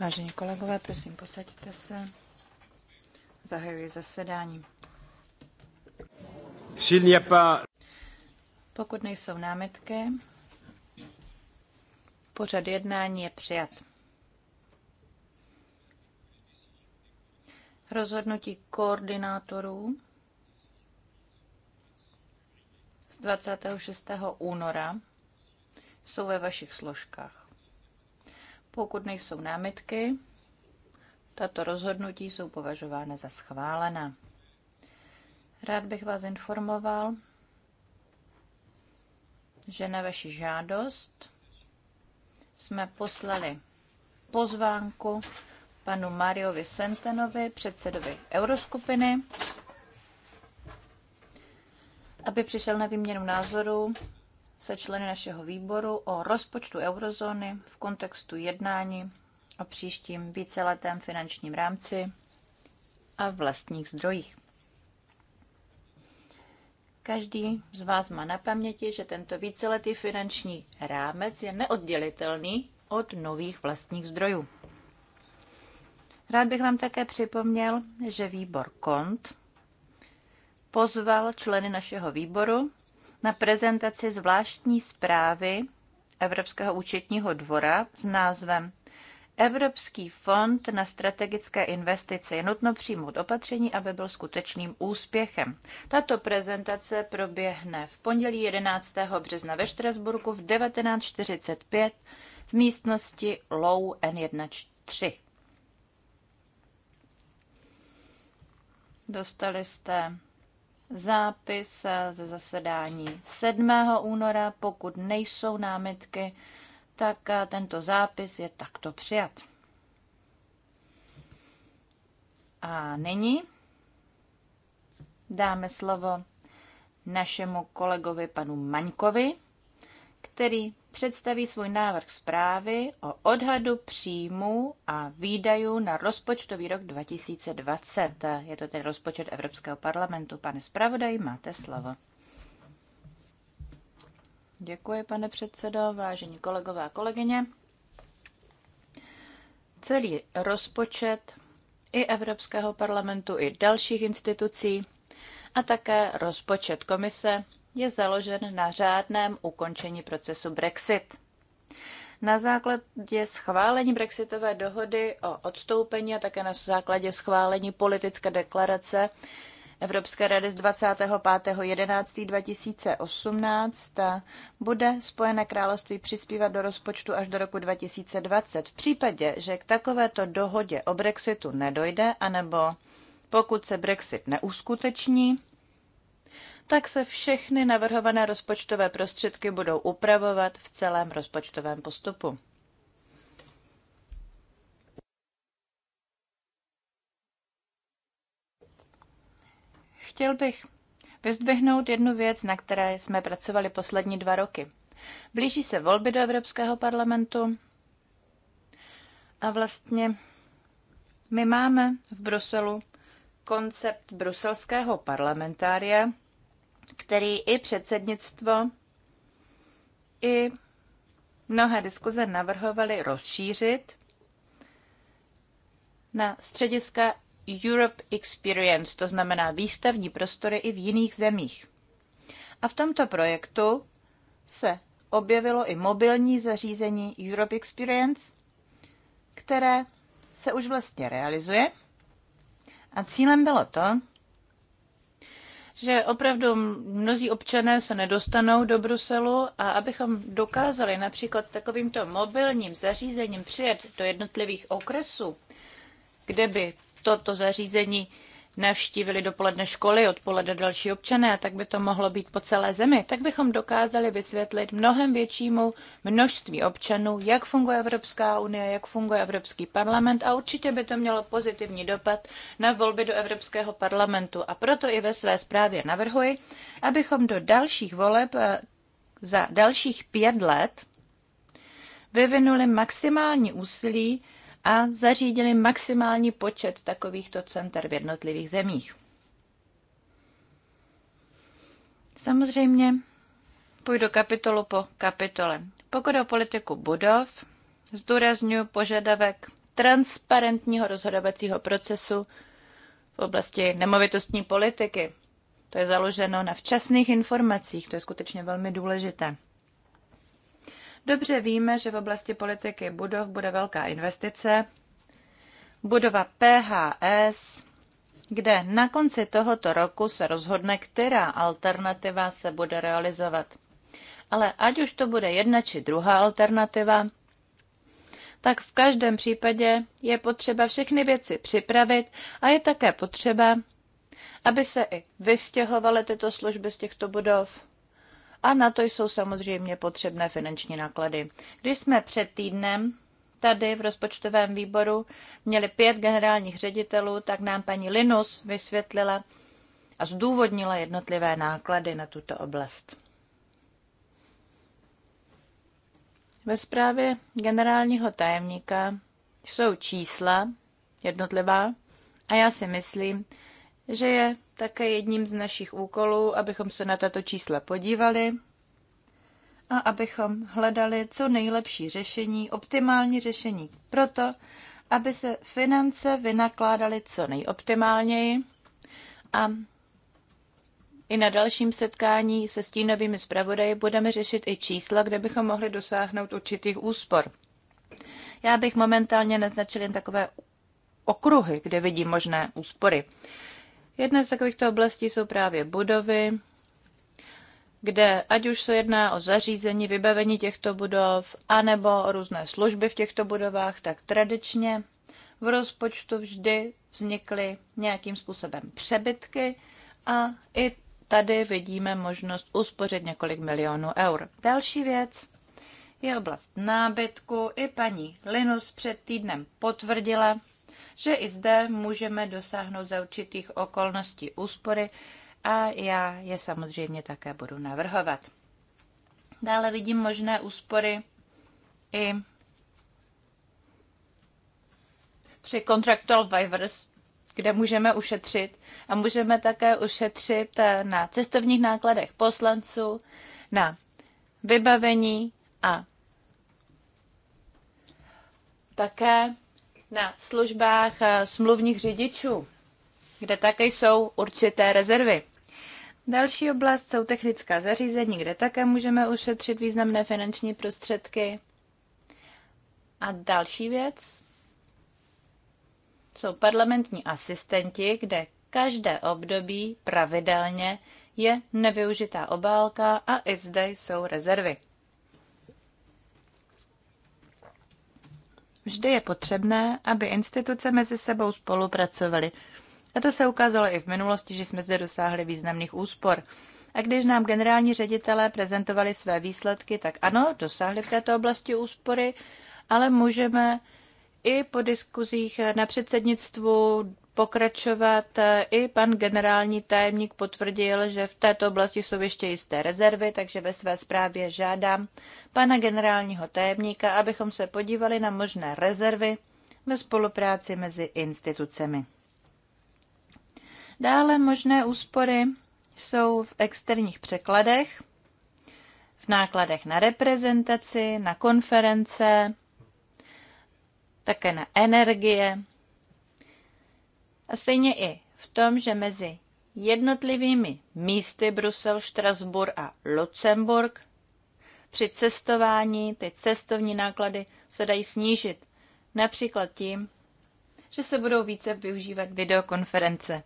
Vážení kolegové, prosím, posaďte se. Zahajuji zasedání. Pokud nejsou námitky, pořad jednání je přijat. Rozhodnutí koordinátorů z 26. února jsou ve vašich složkách. Pokud nejsou námitky, tato rozhodnutí jsou považována za schválena. Rád bych vás informoval, že na vaši žádost jsme poslali pozvánku panu Mariovi Sentenovi, předsedovi Euroskupiny, aby přišel na výměnu názorů se členy našeho výboru o rozpočtu eurozóny v kontextu jednání o příštím víceletém finančním rámci a vlastních zdrojích. Každý z vás má na paměti, že tento víceletý finanční rámec je neoddělitelný od nových vlastních zdrojů. Rád bych vám také připomněl, že výbor KONT pozval členy našeho výboru na prezentaci zvláštní zprávy Evropského účetního dvora s názvem Evropský fond na strategické investice je nutno přijmout opatření, aby byl skutečným úspěchem. Tato prezentace proběhne v pondělí 11. března ve Štrasburku v 19.45 v místnosti Low N13. Dostali jste zápis ze zasedání 7. února. Pokud nejsou námitky, tak tento zápis je takto přijat. A nyní dáme slovo našemu kolegovi panu Maňkovi, který představí svůj návrh zprávy o odhadu příjmů a výdajů na rozpočtový rok 2020. Je to tedy rozpočet Evropského parlamentu. Pane zpravodaj, máte slovo. Děkuji, pane předsedo, vážení kolegové a kolegyně. Celý rozpočet i Evropského parlamentu, i dalších institucí a také rozpočet komise je založen na řádném ukončení procesu Brexit. Na základě schválení Brexitové dohody o odstoupení a také na základě schválení politické deklarace Evropské rady z 25.11.2018 bude Spojené království přispívat do rozpočtu až do roku 2020. V případě, že k takovéto dohodě o Brexitu nedojde, anebo pokud se Brexit neuskuteční, tak se všechny navrhované rozpočtové prostředky budou upravovat v celém rozpočtovém postupu. Chtěl bych vyzdvihnout jednu věc, na které jsme pracovali poslední dva roky. Blíží se volby do Evropského parlamentu a vlastně my máme v Bruselu koncept bruselského parlamentária, který i předsednictvo, i mnohé diskuze navrhovali rozšířit na střediska Europe Experience, to znamená výstavní prostory i v jiných zemích. A v tomto projektu se objevilo i mobilní zařízení Europe Experience, které se už vlastně realizuje. A cílem bylo to, že opravdu mnozí občané se nedostanou do Bruselu a abychom dokázali například s takovýmto mobilním zařízením přijet do jednotlivých okresů, kde by toto zařízení navštívili dopoledne školy, odpoledne další občané, a tak by to mohlo být po celé zemi, tak bychom dokázali vysvětlit mnohem většímu množství občanů, jak funguje Evropská unie, jak funguje Evropský parlament a určitě by to mělo pozitivní dopad na volby do Evropského parlamentu. A proto i ve své zprávě navrhuji, abychom do dalších voleb eh, za dalších pět let vyvinuli maximální úsilí a zařídili maximální počet takovýchto center v jednotlivých zemích. Samozřejmě půjdu kapitolu po kapitole. Pokud o politiku budov, zdůraznuju požadavek transparentního rozhodovacího procesu v oblasti nemovitostní politiky. To je založeno na včasných informacích, to je skutečně velmi důležité. Dobře víme, že v oblasti politiky budov bude velká investice. Budova PHS, kde na konci tohoto roku se rozhodne, která alternativa se bude realizovat. Ale ať už to bude jedna či druhá alternativa, tak v každém případě je potřeba všechny věci připravit a je také potřeba, aby se i vystěhovaly tyto služby z těchto budov a na to jsou samozřejmě potřebné finanční náklady. Když jsme před týdnem tady v rozpočtovém výboru měli pět generálních ředitelů, tak nám paní Linus vysvětlila a zdůvodnila jednotlivé náklady na tuto oblast. Ve zprávě generálního tajemníka jsou čísla jednotlivá a já si myslím, že je také jedním z našich úkolů, abychom se na tato čísla podívali a abychom hledali co nejlepší řešení, optimální řešení proto, aby se finance vynakládaly co nejoptimálněji a i na dalším setkání se stínovými zpravodaji budeme řešit i čísla, kde bychom mohli dosáhnout určitých úspor. Já bych momentálně naznačil jen takové okruhy, kde vidím možné úspory. Jedna z takovýchto oblastí jsou právě budovy, kde ať už se jedná o zařízení, vybavení těchto budov, anebo o různé služby v těchto budovách, tak tradičně v rozpočtu vždy vznikly nějakým způsobem přebytky a i tady vidíme možnost uspořit několik milionů eur. Další věc je oblast nábytku. I paní Linus před týdnem potvrdila, že i zde můžeme dosáhnout za určitých okolností úspory a já je samozřejmě také budu navrhovat. Dále vidím možné úspory i při contractual waivers, kde můžeme ušetřit a můžeme také ušetřit eh, na cestovních nákladech poslanců, na vybavení a také na službách eh, smluvních řidičů, kde také jsou určité rezervy. Další oblast jsou technická zařízení, kde také můžeme ušetřit významné finanční prostředky. A další věc jsou parlamentní asistenti, kde každé období pravidelně je nevyužitá obálka a i zde jsou rezervy. Vždy je potřebné, aby instituce mezi sebou spolupracovaly. A to se ukázalo i v minulosti, že jsme zde dosáhli významných úspor. A když nám generální ředitelé prezentovali své výsledky, tak ano, dosáhli v této oblasti úspory, ale můžeme i po diskuzích na předsednictvu pokračovat. I pan generální tajemník potvrdil, že v této oblasti jsou ještě jisté rezervy, takže ve své zprávě žádám pana generálního tajemníka, abychom se podívali na možné rezervy ve spolupráci mezi institucemi. Dále možné úspory jsou v externích překladech, v nákladech na reprezentaci, na konference, také na energie a stejně i v tom, že mezi jednotlivými místy Brusel, Štrasburg a Lucemburg při cestování ty cestovní náklady se dají snížit. Například tím, že se budou více využívat videokonference.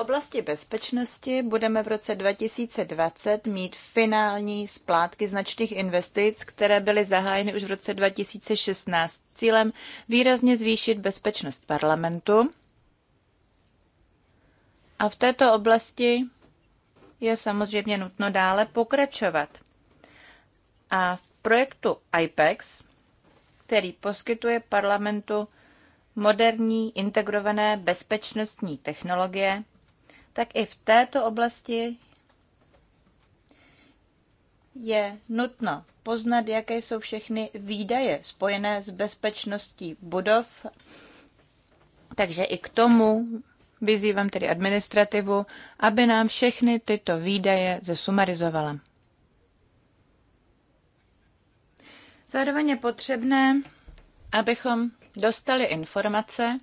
oblasti bezpečnosti budeme v roce 2020 mít finální splátky značných investic, které byly zahájeny už v roce 2016 cílem výrazně zvýšit bezpečnost parlamentu. A v této oblasti je samozřejmě nutno dále pokračovat. A v projektu IPEX, který poskytuje parlamentu moderní integrované bezpečnostní technologie, tak i v této oblasti je nutno poznat, jaké jsou všechny výdaje spojené s bezpečností budov. Takže i k tomu vyzývám tedy administrativu, aby nám všechny tyto výdaje zesumarizovala. Zároveň je potřebné, abychom dostali informace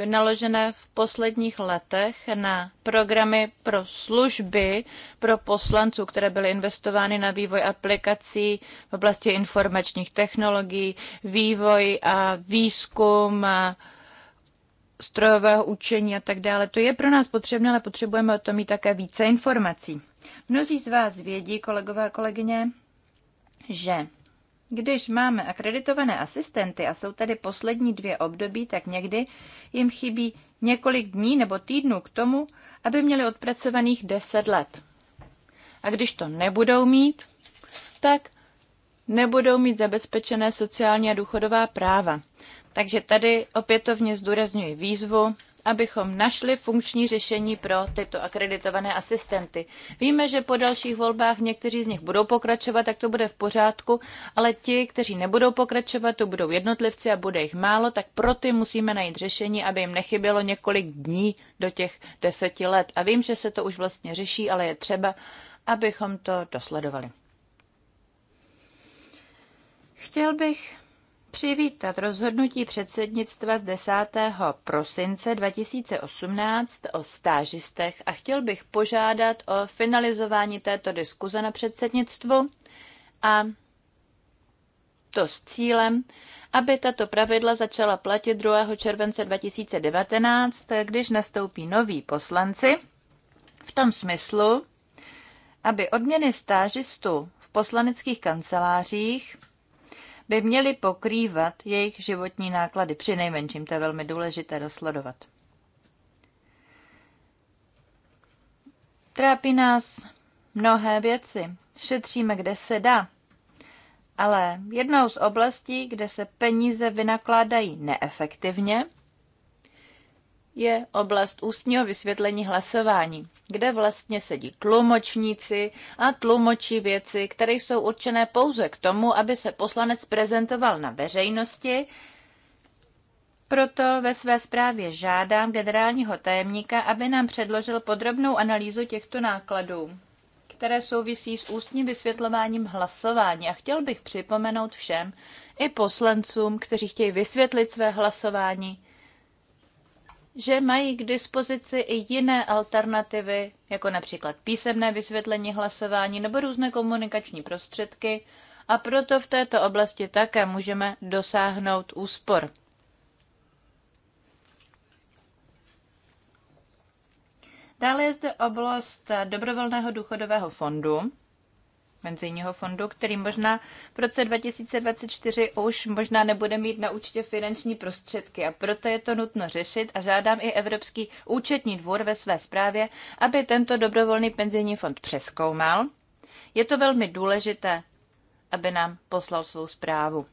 vynaložené v posledních letech na programy pro služby pro poslanců, které byly investovány na vývoj aplikací v oblasti informačních technologií, vývoj a výzkum a strojového učení a tak dále. To je pro nás potřebné, ale potřebujeme o tom mít také více informací. Mnozí z vás vědí, kolegové a kolegyně, že když máme akreditované asistenty a jsou tady poslední dvě období, tak někdy jim chybí několik dní nebo týdnů k tomu, aby měli odpracovaných 10 let. A když to nebudou mít, tak nebudou mít zabezpečené sociální a důchodová práva. Takže tady opětovně zdůrazňuji výzvu abychom našli funkční řešení pro tyto akreditované asistenty. Víme, že po dalších volbách někteří z nich budou pokračovat, tak to bude v pořádku, ale ti, kteří nebudou pokračovat, to budou jednotlivci a bude jich málo, tak pro ty musíme najít řešení, aby jim nechybělo několik dní do těch deseti let. A vím, že se to už vlastně řeší, ale je třeba, abychom to dosledovali. Chtěl bych přivítat rozhodnutí předsednictva z 10. prosince 2018 o stážistech a chtěl bych požádat o finalizování této diskuze na předsednictvu a to s cílem, aby tato pravidla začala platit 2. července 2019, když nastoupí noví poslanci, v tom smyslu, aby odměny stážistů v poslaneckých kancelářích by měly pokrývat jejich životní náklady. Při nejmenším to je velmi důležité dosledovat. Trápí nás mnohé věci. Šetříme, kde se dá. Ale jednou z oblastí, kde se peníze vynakládají neefektivně, je oblast ústního vysvětlení hlasování, kde vlastně sedí tlumočníci a tlumočí věci, které jsou určené pouze k tomu, aby se poslanec prezentoval na veřejnosti. Proto ve své zprávě žádám generálního tajemníka, aby nám předložil podrobnou analýzu těchto nákladů, které souvisí s ústním vysvětlováním hlasování. A chtěl bych připomenout všem, i poslancům, kteří chtějí vysvětlit své hlasování, že mají k dispozici i jiné alternativy, jako například písemné vysvětlení hlasování nebo různé komunikační prostředky, a proto v této oblasti také můžeme dosáhnout úspor. Dále je zde oblast dobrovolného důchodového fondu penzijního fondu, který možná v roce 2024 už možná nebude mít na účtě finanční prostředky a proto je to nutno řešit a žádám i Evropský účetní dvůr ve své zprávě, aby tento dobrovolný penzijní fond přeskoumal. Je to velmi důležité, aby nám poslal svou zprávu.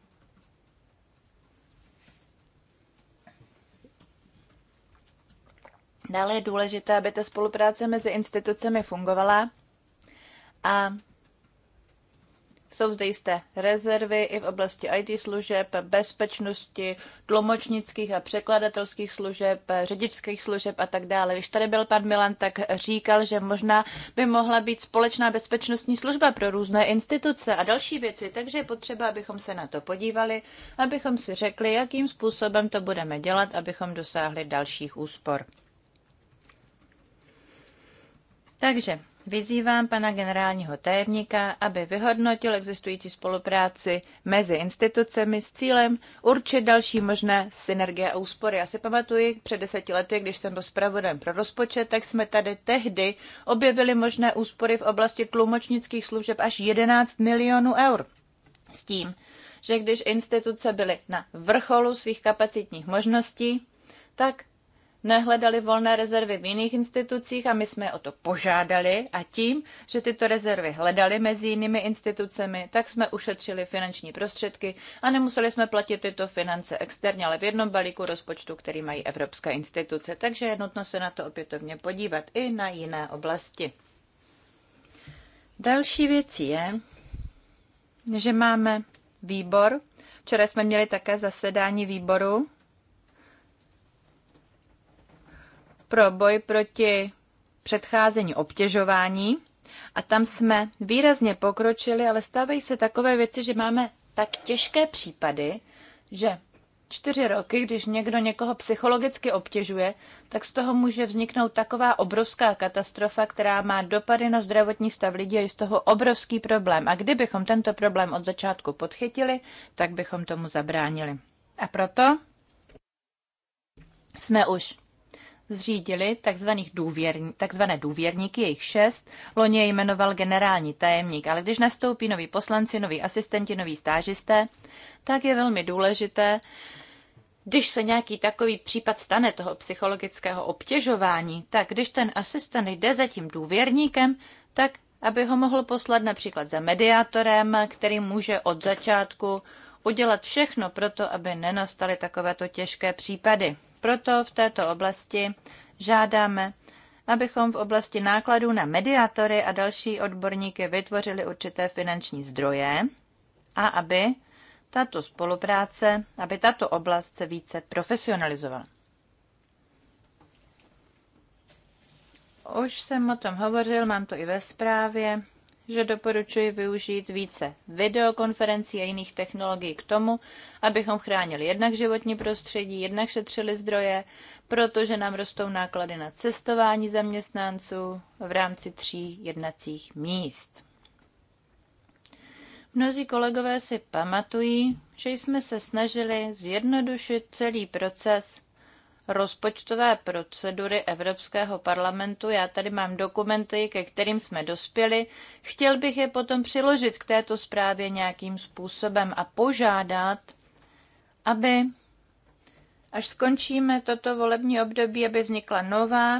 Dále je důležité, aby ta spolupráce mezi institucemi fungovala a jsou zde jisté rezervy i v oblasti IT služeb, bezpečnosti, tlumočnických a překladatelských služeb, řidičských služeb a tak dále. Když tady byl pan Milan, tak říkal, že možná by mohla být společná bezpečnostní služba pro různé instituce a další věci, takže je potřeba, abychom se na to podívali, abychom si řekli, jakým způsobem to budeme dělat, abychom dosáhli dalších úspor. Takže Vyzývám pana generálního tajemníka, aby vyhodnotil existující spolupráci mezi institucemi s cílem určit další možné synergie a úspory. Já si pamatuji, před deseti lety, když jsem byl zpravodajem pro rozpočet, tak jsme tady tehdy objevili možné úspory v oblasti tlumočnických služeb až 11 milionů eur. S tím, že když instituce byly na vrcholu svých kapacitních možností, tak nehledali volné rezervy v jiných institucích a my jsme o to požádali a tím, že tyto rezervy hledali mezi jinými institucemi, tak jsme ušetřili finanční prostředky a nemuseli jsme platit tyto finance externě, ale v jednom balíku rozpočtu, který mají evropské instituce. Takže je nutno se na to opětovně podívat i na jiné oblasti. Další věc je, že máme výbor. Včera jsme měli také zasedání výboru pro boj proti předcházení obtěžování. A tam jsme výrazně pokročili, ale stávají se takové věci, že máme tak těžké případy, že čtyři roky, když někdo někoho psychologicky obtěžuje, tak z toho může vzniknout taková obrovská katastrofa, která má dopady na zdravotní stav lidí a je z toho obrovský problém. A kdybychom tento problém od začátku podchytili, tak bychom tomu zabránili. A proto jsme už zřídili důvěrní, takzvané důvěrníky, jejich šest. Loni je jmenoval generální tajemník, ale když nastoupí noví poslanci, noví asistenti, noví stážisté, tak je velmi důležité, když se nějaký takový případ stane toho psychologického obtěžování, tak když ten asistent jde za tím důvěrníkem, tak aby ho mohl poslat například za mediátorem, který může od začátku udělat všechno pro to, aby nenastaly takovéto těžké případy proto v této oblasti žádáme, abychom v oblasti nákladů na mediátory a další odborníky vytvořili určité finanční zdroje a aby tato spolupráce, aby tato oblast se více profesionalizovala. Už jsem o tom hovořil, mám to i ve zprávě že doporučuji využít více videokonferencí a jiných technologií k tomu, abychom chránili jednak životní prostředí, jednak šetřili zdroje, protože nám rostou náklady na cestování zaměstnanců v rámci tří jednacích míst. Mnozí kolegové si pamatují, že jsme se snažili zjednodušit celý proces rozpočtové procedury Evropského parlamentu. Já tady mám dokumenty, ke kterým jsme dospěli. Chtěl bych je potom přiložit k této zprávě nějakým způsobem a požádat, aby až skončíme toto volební období, aby vznikla nová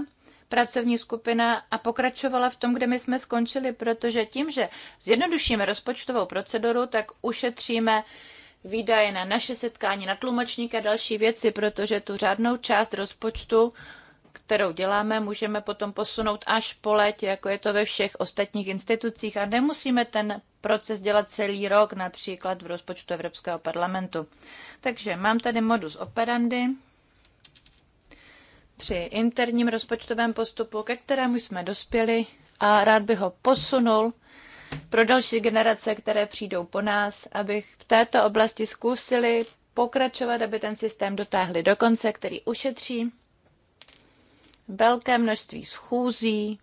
pracovní skupina a pokračovala v tom, kde my jsme skončili, protože tím, že zjednodušíme rozpočtovou proceduru, tak ušetříme výdaje na naše setkání, na tlumočníky a další věci, protože tu řádnou část rozpočtu, kterou děláme, můžeme potom posunout až po létě, jako je to ve všech ostatních institucích a nemusíme ten proces dělat celý rok, například v rozpočtu Evropského parlamentu. Takže mám tady modus operandi při interním rozpočtovém postupu, ke kterému jsme dospěli a rád bych ho posunul pro další generace, které přijdou po nás, aby v této oblasti zkusili pokračovat, aby ten systém dotáhli do konce, který ušetří velké množství schůzí,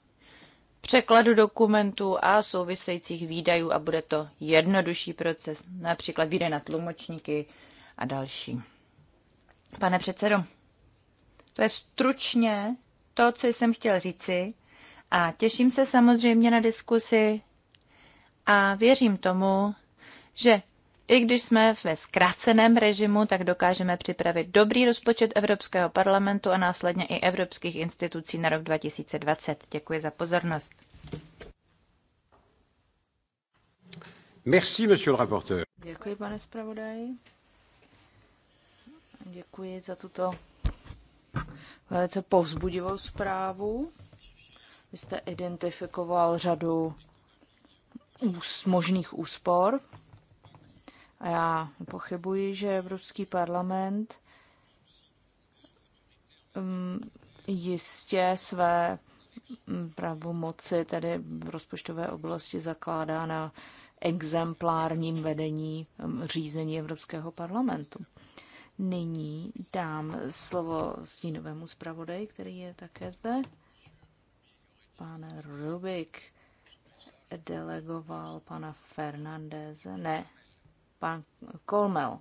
překladu dokumentů a souvisejících výdajů a bude to jednodušší proces, například výdaj na tlumočníky a další. Pane předsedo, to je stručně to, co jsem chtěl říci a těším se samozřejmě na diskusi a věřím tomu, že i když jsme ve zkráceném režimu, tak dokážeme připravit dobrý rozpočet Evropského parlamentu a následně i evropských institucí na rok 2020. Děkuji za pozornost. Merci, monsieur le rapporteur. Děkuji, pane zpravodaji. Děkuji za tuto velice povzbudivou zprávu. Vy jste identifikoval řadu možných úspor. A já pochybuji, že Evropský parlament mm, jistě své mm, pravomoci tedy v rozpočtové oblasti zakládá na exemplárním vedení mm, řízení Evropského parlamentu. Nyní dám slovo stínovému zpravodaji, který je také zde, pane Rubik delegoval pana Fernandeze, ne, pan Kolmel.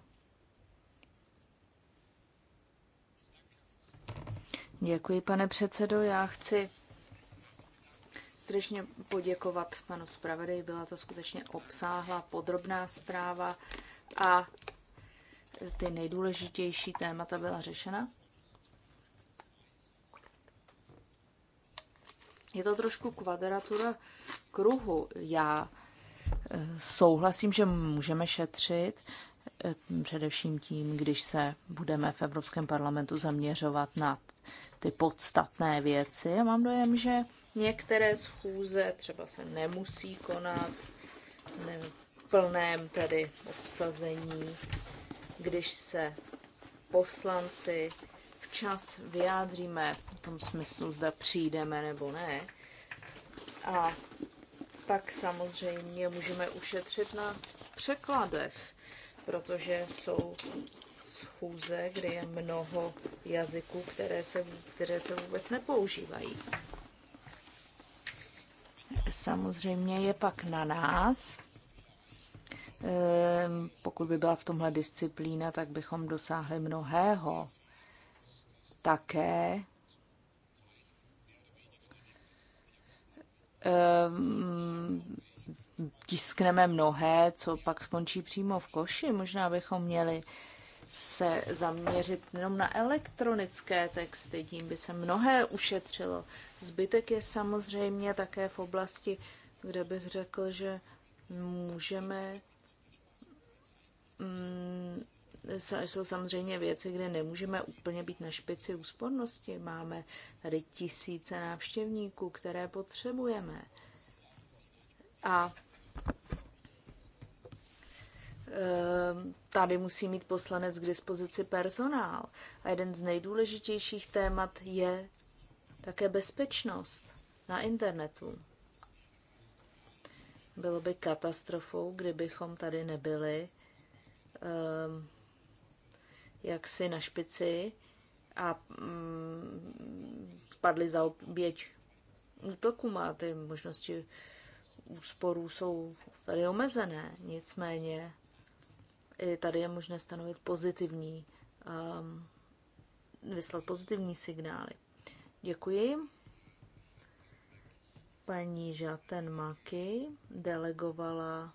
Děkuji, pane předsedo. Já chci strašně poděkovat panu zpravodaji. Byla to skutečně obsáhlá, podrobná zpráva a ty nejdůležitější témata byla řešena. Je to trošku kvadratura kruhu. Já eh, souhlasím, že můžeme šetřit, eh, především tím, když se budeme v Evropském parlamentu zaměřovat na ty podstatné věci. Já mám dojem, že některé schůze třeba se nemusí konat ne, v plném tedy obsazení, když se poslanci včas vyjádříme v tom smyslu, zda přijdeme nebo ne. A pak samozřejmě můžeme ušetřit na překladech, protože jsou schůze, kde je mnoho jazyků, které se, které se vůbec nepoužívají. Samozřejmě je pak na nás, ehm, pokud by byla v tomhle disciplína, tak bychom dosáhli mnohého také ehm, tiskneme mnohé, co pak skončí přímo v koši. Možná bychom měli se zaměřit jenom na elektronické texty, tím by se mnohé ušetřilo. Zbytek je samozřejmě také v oblasti, kde bych řekl, že můžeme mm, jsou samozřejmě věci, kde nemůžeme úplně být na špici úspornosti. Máme tady tisíce návštěvníků, které potřebujeme. A ehm, tady musí mít poslanec k dispozici personál. A jeden z nejdůležitějších témat je také bezpečnost na internetu. Bylo by katastrofou, kdybychom tady nebyli um, jaksi na špici a mm, padli za oběť útoku. Má ty možnosti úsporů jsou tady omezené, nicméně i tady je možné stanovit pozitivní, um, vyslat pozitivní signály. Děkuji. Paní Žaten Maky delegovala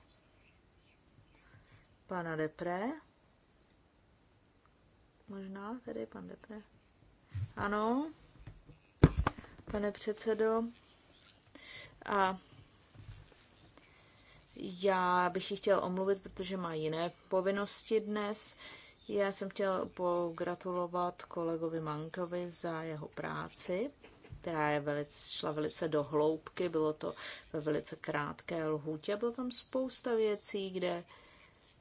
pana Depre Možná tady pan Depre. Ano, pane předsedo. A já bych ji chtěl omluvit, protože má jiné povinnosti dnes. Já jsem chtěl pogratulovat kolegovi Mankovi za jeho práci, která je velice, šla velice do hloubky, bylo to ve velice krátké lhůtě, bylo tam spousta věcí, kde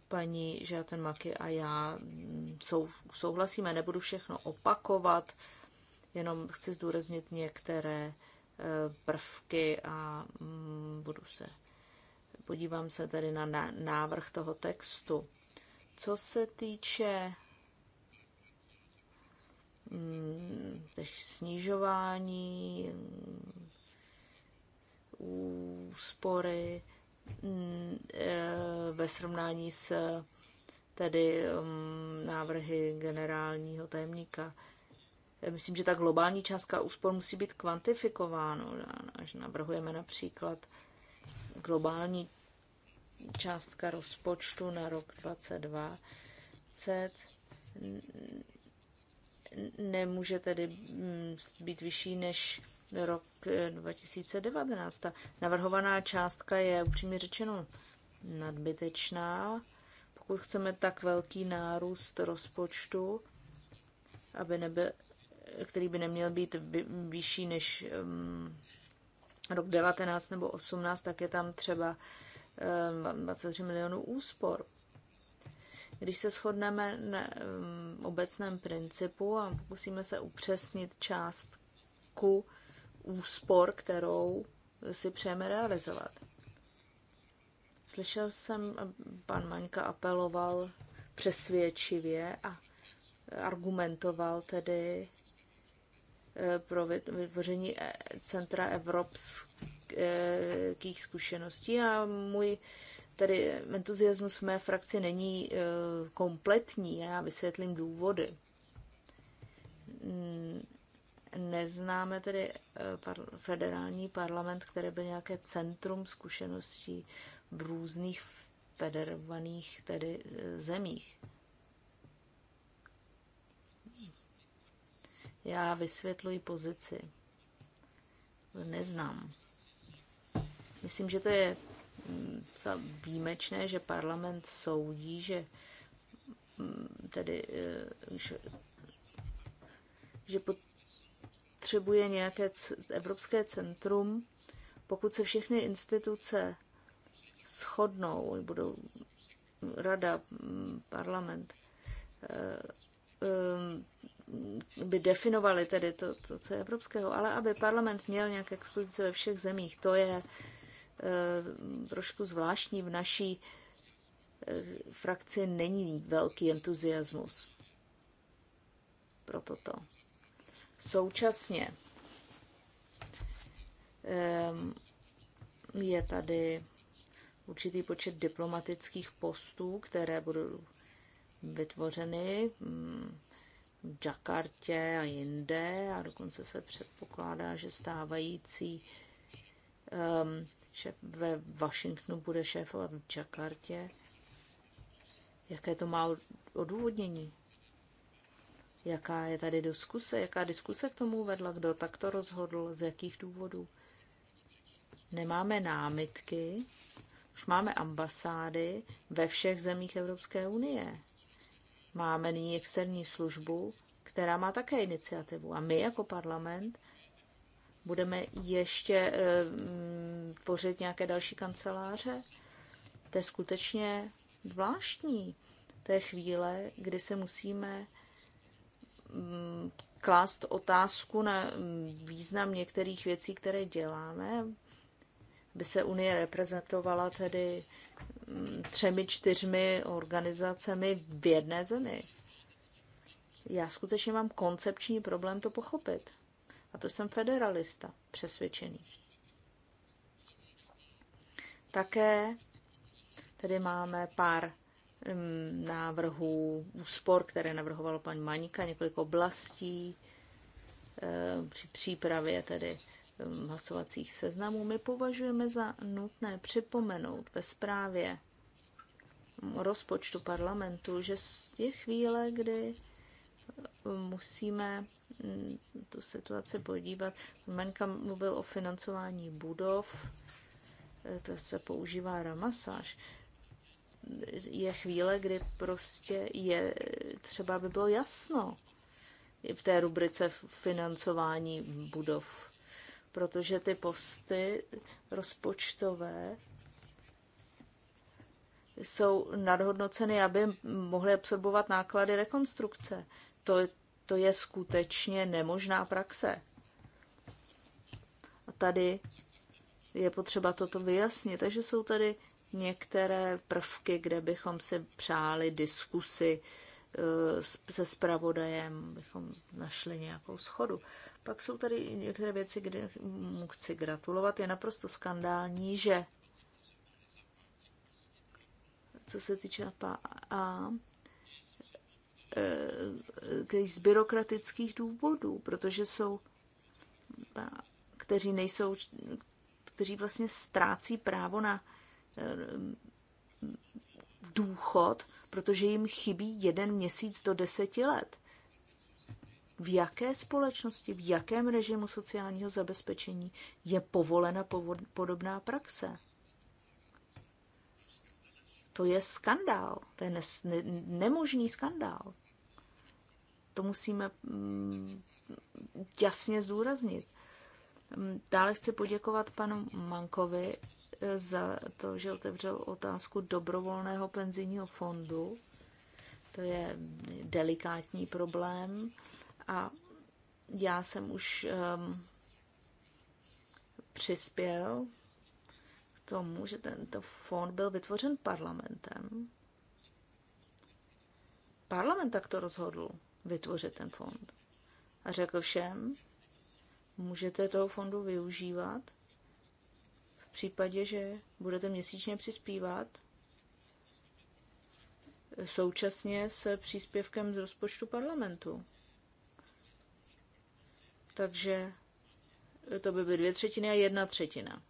paní Maky a já sou, souhlasíme, nebudu všechno opakovat, jenom chci zdůraznit některé eh, prvky a mm, budu se, podívám se tady na návrh toho textu. Co se týče mm, těch snižování, mm, úspory, Mm, e, ve srovnání s tedy mm, návrhy generálního tajemníka. Myslím, že ta globální částka úspor musí být kvantifikována, až navrhujeme například globální částka rozpočtu na rok 2020 nemůže tedy mm, být vyšší než rok 2019. Eh, Ta navrhovaná částka je upřímně řečeno nadbytečná. Pokud chceme tak velký nárůst rozpočtu, aby nebyl, který by neměl být vyšší než um, rok 19 nebo 18, tak je tam třeba um, eh, 23 milionů úspor. Když se shodneme na um, obecném principu a pokusíme se upřesnit částku, úspor, kterou si přejeme realizovat. Slyšel jsem, pan Maňka apeloval přesvědčivě a argumentoval tedy eh, pro vytvoření eh, Centra evropských zkušeností a můj tedy entuziasmus v mé frakci není eh, kompletní, a já vysvětlím důvody. Hmm, neznáme tedy eh, federální parlament, který by nějaké centrum zkušeností v různých federovaných tedy eh, zemích. Já vysvětluji pozici. Neznám. Myslím, že to je mm, výjimečné, že parlament soudí, že mm, tedy eh, že pod potřebuje nějaké Evropské centrum, pokud se všechny instituce shodnou, budou rada, parlament, eh, eh, by definovali tedy to, to, co je evropského, ale aby parlament měl nějaké expozice ve všech zemích, to je eh, trošku zvláštní v naší frakci není velký entuziasmus pro toto. Současně ehm, je tady určitý počet diplomatických postů, které budou vytvořeny mm, v Jakartě a jinde a dokonce se předpokládá, že stávající um, šéf ve Washingtonu bude šéfovat v Jakartě. Jaké to má odůvodnění? Jaká je tady diskuse? Jaká diskuse k tomu vedla? Kdo takto rozhodl? Z jakých důvodů? Nemáme námitky, už máme ambasády ve všech zemích Evropské unie. Máme nyní externí službu, která má také iniciativu. A my jako parlament budeme ještě eh, mm, tvořit nějaké další kanceláře. To je skutečně zvláštní. To je chvíle, kdy se musíme Mm, klást otázku na význam některých věcí, které děláme, by se Unie reprezentovala tedy mm, třemi, čtyřmi organizacemi v jedné zemi. Já skutečně mám koncepční problém to pochopit. A to jsem federalista, přesvědčený. Také tady máme pár návrhů úspor, které navrhovala pan Maníka, několik oblastí při přípravě tedy hlasovacích seznamů, my považujeme za nutné připomenout ve zprávě rozpočtu parlamentu, že z těch chvíle, kdy musíme mm, tu situaci podívat. Maňka mluvil o financování budov, e, to se používá ramasáž je chvíle, kdy prostě je třeba, by bylo jasno v té rubrice financování budov, protože ty posty rozpočtové jsou nadhodnoceny, aby mohly absorbovat náklady rekonstrukce. To, to je skutečně nemožná praxe. A tady je potřeba toto vyjasnit. Takže jsou tady některé prvky, kde bychom si přáli diskusy eh, se spravodajem, bychom našli nějakou schodu. Pak jsou tady některé věci, kde mu chci gratulovat. Je naprosto skandální, že co se týče APA a eh, eh, z byrokratických důvodů, protože jsou kteří nejsou, kteří vlastně ztrácí právo na Eh, důchod, protože jim chybí jeden měsíc do deseti let. V jaké společnosti, v jakém režimu sociálního zabezpečení je povolena podobná praxe? To je skandál, to je nes, ne, nemožný skandál. To musíme mm, jasně zdůraznit. Mm, dále chci poděkovat panu Mankovi za to, že otevřel otázku dobrovolného penzijního fondu. To je delikátní problém a já jsem už um, přispěl k tomu, že tento fond byl vytvořen parlamentem. Parlament to rozhodl vytvořit ten fond. A řekl všem, můžete toho fondu využívat, v případě, že budete měsíčně přispívat, současně s příspěvkem z rozpočtu parlamentu. Takže to by byly dvě třetiny a jedna třetina.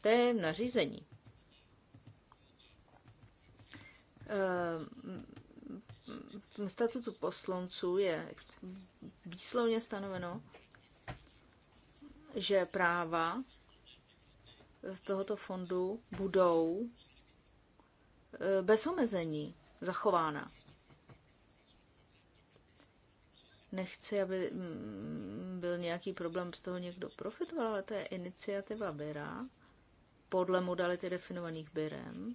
To je nařízení. Ehm, v statutu poslanců je výslovně stanoveno, že práva z tohoto fondu budou eh, bez omezení zachována. Nechci, aby mm, byl nějaký problém, z toho někdo profitoval, ale to je iniciativa Byra podle modality definovaných Byrem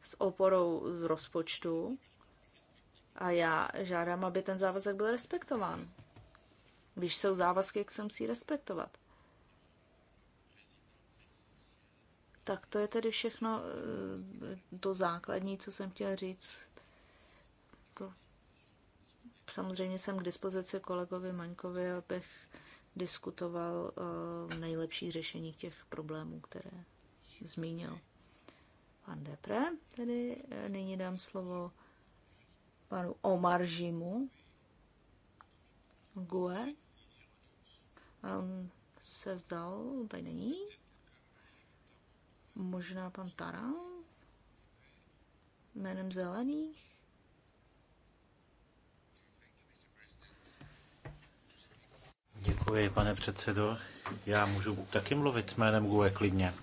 s oporou z rozpočtu a já žádám, aby ten závazek byl respektován. Když jsou závazky, jak se musí respektovat. Tak to je tedy všechno eh, to základní, co jsem chtěla říct. Samozřejmě jsem k dispozici kolegovi Maňkovi, abych diskutoval eh, nejlepší řešení těch problémů, které zmínil pan Depre. Tedy eh, nyní dám slovo panu Omaržimu Gue. On se vzdal, tady není. Možná pan Taran? Jménem zelených? Děkuji, pane předsedo. Já můžu taky mluvit jménem GUE klidně.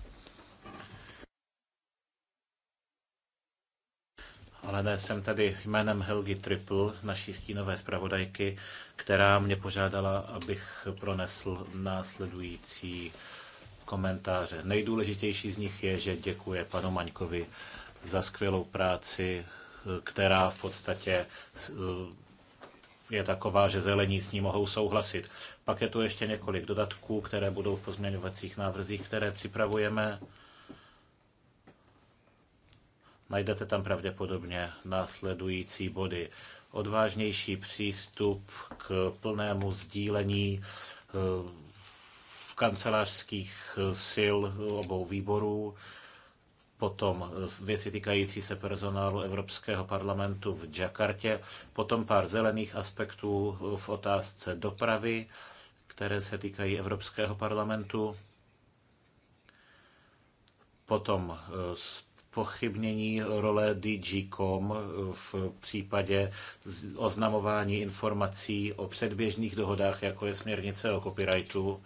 ale ne, jsem tady jménem Helgi Triple, naší stínové zpravodajky, která mě požádala, abych pronesl následující komentáře. Nejdůležitější z nich je, že děkuje panu Maňkovi za skvělou práci, která v podstatě eh, je taková, že zelení s ní mohou souhlasit. Pak je tu ještě několik dodatků, které budou v pozměňovacích návrzích, které připravujeme. Najdete tam pravděpodobně následující body. Odvážnější přístup k plnému sdílení eh, kancelářských eh, sil obou výborů, potom eh, věci týkající se personálu Evropského parlamentu v Jakartě, potom pár zelených aspektů eh, v otázce dopravy, které se týkají Evropského parlamentu, potom pochybnění role DG.com v případě oznamování informací o předběžných dohodách, jako je směrnice o copyrightu,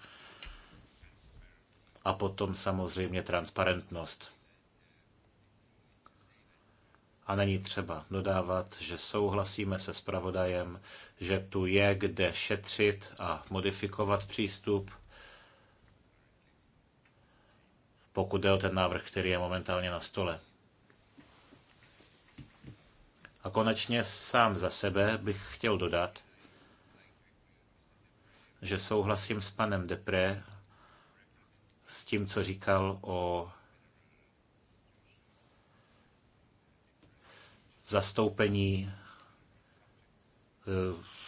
a potom samozřejmě transparentnost. A není třeba dodávat, že souhlasíme se spravodajem, že tu je kde šetřit a modifikovat přístup, pokud jde o ten návrh, který je momentálně na stole. A konečně sám za sebe bych chtěl dodat, že souhlasím s panem Depré s tím, co říkal o zastoupení eh,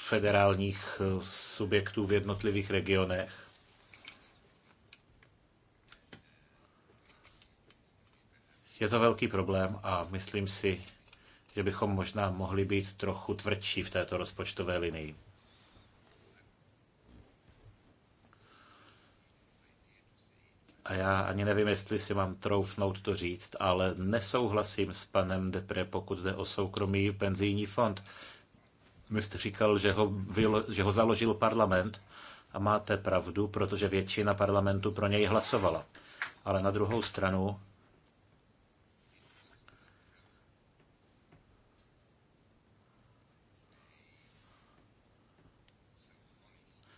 federálních eh, subjektů v jednotlivých regionech. Je to velký problém a myslím si, že bychom možná mohli být trochu tvrdší v této rozpočtové linii. a já ani nevím, jestli si mám troufnout to říct, ale nesouhlasím s panem Depre, pokud jde o soukromý penzijní fond. Vy jste říkal, že ho, vylo, že ho založil parlament a máte pravdu, protože většina parlamentu pro něj hlasovala. Ale na druhou stranu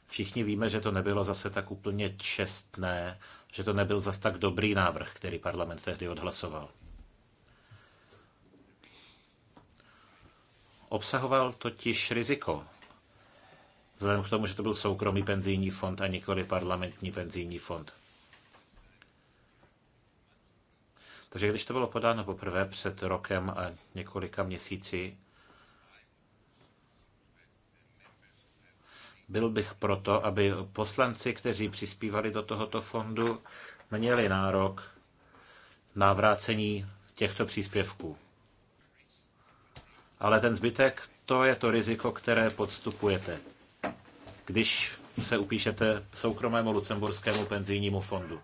Všichni víme, že to nebylo zase tak úplně čestné že to nebyl zas tak dobrý návrh, který parlament tehdy odhlasoval. Obsahoval totiž riziko, vzhledem k tomu, že to byl soukromý penzijní fond a nikoli parlamentní penzijní fond. Takže když to bylo podáno poprvé před rokem a několika měsíci, Byl bych proto, aby poslanci, kteří přispívali do tohoto fondu, měli nárok na vrácení těchto příspěvků. Ale ten zbytek, to je to riziko, které podstupujete, když se upíšete soukromému lucemburskému penzijnímu fondu.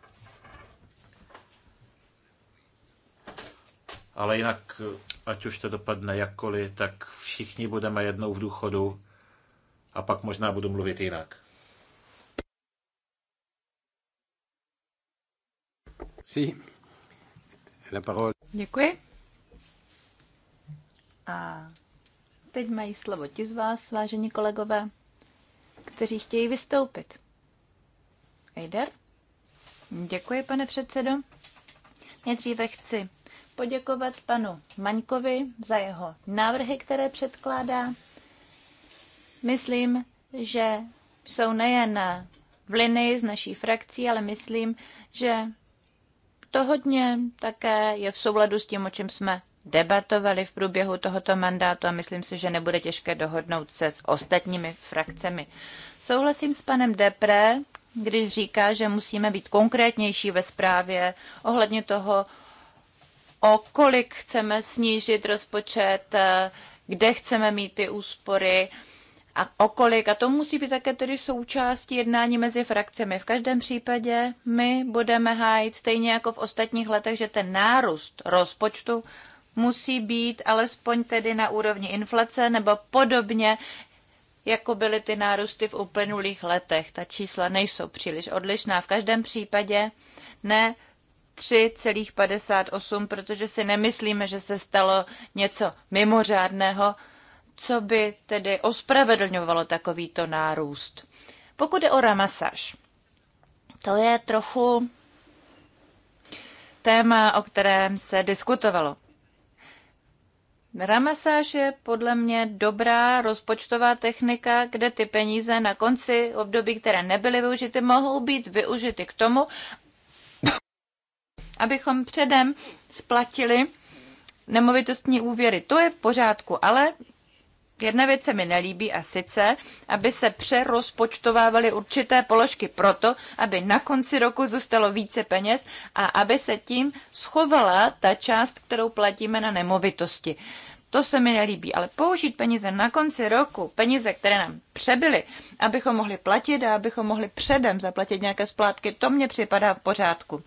Ale jinak, ať už to dopadne jakkoliv, tak všichni budeme jednou v důchodu a pak možná budu mluvit jinak. Sí. La parole. Děkuji. A teď mají slovo ti z vás, vážení kolegové, kteří chtějí vystoupit. Ejder? Děkuji, pane předsedo. Nejdříve chci poděkovat panu Maňkovi za jeho návrhy, které předkládá. Myslím, že jsou nejen v linii naší frakcí, ale myslím, že to hodně také je v souladu s tím, o čem jsme debatovali v průběhu tohoto mandátu a myslím si, že nebude těžké dohodnout se s ostatními frakcemi. Souhlasím s panem Depre, když říká, že musíme být konkrétnější ve zprávě ohledně toho, o kolik chceme snížit rozpočet, eh, kde chceme mít ty úspory a okolik. A to musí být také tedy součástí jednání mezi frakcemi. V každém případě my budeme hájit stejně jako v ostatních letech, že ten nárůst rozpočtu musí být alespoň tedy na úrovni inflace nebo podobně, jako byly ty nárůsty v uplynulých letech. Ta čísla nejsou příliš odlišná. V každém případě ne 3,58, protože si nemyslíme, že se stalo něco mimořádného, co by tedy ospravedlňovalo takovýto nárůst. Pokud je o ramasáž, to je trochu téma, o kterém se diskutovalo. Ramasáž je podle mě dobrá rozpočtová technika, kde ty peníze na konci období, které nebyly využity, mohou být využity k tomu, abychom předem splatili nemovitostní úvěry. To je v pořádku, ale jedna věc se mi nelíbí a sice, aby se přerozpočtovávaly určité položky proto, aby na konci roku zůstalo více peněz a aby se tím schovala ta část, kterou platíme na nemovitosti. To se mi nelíbí, ale použít peníze na konci roku, peníze, které nám přebyly, abychom mohli platit a abychom mohli předem zaplatit nějaké splátky, to mně připadá v pořádku.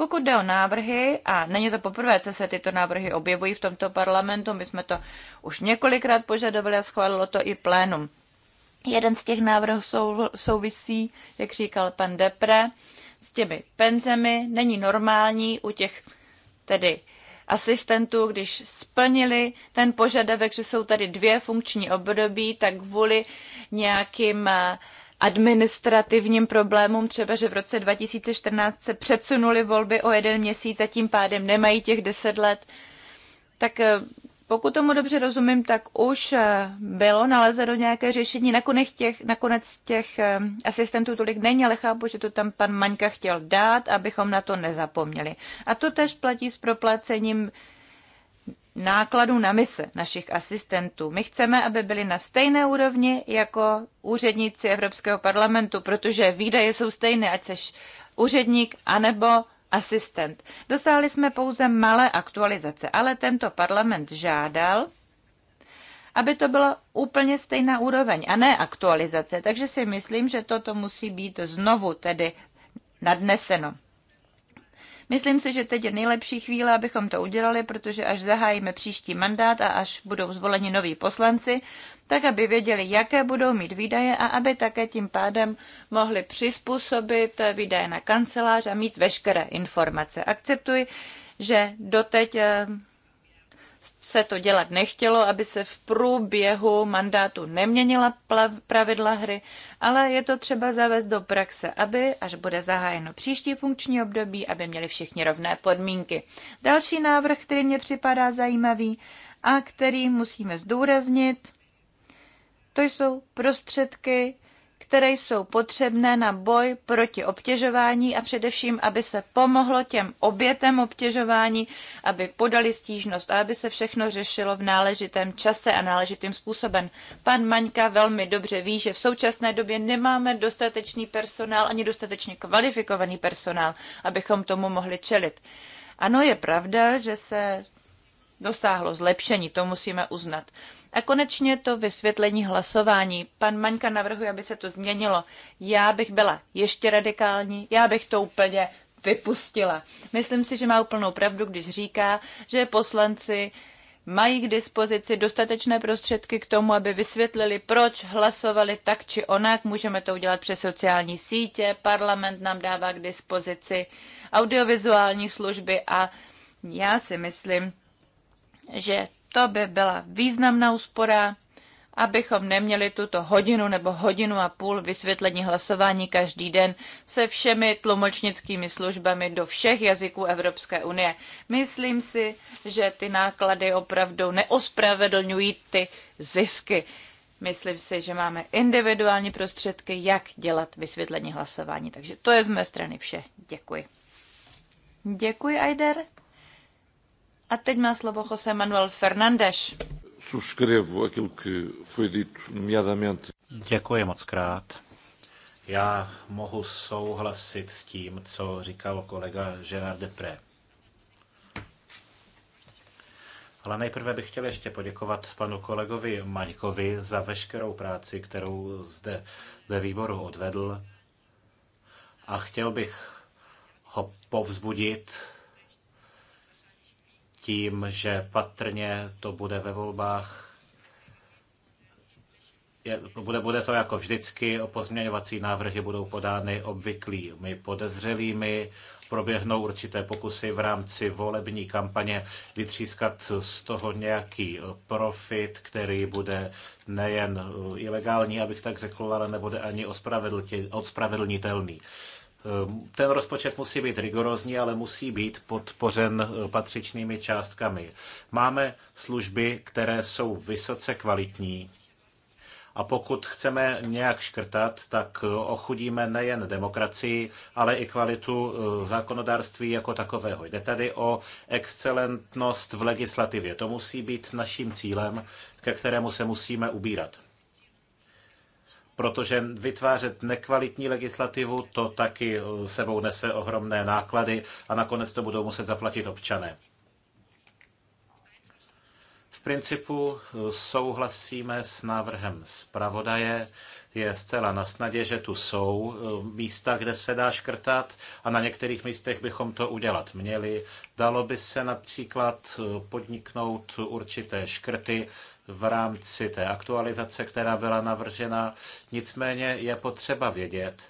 Pokud jde o návrhy, a není to poprvé, co se tyto návrhy objevují v tomto parlamentu, my jsme to už několikrát požadovali a schválilo to i plénum. Jeden z těch návrhů sou, souvisí, jak říkal pan Depre, s těmi penzemi. Není normální u těch tedy asistentů, když splnili ten požadavek, že jsou tady dvě funkční období, tak kvůli nějakým uh, administrativním problémům, třeba že v roce 2014 se přesunuly volby o jeden měsíc a tím pádem nemají těch deset let, tak eh, pokud tomu dobře rozumím, tak už eh, bylo nalezeno nějaké řešení. Nakonec těch, nakonec těch eh, asistentů tolik není, ale chápu, že to tam pan Maňka chtěl dát, abychom na to nezapomněli. A to tež platí s proplácením nákladů na mise našich asistentů. My chceme, aby byli na stejné úrovni jako úředníci Evropského parlamentu, protože výdaje jsou stejné, ať seš úředník anebo asistent. Dostali jsme pouze malé aktualizace, ale tento parlament žádal, aby to byla úplně stejná úroveň a ne aktualizace. Takže si myslím, že toto musí být znovu tedy nadneseno. Myslím si, že teď je nejlepší chvíle, abychom to udělali, protože až zahájíme příští mandát a až budou zvoleni noví poslanci, tak aby věděli, jaké budou mít výdaje a aby také tím pádem mohli přizpůsobit výdaje na kancelář a mít veškeré informace. Akceptuji, že doteď eh, se to dělat nechtělo, aby se v průběhu mandátu neměnila pravidla hry, ale je to třeba zavést do praxe, aby, až bude zahájeno příští funkční období, aby měli všichni rovné podmínky. Další návrh, který mě připadá zajímavý a který musíme zdůraznit, to jsou prostředky, které jsou potřebné na boj proti obtěžování a především, aby se pomohlo těm obětem obtěžování, aby podali stížnost a aby se všechno řešilo v náležitém čase a náležitým způsobem. Pan Maňka velmi dobře ví, že v současné době nemáme dostatečný personál ani dostatečně kvalifikovaný personál, abychom tomu mohli čelit. Ano, je pravda, že se dosáhlo zlepšení, to musíme uznat. A konečně to vysvětlení hlasování. Pan Maňka navrhuje, aby se to změnilo. Já bych byla ještě radikální, já bych to úplně vypustila. Myslím si, že má úplnou pravdu, když říká, že poslanci mají k dispozici dostatečné prostředky k tomu, aby vysvětlili, proč hlasovali tak či onak. Můžeme to udělat přes sociální sítě, parlament nám dává k dispozici audiovizuální služby a já si myslím, že to by byla významná úspora, abychom neměli tuto hodinu nebo hodinu a půl vysvětlení hlasování každý den se všemi tlumočnickými službami do všech jazyků Evropské unie. Myslím si, že ty náklady opravdu neospravedlňují ty zisky. Myslím si, že máme individuální prostředky, jak dělat vysvětlení hlasování. Takže to je z mé strany vše. Děkuji. Děkuji, Aider. A teď má slovo José Manuel Fernández. Subscrevo aquilo que foi dito, nomeadamente. Děkuji moc krát. Já mohu souhlasit s tím, co říkal kolega Gerard Depré. Ale nejprve bych chtěl ještě poděkovat panu kolegovi Maňkovi za veškerou práci, kterou zde ve výboru odvedl. A chtěl bych ho povzbudit tím, že patrně to bude ve volbách je, bude, bude to jako vždycky, o pozměňovací návrhy budou podány obvyklými podezřelými, proběhnou určité pokusy v rámci volební kampaně vytřískat z toho nějaký profit, který bude nejen ilegální, abych tak řekl, ale nebude ani ospravedlnitelný. Ehm, ten rozpočet musí být rigorózní, ale musí být podpořen eh, patřičnými částkami. Máme služby, které jsou vysoce kvalitní, a pokud chceme nějak škrtat, tak eh, ochudíme nejen demokracii, ale i kvalitu eh, zákonodárství jako takového. Jde tady o excelentnost v legislativě. To musí být naším cílem, ke kterému se musíme ubírat protože vytvářet nekvalitní legislativu, to taky eh, sebou nese ohromné náklady a nakonec to budou muset zaplatit občané. V principu eh, souhlasíme s návrhem zpravodaje. Je zcela na snadě, že tu jsou eh, místa, kde se dá škrtat a na některých místech bychom to udělat měli. Dalo by se například podniknout určité škrty v rámci té aktualizace, která byla navržena. Nicméně je potřeba vědět,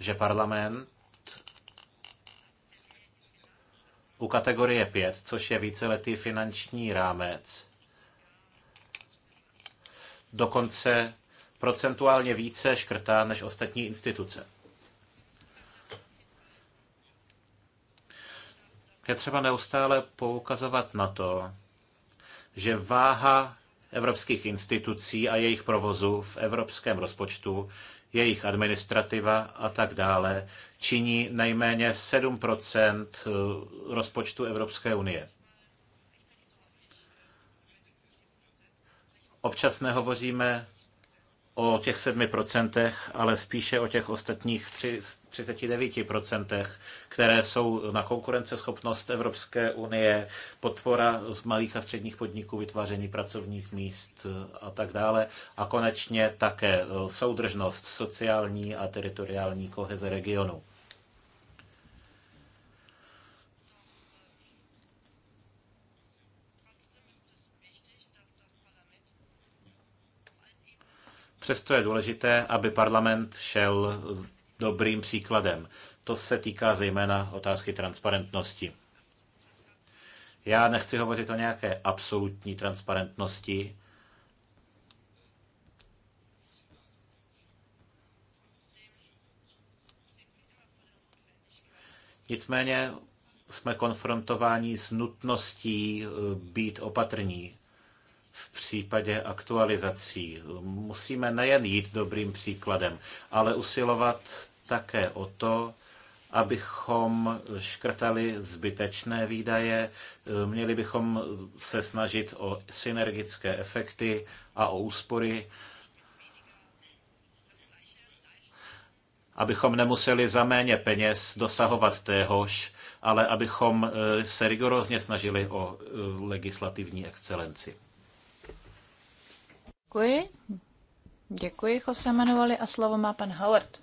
že parlament u kategorie 5, což je víceletý finanční rámec, dokonce procentuálně více škrtá než ostatní instituce. je třeba neustále poukazovat na to, že váha evropských institucí a jejich provozu v evropském rozpočtu, jejich administrativa a tak dále činí nejméně 7 eh, rozpočtu Evropské unie. Občas nehovoříme o těch 7%, ale spíše o těch ostatních 39%, které jsou na konkurenceschopnost Evropské unie, podpora z malých a středních podniků, vytváření pracovních míst e, a tak dále. A konečně také e, soudržnost, sociální a teritoriální koheze regionu. Přesto je důležité, aby parlament šel dobrým příkladem. To se týká zejména otázky transparentnosti. Já nechci hovořit o nějaké absolutní transparentnosti. Nicméně jsme konfrontováni s nutností eh, být opatrní v případě aktualizací. Musíme nejen jít dobrým příkladem, ale usilovat také o to, abychom škrtali zbytečné výdaje, měli bychom se snažit o synergické efekty a o úspory, abychom nemuseli za méně peněz dosahovat téhož, ale abychom eh, se rigorózně snažili o eh, legislativní excelenci. Děkuji. Děkuji, Jose Manueli. A slovo má pan Howard.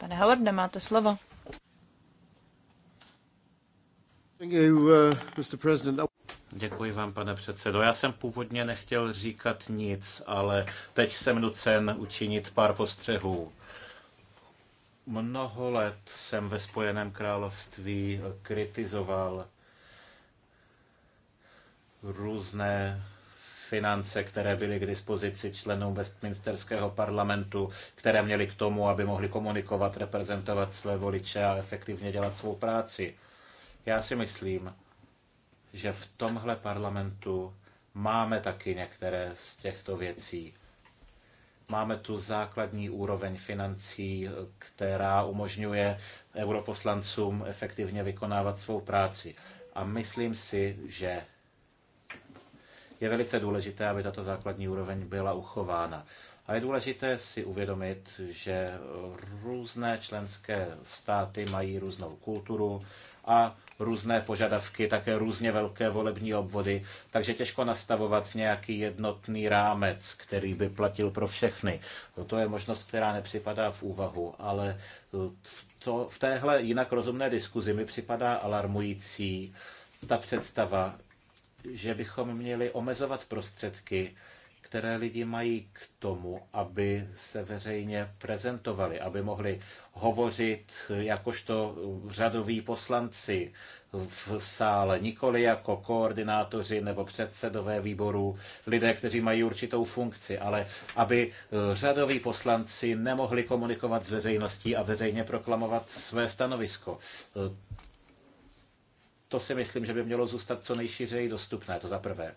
Pane Howarde, máte slovo. Uh, Děkuji vám, pane předsedo. Já jsem původně nechtěl říkat nic, ale teď jsem nucen učinit pár postřehů. Mnoho let jsem ve Spojeném království kritizoval různé finance, které byly k dispozici členům Westminsterského parlamentu, které měly k tomu, aby mohli komunikovat, reprezentovat své voliče a efektivně dělat svou práci. Já si myslím, že v tomhle parlamentu máme taky některé z těchto věcí. Máme tu základní úroveň financí, která umožňuje europoslancům efektivně vykonávat svou práci. A myslím si, že je velice důležité, aby tato základní úroveň byla uchována. A je důležité si uvědomit, že různé členské státy mají různou kulturu a různé požadavky, také různě velké volební obvody, takže těžko nastavovat nějaký jednotný rámec, který by platil pro všechny. To je možnost, která nepřipadá v úvahu, ale v, to, v téhle jinak rozumné diskuzi mi připadá alarmující ta představa, že bychom měli omezovat prostředky, které lidi mají k tomu, aby se veřejně prezentovali, aby mohli hovořit jakožto řadoví poslanci v sále, nikoli jako koordinátoři nebo předsedové výborů, lidé, kteří mají určitou funkci, ale aby eh, řadoví poslanci nemohli komunikovat s veřejností a veřejně proklamovat své stanovisko. Eh, to si myslím, že by mělo zůstat co nejšířeji dostupné, to za prvé.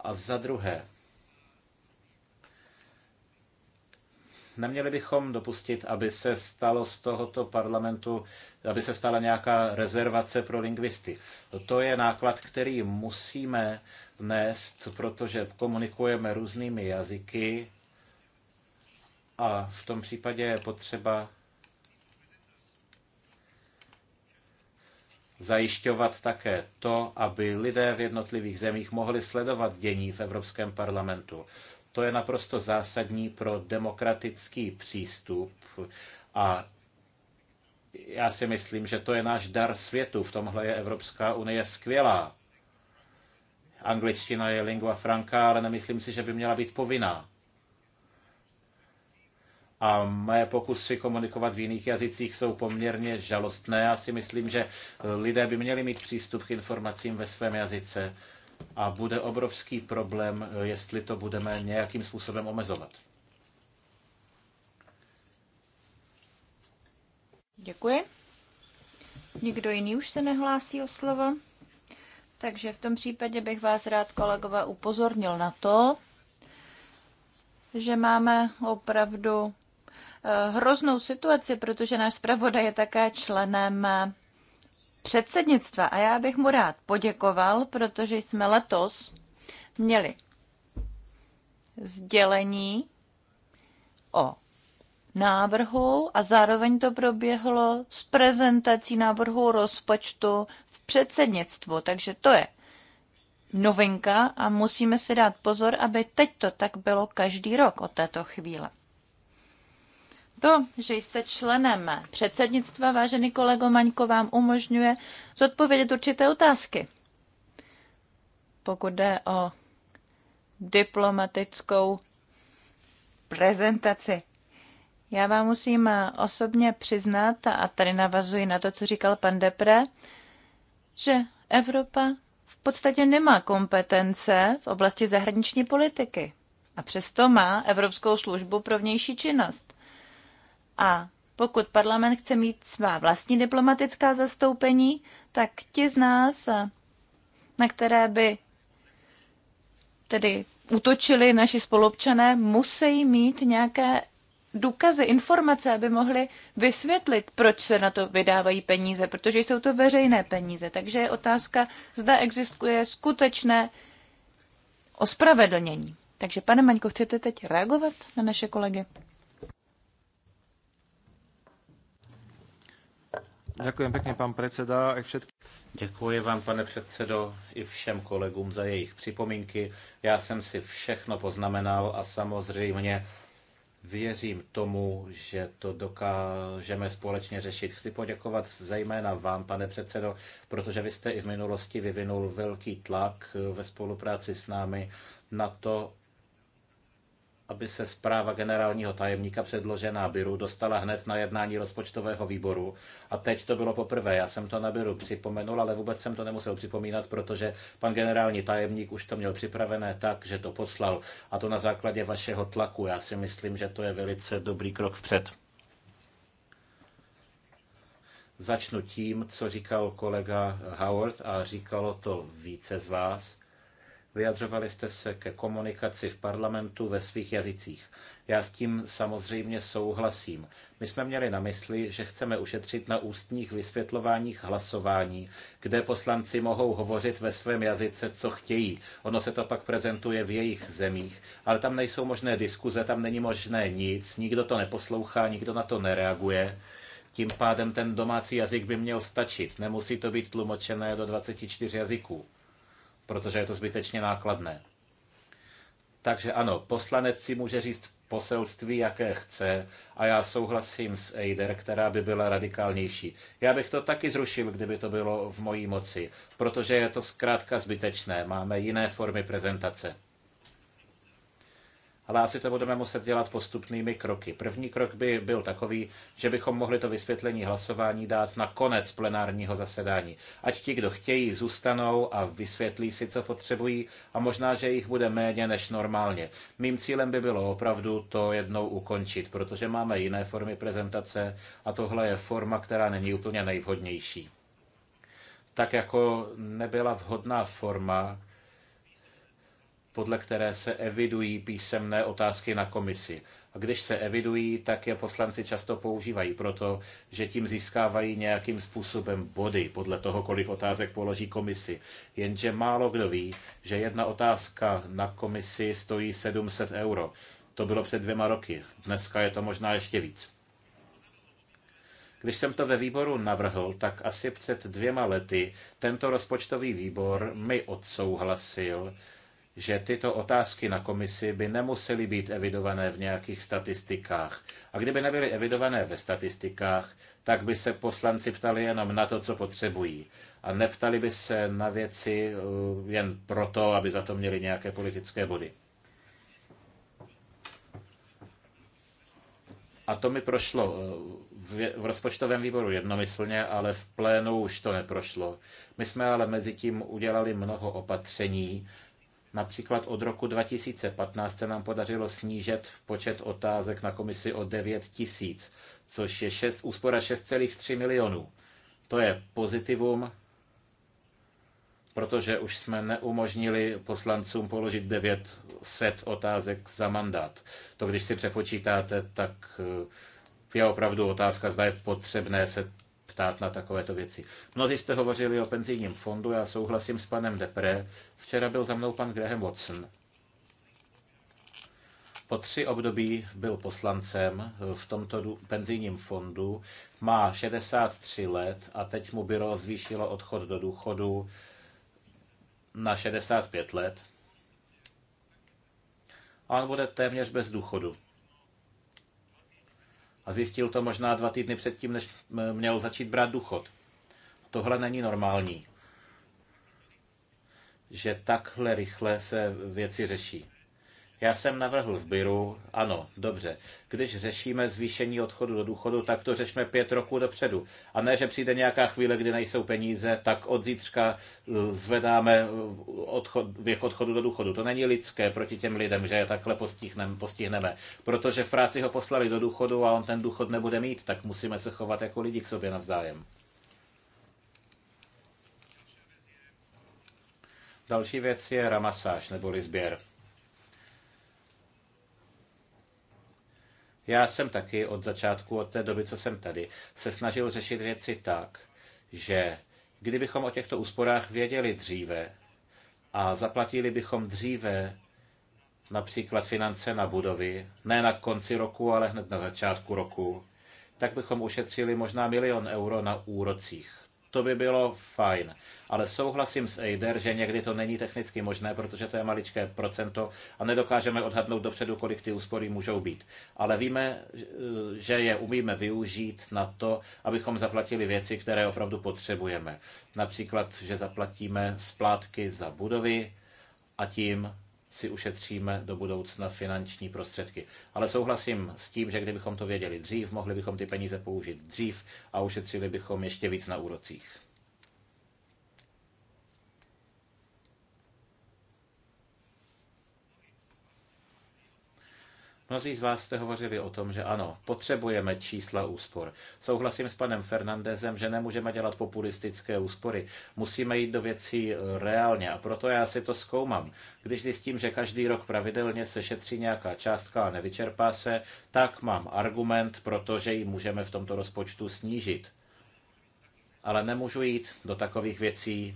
A za druhé, neměli bychom dopustit, aby se stalo z tohoto parlamentu, aby se stala nějaká rezervace pro lingvisty. To je náklad, který musíme nést, protože komunikujeme různými jazyky a v tom případě je potřeba zajišťovat také to, aby lidé v jednotlivých zemích mohli sledovat dění v Evropském parlamentu. To je naprosto zásadní pro demokratický přístup a já si myslím, že to je náš dar světu. V tomhle je Evropská unie skvělá. Angličtina je lingua franca, ale nemyslím si, že by měla být povinná a moje pokusy komunikovat v jiných jazycích jsou poměrně žalostné. Já si myslím, že eh, lidé by měli mít přístup k informacím ve svém jazyce a bude obrovský problém, eh, jestli to budeme nějakým způsobem omezovat. Děkuji. Nikdo jiný už se nehlásí o slovo. Takže v tom případě bych vás rád, kolegové, upozornil na to, že máme opravdu hroznou situaci, protože náš zpravodaj je také členem eh, předsednictva a já bych mu rád poděkoval, protože jsme letos měli sdělení o návrhu a zároveň to proběhlo s prezentací návrhu rozpočtu v předsednictvu. Takže to je novinka a musíme si dát pozor, aby teď to tak bylo každý rok od této chvíle. To, že jste členem předsednictva, vážený kolego Maňko, vám umožňuje zodpovědět určité otázky. Pokud jde o diplomatickou prezentaci. Já vám musím osobně přiznat, a tady navazuji na to, co říkal pan Depre, že Evropa v podstatě nemá kompetence v oblasti zahraniční politiky. A přesto má Evropskou službu pro vnější činnost. A pokud parlament chce mít svá vlastní diplomatická zastoupení, tak ti z nás, na které by tedy útočili naši spolupčané, musí mít nějaké důkazy, informace, aby mohli vysvětlit, proč se na to vydávají peníze, protože jsou to veřejné peníze. Takže je otázka, zda existuje skutečné ospravedlnění. Takže pane Maňko, chcete teď reagovat na naše kolegy? Děkuji pěkně, pan předseda. A všetky... Děkuji vám, pane předsedo, i všem kolegům za jejich připomínky. Já jsem si všechno poznamenal a samozřejmě věřím tomu, že to dokážeme společně řešit. Chci poděkovat zejména vám, pane předsedo, protože vy jste i v minulosti vyvinul velký tlak ve spolupráci s námi na to, aby se zpráva generálního tajemníka předložená Biru dostala hned na jednání rozpočtového výboru. A teď to bylo poprvé. Já jsem to na Biru připomenul, ale vůbec jsem to nemusel připomínat, protože pan generální tajemník už to měl připravené tak, že to poslal. A to na základě vašeho tlaku. Já si myslím, že to je velice dobrý krok vpřed. Začnu tím, co říkal kolega Howard a říkalo to více z vás Vyjadřovali jste se ke komunikaci v parlamentu ve svých jazycích. Já s tím samozřejmě souhlasím. My jsme měli na mysli, že chceme ušetřit na ústních vysvětlováních hlasování, kde poslanci mohou hovořit ve svém jazyce, co chtějí. Ono se to pak prezentuje v jejich zemích, ale tam nejsou možné diskuze, tam není možné nic, nikdo to neposlouchá, nikdo na to nereaguje. Tím pádem ten domácí jazyk by měl stačit. Nemusí to být tlumočené do 24 jazyků protože je to zbytečně nákladné. Takže ano, poslanec si může říct poselství, jaké chce a já souhlasím s Eider, která by byla radikálnější. Já bych to taky zrušil, kdyby to bylo v mojí moci, protože je to zkrátka zbytečné. Máme jiné formy prezentace ale asi to budeme muset dělat postupnými kroky. První krok by byl takový, že bychom mohli to vysvětlení hlasování dát na konec plenárního zasedání. Ať ti, kdo chtějí, zůstanou a vysvětlí si, co potřebují a možná, že jich bude méně než normálně. Mým cílem by bylo opravdu to jednou ukončit, protože máme jiné formy prezentace a tohle je forma, která není úplně nejvhodnější. Tak jako nebyla vhodná forma, podle které se evidují písemné otázky na komisi. A když se evidují, tak je poslanci často používají, proto, že tím získávají nějakým způsobem body podle toho, kolik otázek položí komisi. Jenže málo kdo ví, že jedna otázka na komisi stojí 700 euro. To bylo před dvěma roky. Dneska je to možná ještě víc. Když jsem to ve výboru navrhl, tak asi před dvěma lety tento rozpočtový výbor mi odsouhlasil, že tyto otázky na komisi by nemusely být evidované v nějakých statistikách. A kdyby nebyly evidované ve statistikách, tak by se poslanci ptali jenom na to, co potřebují. A neptali by se na věci uh, jen proto, aby za to měli nějaké politické body. A to mi prošlo uh, v rozpočtovém výboru jednomyslně, ale v plénu už to neprošlo. My jsme ale mezi tím udělali mnoho opatření, Například od roku 2015 se nám podařilo snížit počet otázek na komisi o 9 tisíc, což je 6, úspora 6,3 milionů. To je pozitivum, protože už jsme neumožnili poslancům položit 900 otázek za mandát. To, když si přepočítáte, tak eh, je opravdu otázka, zda je potřebné se ptát na takovéto věci. Mnozí jste hovořili o penzijním fondu, já souhlasím s panem Depre. Včera byl za mnou pan Graham Watson. Po tři období byl poslancem v tomto penzijním fondu, má 63 let a teď mu byro zvýšilo odchod do důchodu na 65 let. A on bude téměř bez důchodu. A zjistil to možná dva týdny předtím, než měl začít brát důchod. Tohle není normální, že takhle rychle se věci řeší. Já jsem navrhl v Biru, ano, dobře, když řešíme zvýšení odchodu do důchodu, tak to řešme pět roků dopředu. A ne, že přijde nějaká chvíle, kdy nejsou peníze, tak od zítřka eh, zvedáme eh, odchod, věk odchodu do důchodu. To není lidské proti těm lidem, že je takhle postihneme, postihneme. Protože v práci ho poslali do důchodu a on ten důchod nebude mít, tak musíme se chovat jako lidi k sobě navzájem. Další věc je ramasáž neboli sběr. Já jsem taky od začátku, od té doby, co jsem tady, se snažil řešit věci tak, že kdybychom o těchto úsporách věděli dříve a zaplatili bychom dříve například finance na budovy, ne na konci roku, ale hned na začátku roku, tak bychom ušetřili možná milion euro na úrocích to by bylo fajn. Ale souhlasím s Eider, že někdy to není technicky možné, protože to je maličké procento a nedokážeme odhadnout dopředu, kolik ty úspory můžou být. Ale víme, že je umíme využít na to, abychom zaplatili věci, které opravdu potřebujeme. Například, že zaplatíme splátky za budovy a tím si ušetříme do budoucna finanční prostředky. Ale souhlasím s tím, že kdybychom to věděli dřív, mohli bychom ty peníze použít dřív a ušetřili bychom ještě víc na úrocích. Mnozí z vás jste hovořili o tom, že ano, potřebujeme čísla úspor. Souhlasím s panem Fernandezem, že nemůžeme dělat populistické úspory. Musíme jít do věcí eh, reálně a proto já si to zkoumám. Když zjistím, že každý rok pravidelně se šetří nějaká částka a nevyčerpá se, tak mám argument, protože ji můžeme v tomto rozpočtu snížit. Ale nemůžu jít do takových věcí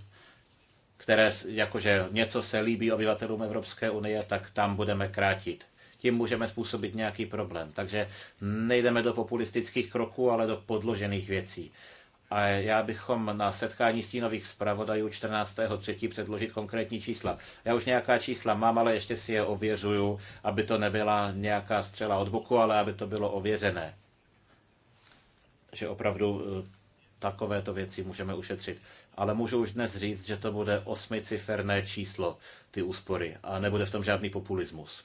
které jakože něco se líbí obyvatelům Evropské unie, tak tam budeme krátit. Tím můžeme způsobit nějaký problém. Takže nejdeme do populistických kroků, ale do podložených věcí. A já bychom na setkání stínových zpravodajů 14.3. předložit konkrétní čísla. Já už nějaká čísla mám, ale ještě si je ověřuju, aby to nebyla nějaká střela od boku, ale aby to bylo ověřené. Že opravdu eh, takovéto věci můžeme ušetřit. Ale můžu už dnes říct, že to bude osmiciferné číslo, ty úspory, a nebude v tom žádný populismus.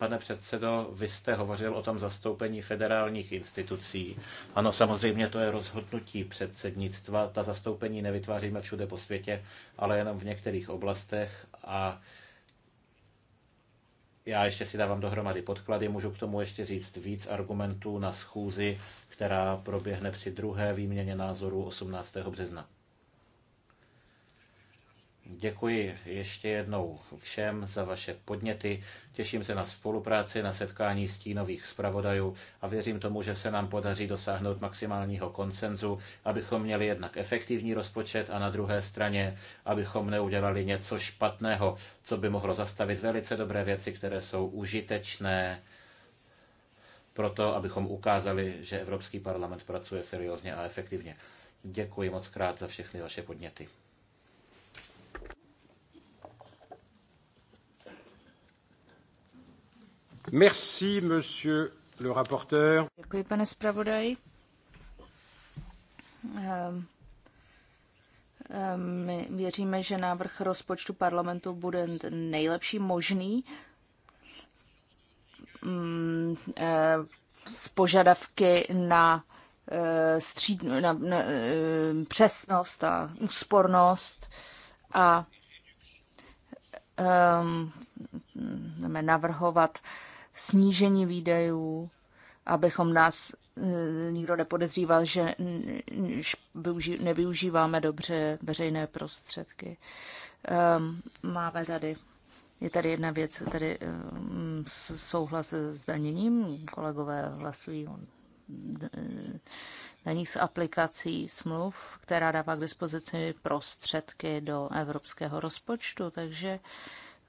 Pane předsedo, vy jste hovořil o tom zastoupení federálních institucí. Ano, samozřejmě to je rozhodnutí předsednictva. Ta zastoupení nevytváříme všude po světě, ale jenom v některých oblastech a já ještě si dávám dohromady podklady, můžu k tomu ještě říct víc argumentů na schůzi, která proběhne při druhé výměně názorů 18. března. Děkuji ještě jednou všem za vaše podněty. Těším se na spolupráci, na setkání stínových zpravodajů a věřím tomu, že se nám podaří dosáhnout maximálního konsenzu, abychom měli jednak efektivní rozpočet a na druhé straně, abychom neudělali něco špatného, co by mohlo zastavit velice dobré věci, které jsou užitečné Pro to, abychom ukázali, že Evropský parlament pracuje seriózně a efektivně. Děkuji moc krát za všechny vaše podněty. Merci, monsieur le rapporteur. Děkuji, pane zpravodaji. Ehm, ehm, my věříme, že návrh rozpočtu parlamentu bude nejlepší možný s mm, eh, požadavky na, eh, eh, přesnost a úspornost a ehm, navrhovat snížení výdajů, abychom nás eh, nikdo nepodezříval, že nevyužíváme dobře veřejné prostředky. Ehm, máme tady, je tady jedna věc, tady ehm, souhlas s zdaněním, kolegové hlasují on nich z aplikací smluv, která dává k dispozici prostředky do evropského rozpočtu, takže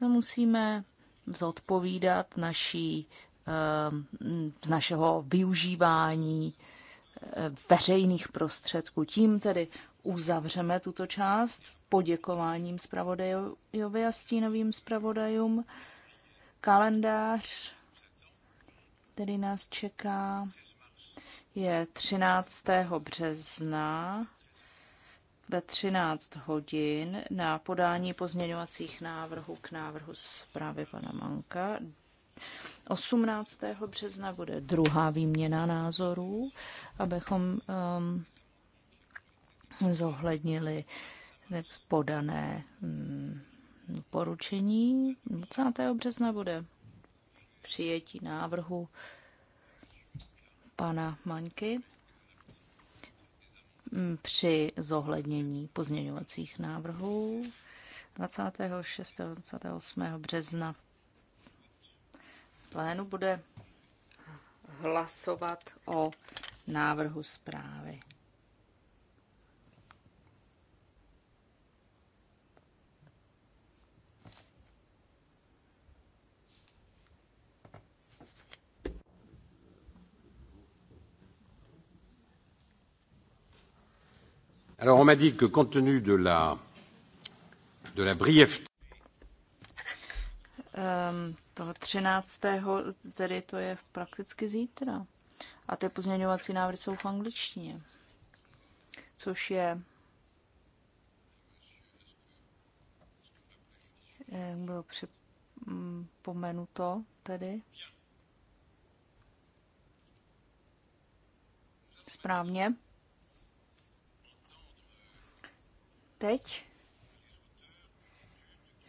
no, musíme zodpovídat naší, eh, z našeho využívání eh, veřejných prostředků. Tím tedy uzavřeme tuto část poděkováním zpravodajovi a stínovým zpravodajům. Kalendář, který nás čeká, je 13. března ve 13 hodin na podání pozměňovacích návrhů k návrhu zprávy pana Manka. 18. března bude druhá výměna názorů, abychom um, zohlednili podané um, poručení. 20. března bude přijetí návrhu pana Maňky Mm, při zohlednění pozměňovacích návrhů. 26. 28. března plénu bude hlasovat o návrhu zprávy. Alors on m'a dit que compte tenu de la, de la brièveté... Um, toho 13. tedy to je prakticky zítra. A ty pozměňovací návrhy jsou v angličtině. Což je Jak eh, bylo připomenuto mm, tedy. Správně. Teď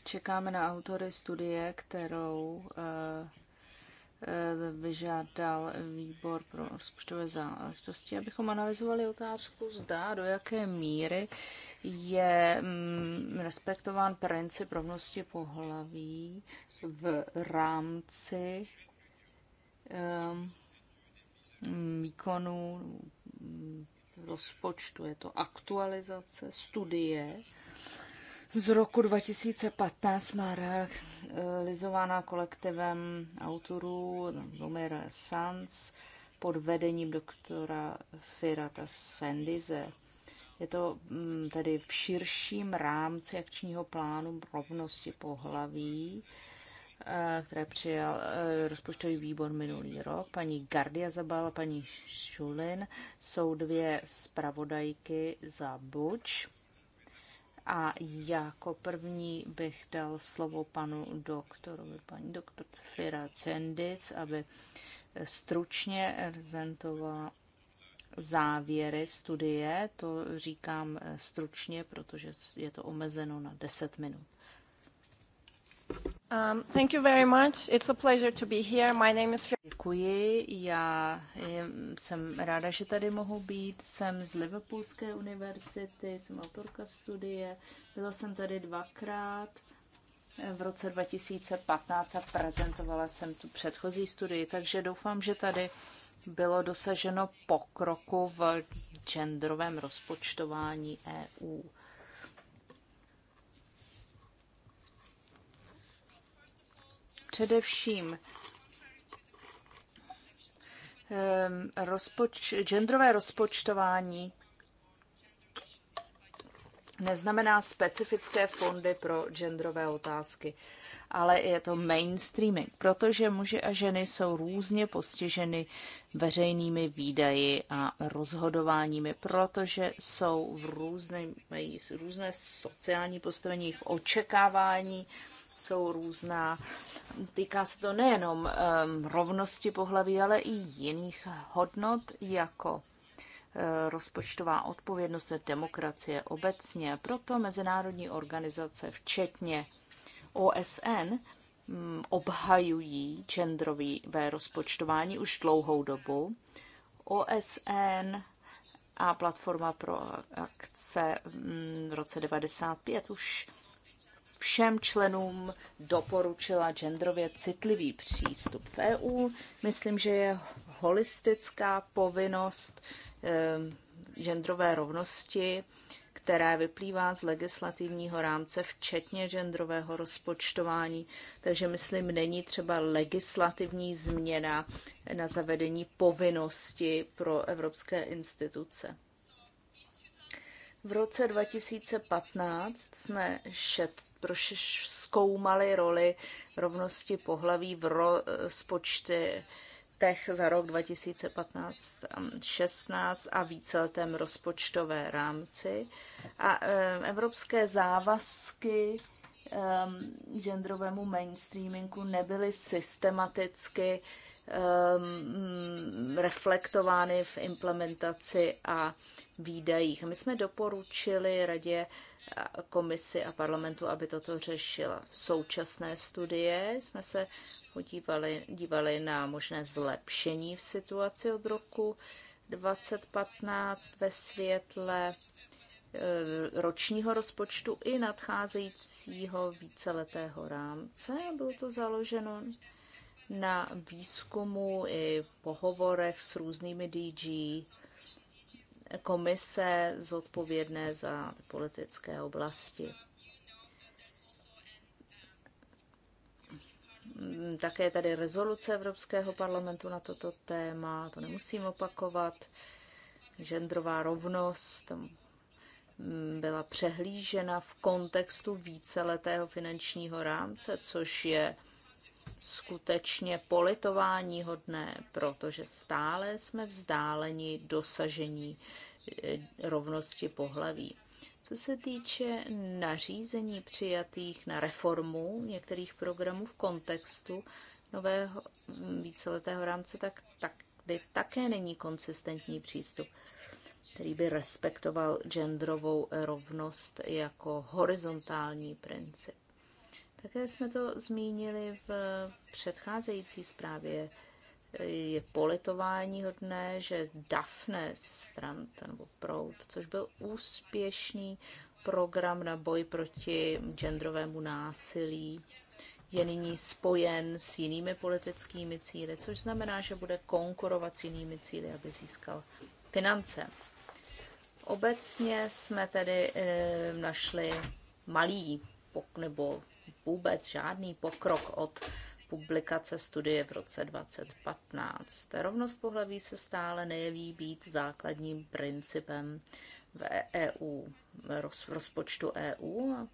čekáme na autory studie, kterou eh, eh, vyžádal výbor pro rozpočtové záležitosti, abychom analyzovali otázku, zda do jaké míry je mm, respektován princip rovnosti pohlaví v rámci eh, mm, výkonu rozpočtu. Je to aktualizace studie z roku 2015 má realizována kolektivem autorů Lumir Sanz pod vedením doktora Firata Sendize. Je to mm, tedy v širším rámci akčního plánu rovnosti pohlaví, Eh, které přijal eh, rozpočtový výbor minulý rok. Paní Gardia Zabal a paní Šulin jsou dvě zpravodajky za Buč. A jako první bych dal slovo panu doktorovi, paní doktorce Fira Cendis, aby stručně prezentovala závěry studie. To říkám eh, stručně, protože je to omezeno na 10 minut to Děkuji, já jsem ráda, že tady mohu být. Jsem z Liverpoolské univerzity, jsem autorka studie. Byla jsem tady dvakrát v roce 2015 a prezentovala jsem tu předchozí studii, takže doufám, že tady bylo dosaženo pokroku v genderovém rozpočtování EU. Především ehm, rozpoč- genderové rozpočtování neznamená specifické fondy pro genderové otázky, ale je to mainstreaming, protože muži a ženy jsou různě postiženy veřejnými výdaji a rozhodováními, protože jsou v různé, mají různé sociální postavení, jejich očekávání, jsou různá. Týká se to nejenom um, rovnosti pohlaví, ale i jiných hodnot, jako uh, rozpočtová odpovědnost a demokracie obecně. Proto mezinárodní organizace, včetně OSN, um, obhajují genderové rozpočtování už dlouhou dobu. OSN a platforma pro akce v roce 1995 už všem členům doporučila genderově citlivý přístup v EU. Myslím, že je holistická povinnost ehm, genderové rovnosti, která vyplývá z legislativního rámce, včetně genderového rozpočtování. Takže myslím, není třeba legislativní změna na zavedení povinnosti pro evropské instituce. V roce 2015 jsme šet, proš- zkoumali roli rovnosti pohlaví v rozpočty tech za rok 2015-16 a víceletém rozpočtové rámci. A eh, evropské závazky eh, genderovému mainstreamingu nebyly systematicky Ehm, reflektovány v implementaci a výdajích. My jsme doporučili radě komisi a parlamentu, aby toto řešila. V současné studie jsme se podívali dívali na možné zlepšení v situaci od roku 2015 ve světle eh, ročního rozpočtu i nadcházejícího víceletého rámce. Bylo to založeno na výzkumu i pohovorech s různými DG komise zodpovědné za politické oblasti. Mm, také tady rezoluce Evropského parlamentu na toto téma, to nemusím opakovat. Žendrová rovnost tam mm, byla přehlížena v kontextu víceletého finančního rámce, což je skutečně politování hodné, protože stále jsme vzdáleni dosažení eh, rovnosti pohlaví. Co se týče nařízení přijatých na reformu některých programů v kontextu nového mm, víceletého rámce, tak, tak by také není konsistentní přístup, který by respektoval genderovou rovnost jako horizontální princip. Také jsme to zmínili v předcházející zprávě. Je politování hodné, že Daphne Strand nebo Proud, což byl úspěšný program na boj proti genderovému násilí, je nyní spojen s jinými politickými cíly, což znamená, že bude konkurovat s jinými cíly, aby získal finance. Obecně jsme tedy e, našli malý pok- nebo vůbec žádný pokrok od publikace studie v roce 2015. Rovnost pohlaví se stále nejeví být základním principem v EU, v rozpočtu EU.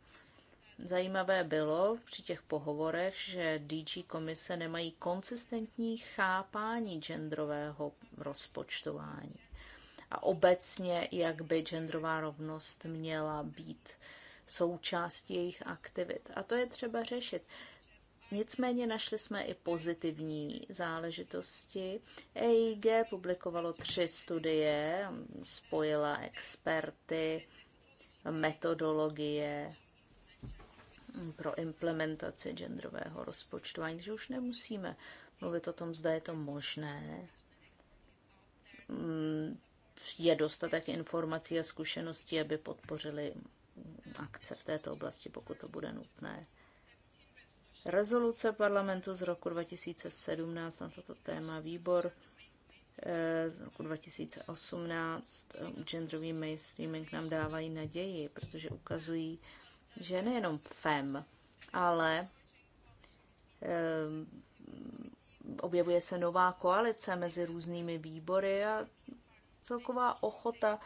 Zajímavé bylo při těch pohovorech, že DG komise nemají konsistentní chápání genderového rozpočtování a obecně, jak by genderová rovnost měla být součástí jejich aktivit. A to je třeba řešit. Nicméně našli jsme i pozitivní záležitosti. EIG publikovalo tři studie, spojila experty, metodologie pro implementaci genderového rozpočtování, takže už nemusíme mluvit o tom, zda je to možné. Mm, je dostatek informací a zkušeností, aby podpořili akce v této oblasti, pokud to bude nutné. Rezoluce parlamentu z roku 2017 na toto téma výbor eh, z roku 2018 eh, genderový mainstreaming nám dávají naději, protože ukazují, že nejenom FEM, ale eh, objevuje se nová koalice mezi různými výbory a celková ochota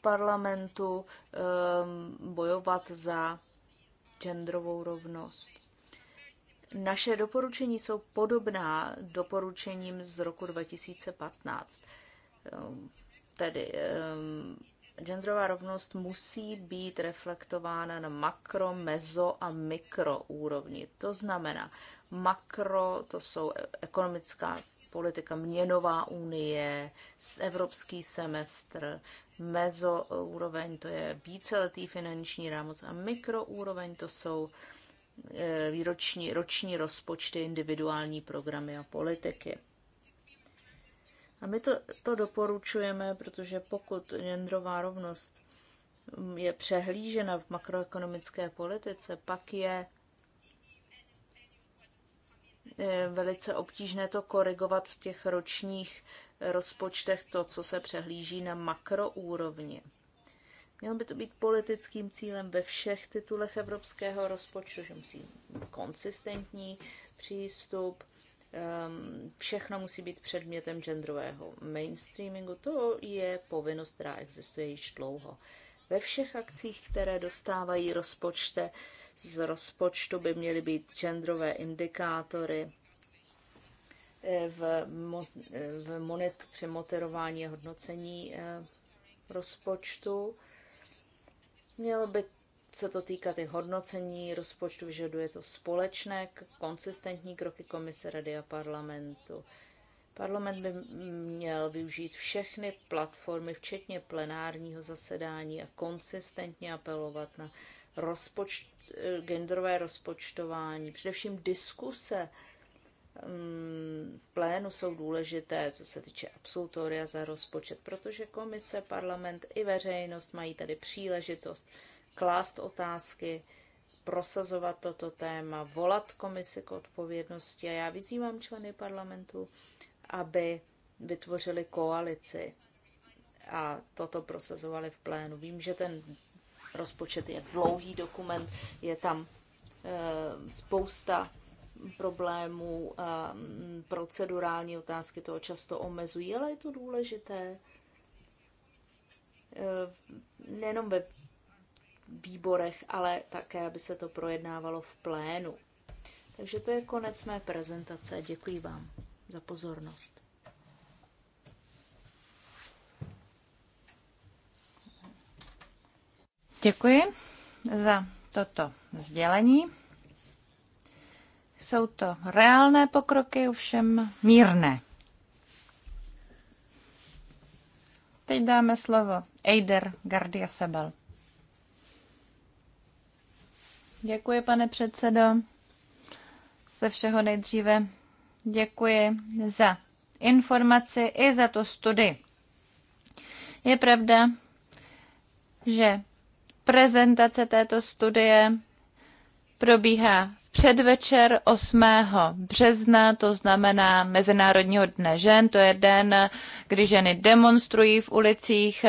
parlamentu ehm, bojovat za genderovou rovnost. Naše doporučení jsou podobná doporučením z roku 2015. Ehm, tedy ehm, genderová rovnost musí být reflektována na makro, mezo a mikro úrovni. To znamená, makro to jsou e, ekonomická politika, měnová unie, evropský semestr, mezoúroveň, to je víceletý finanční rámoc a mikroúroveň, to jsou e, výroční, roční rozpočty, individuální programy a politiky. A my to, to doporučujeme, protože pokud genderová rovnost je přehlížena v makroekonomické politice, pak je e, velice obtížné to korigovat v těch ročních rozpočtech to, co se přehlíží na makroúrovni. Měl by to být politickým cílem ve všech titulech evropského rozpočtu, že musí být konsistentní přístup, ehm, všechno musí být předmětem genderového mainstreamingu. To je povinnost, která existuje již dlouho. Ve všech akcích, které dostávají rozpočte, z rozpočtu by měly být genderové indikátory, v, v monet, přemoterování a hodnocení eh, rozpočtu. Mělo by se to týkat i hodnocení rozpočtu, vyžaduje to společné, konsistentní kroky Komise Rady a parlamentu. Parlament by měl využít všechny platformy, včetně plenárního zasedání a konsistentně apelovat na rozpočt, genderové rozpočtování, především diskuse Mm, plénu jsou důležité, co se týče absolutoria za rozpočet, protože komise, parlament i veřejnost mají tady příležitost klást otázky, prosazovat toto téma, volat komisi k odpovědnosti a já vyzývám členy parlamentu, aby vytvořili koalici a toto prosazovali v plénu. Vím, že ten rozpočet je dlouhý dokument, je tam eh, spousta problémů, procedurální otázky toho často omezují, ale je to důležité. E, nejenom ve výborech, ale také, aby se to projednávalo v plénu. Takže to je konec mé prezentace. Děkuji vám za pozornost. Děkuji za toto sdělení. Jsou to reálné pokroky, ovšem mírné. Teď dáme slovo Eider Gardia Sebel. Děkuji, pane předsedo. Ze všeho nejdříve děkuji za informaci i za tu studii. Je pravda, že prezentace této studie probíhá předvečer 8. března, to znamená Mezinárodního dne žen. To je den, kdy ženy demonstrují v ulicích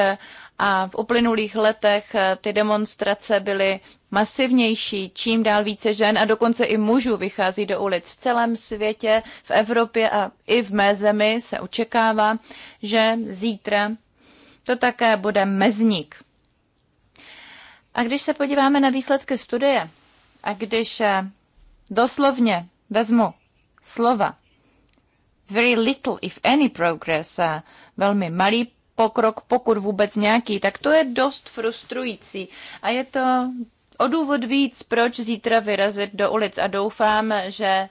a v uplynulých letech ty demonstrace byly masivnější, čím dál více žen a dokonce i mužů vychází do ulic v celém světě, v Evropě a i v mé zemi se očekává, že zítra to také bude mezník. A když se podíváme na výsledky studie a když eh, doslovně vezmu slova very little, if any progress, a velmi malý pokrok, pokud vůbec nějaký, tak to je dost frustrující. A je to o důvod víc, proč zítra vyrazit do ulic a doufám, že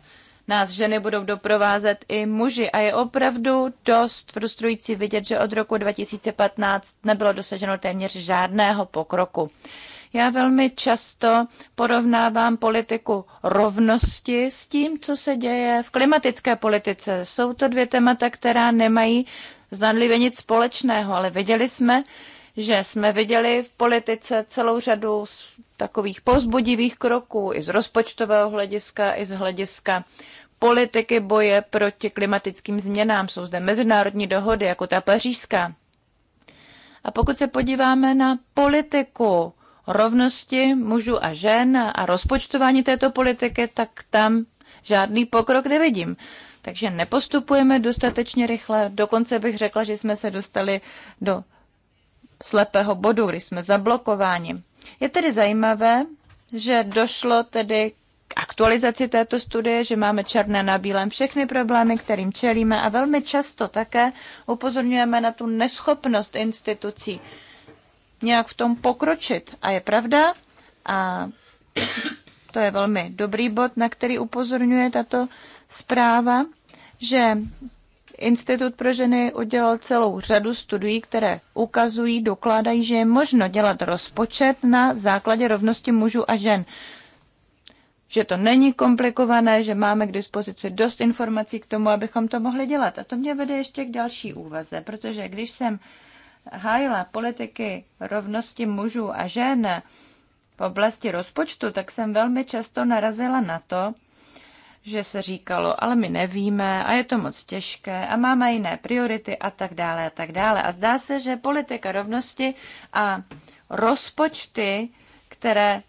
nás ženy budou doprovázet i muži. A je opravdu dost frustrující vidět, že od roku 2015 nebylo dosaženo téměř žádného pokroku. Já velmi často porovnávám politiku rovnosti s tím, co se děje v klimatické politice. Jsou to dvě témata, která nemají zdánlivě nic společného, ale viděli jsme, že jsme viděli v politice celou řadu takových pozbudivých kroků i z rozpočtového hlediska, i z hlediska politiky boje proti klimatickým změnám. Jsou zde mezinárodní dohody, jako ta pařížská. A pokud se podíváme na politiku rovnosti mužů a žen a rozpočtování této politiky, tak tam žádný pokrok nevidím. Takže nepostupujeme dostatečně rychle. Dokonce bych řekla, že jsme se dostali do slepého bodu, kdy jsme zablokováni. Je tedy zajímavé, že došlo tedy k aktualizaci této studie, že máme černé na bílém všechny problémy, kterým čelíme a velmi často také upozorňujeme na tu neschopnost institucí nějak v tom pokročit. A je pravda, a to je velmi dobrý bod, na který upozorňuje tato zpráva, že Institut pro ženy udělal celou řadu studií, které ukazují, dokládají, že je možno dělat rozpočet na základě rovnosti mužů a žen. Že to není komplikované, že máme k dispozici dost informací k tomu, abychom to mohli dělat. A to mě vede ještě k další úvaze, protože když jsem hájila politiky rovnosti mužů a žen v oblasti rozpočtu, tak jsem velmi často narazila na to, že se říkalo, ale my nevíme a je to moc těžké a máme jiné priority a tak dále a tak dále. A zdá se, že politika rovnosti a rozpočty, které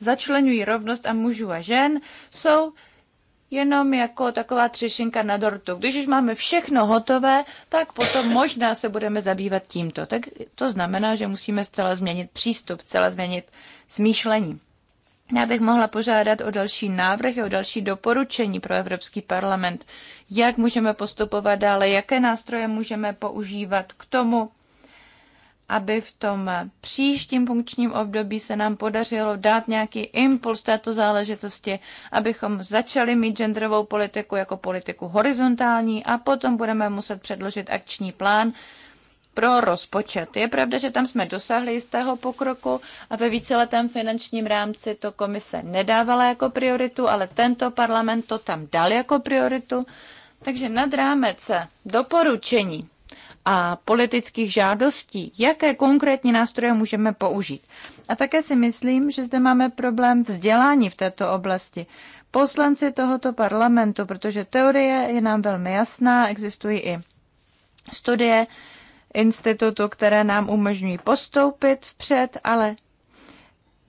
začlenují rovnost a mužů a žen, jsou jenom jako taková třešinka na dortu. Když už máme všechno hotové, tak potom možná se budeme zabývat tímto. Tak to znamená, že musíme zcela změnit přístup, zcela změnit smýšlení. Já bych mohla požádat o další návrhy, o další doporučení pro Evropský parlament, jak můžeme postupovat dále, jaké nástroje můžeme používat k tomu, aby v tom příštím funkčním období se nám podařilo dát nějaký impuls této záležitosti, abychom začali mít genderovou politiku jako politiku horizontální a potom budeme muset předložit akční plán pro rozpočet. Je pravda, že tam jsme dosáhli jistého pokroku a ve víceletém finančním rámci to komise nedávala jako prioritu, ale tento parlament to tam dal jako prioritu. Takže nad rámec doporučení a politických žádostí, jaké konkrétní nástroje můžeme použít. A také si myslím, že zde máme problém vzdělání v této oblasti. Poslanci tohoto parlamentu, protože teorie je nám velmi jasná, existují i studie institutu, které nám umožňují postoupit vpřed, ale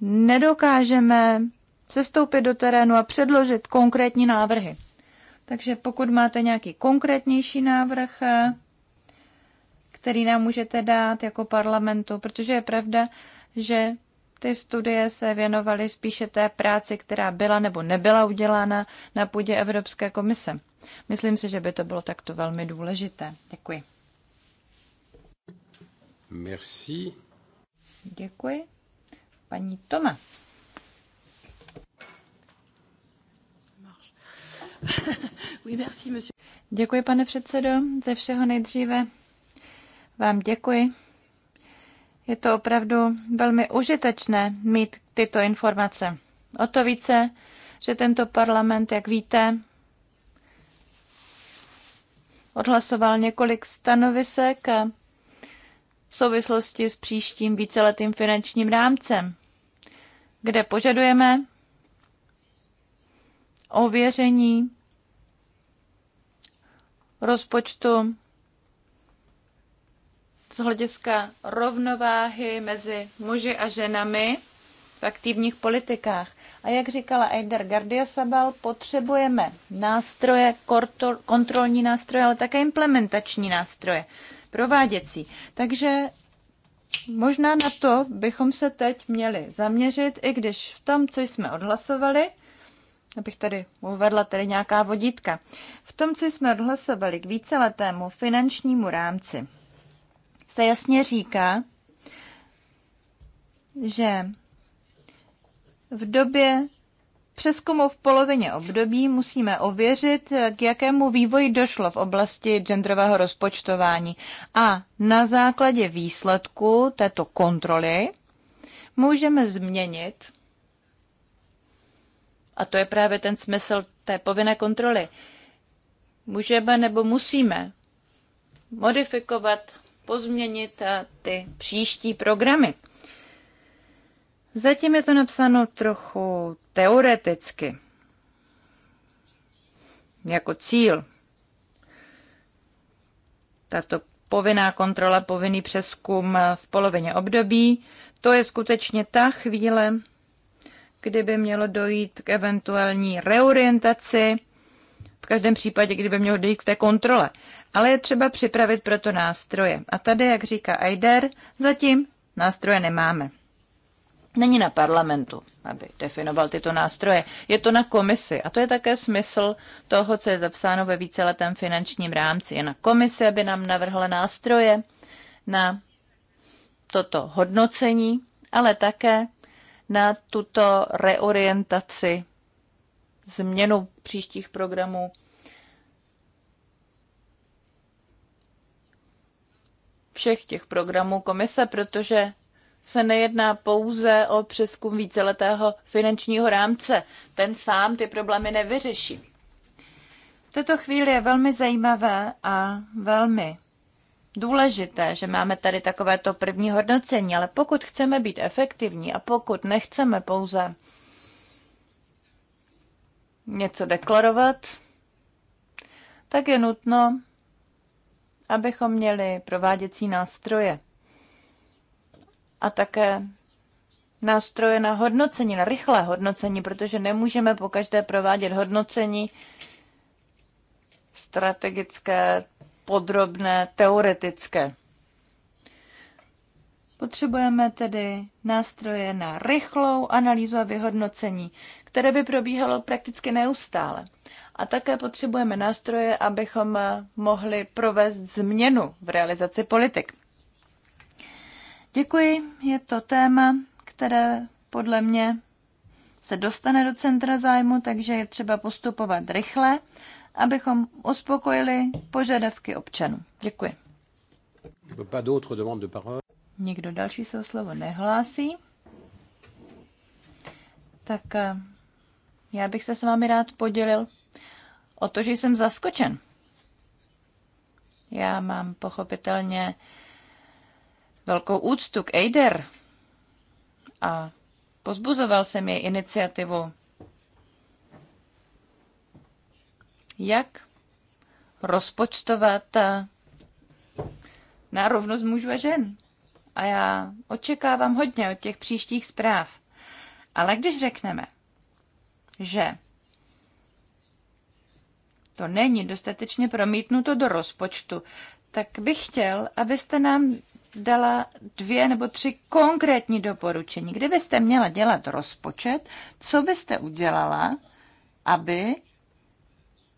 nedokážeme sestoupit do terénu a předložit konkrétní návrhy. Takže pokud máte nějaký konkrétnější návrh, který nám můžete dát jako parlamentu, protože je pravda, že ty studie se věnovaly spíše té práci, která byla nebo nebyla udělána na půdě Evropské komise. Myslím si, že by to bylo takto velmi důležité. Děkuji. Merci. Děkuji. Paní Toma. Děkuji, pane předsedo. Ze všeho nejdříve vám děkuji. Je to opravdu velmi užitečné mít tyto informace. O to více, že tento parlament, jak víte, odhlasoval několik stanovisek v souvislosti s příštím víceletým finančním rámcem, kde požadujeme ověření rozpočtu z hlediska rovnováhy mezi muži a ženami v aktivních politikách. A jak říkala Eider Sabal potřebujeme nástroje, kontrolní nástroje, ale také implementační nástroje, prováděcí. Takže možná na to bychom se teď měli zaměřit, i když v tom, co jsme odhlasovali, abych tady uvedla tady nějaká vodítka, v tom, co jsme odhlasovali k víceletému finančnímu rámci – se jasně říká, že v době přeskumu v polovině období musíme ověřit, k jakému vývoji došlo v oblasti genderového rozpočtování. A na základě výsledku této kontroly můžeme změnit, a to je právě ten smysl té povinné kontroly, můžeme nebo musíme modifikovat pozměnit eh, ty příští programy. Zatím je to napsáno trochu teoreticky, jako cíl. Tato povinná kontrola, povinný přeskum eh, v polovině období, to je skutečně ta chvíle, kdyby mělo dojít k eventuální reorientaci, v každém případě, kdyby mělo dojít k té kontrole ale je třeba připravit proto nástroje. A tady, jak říká Eider, zatím nástroje nemáme. Není na parlamentu, aby definoval tyto nástroje. Je to na komisi a to je také smysl toho, co je zapsáno ve víceletém finančním rámci. Je na komisi, aby nám navrhla nástroje na toto hodnocení, ale také na tuto reorientaci, změnu příštích programů všech těch programů komise, protože se nejedná pouze o přeskum víceletého finančního rámce. Ten sám ty problémy nevyřeší. V této chvíli je velmi zajímavé a velmi důležité, že máme tady takovéto první hodnocení, ale pokud chceme být efektivní a pokud nechceme pouze něco deklarovat, tak je nutno abychom měli prováděcí nástroje a také nástroje na hodnocení, na rychlé hodnocení, protože nemůžeme po každé provádět hodnocení strategické, podrobné, teoretické. Potřebujeme tedy nástroje na rychlou analýzu a vyhodnocení, které by probíhalo prakticky neustále. A také potřebujeme nástroje, abychom mohli provést změnu v realizaci politik. Děkuji, je to téma, které podle mě se dostane do centra zájmu, takže je třeba postupovat rychle, abychom uspokojili požadavky občanů. Děkuji. Nikdo další se o slovo nehlásí. Tak eh, já bych se s vámi rád podělil o to, že jsem zaskočen. Já mám pochopitelně velkou úctu k Eider a pozbuzoval jsem jej iniciativu. Jak rozpočtovat na rovnost mužů a žen. A já očekávám hodně od těch příštích zpráv. Ale když řekneme, že to není dostatečně promítnuto do rozpočtu, tak bych chtěl, abyste nám dala dvě nebo tři konkrétní doporučení. Kdybyste měla dělat rozpočet, co byste udělala, aby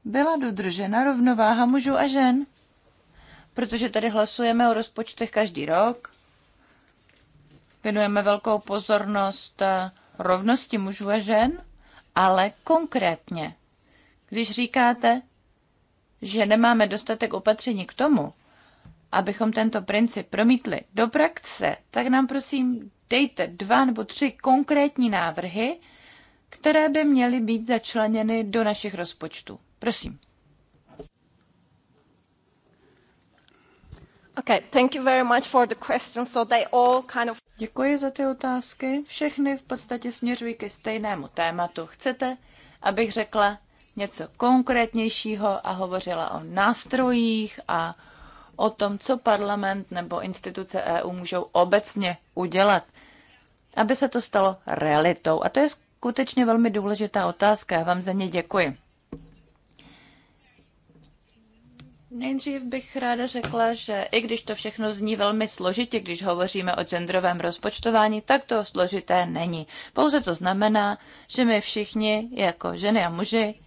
byla dodržena rovnováha mužů a žen? Protože tady hlasujeme o rozpočtech každý rok, věnujeme velkou pozornost eh, rovnosti mužů a žen, ale konkrétně, když říkáte, že nemáme dostatek opatření k tomu, abychom tento princip promítli do praxe, tak nám prosím dejte dva nebo tři konkrétní návrhy, které by měly být začleněny do našich rozpočtů. Prosím. Okay, thank you very much for the questions. So they all kind of... Děkuji za ty otázky. Všechny v podstatě směřují ke stejnému tématu. Chcete, abych řekla, něco konkrétnějšího a hovořila o nástrojích a o tom, co parlament nebo instituce EU můžou obecně udělat, aby se to stalo realitou. A to je skutečně velmi důležitá otázka. Já vám za ně děkuji. Nejdřív bych ráda řekla, že i když to všechno zní velmi složitě, když hovoříme o genderovém rozpočtování, tak to složité není. Pouze to znamená, že my všichni, jako ženy a muži,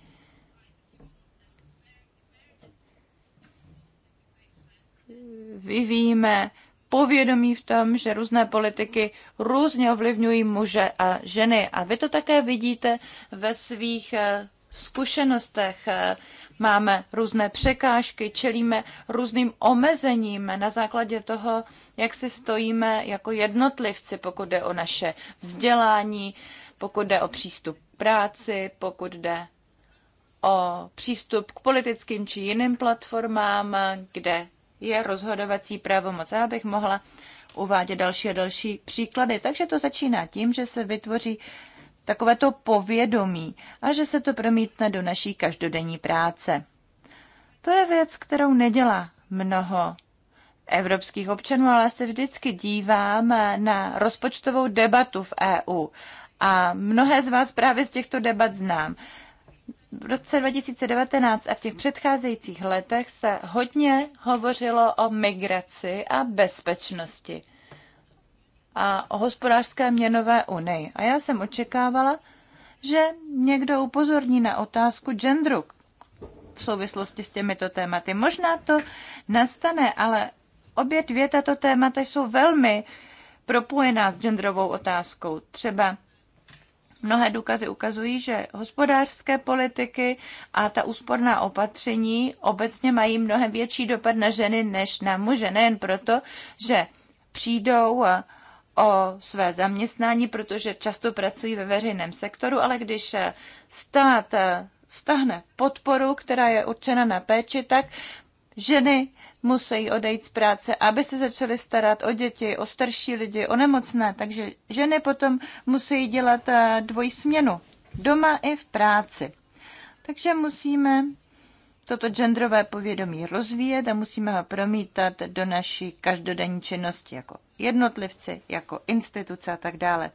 vyvíjíme povědomí v tom, že různé politiky různě ovlivňují muže a ženy. A vy to také vidíte ve svých eh, zkušenostech. Eh, máme různé překážky, čelíme různým omezením na základě toho, jak si stojíme jako jednotlivci, pokud jde o naše vzdělání, pokud jde o přístup k práci, pokud jde o přístup k politickým či jiným platformám, eh, kde je rozhodovací pravomoc. Já bych mohla uvádět další a další příklady. Takže to začíná tím, že se vytvoří takovéto povědomí a že se to promítne do naší každodenní práce. To je věc, kterou nedělá mnoho evropských občanů, ale se vždycky dívám na rozpočtovou debatu v EU. A mnohé z vás právě z těchto debat znám v roce 2019 a v těch předcházejících letech se hodně hovořilo o migraci a bezpečnosti a o hospodářské měnové unii. A já jsem očekávala, že někdo upozorní na otázku genderu v souvislosti s těmito tématy. Možná to nastane, ale obě dvě tato témata jsou velmi propojená s genderovou otázkou. Třeba Mnohé důkazy ukazují, že hospodářské politiky a ta úsporná opatření obecně mají mnohem větší dopad na ženy než na muže. Nejen proto, že přijdou eh, o své zaměstnání, protože často pracují ve veřejném sektoru, ale když eh, stát eh, stahne podporu, která je určena na péči, tak ženy musí odejít z práce, aby se začaly starat o děti, o starší lidi, o nemocné. Takže ženy potom musí dělat eh, dvojí směnu doma i v práci. Takže musíme toto genderové povědomí rozvíjet a musíme ho promítat do naší každodenní činnosti jako jednotlivci, jako instituce a tak dále.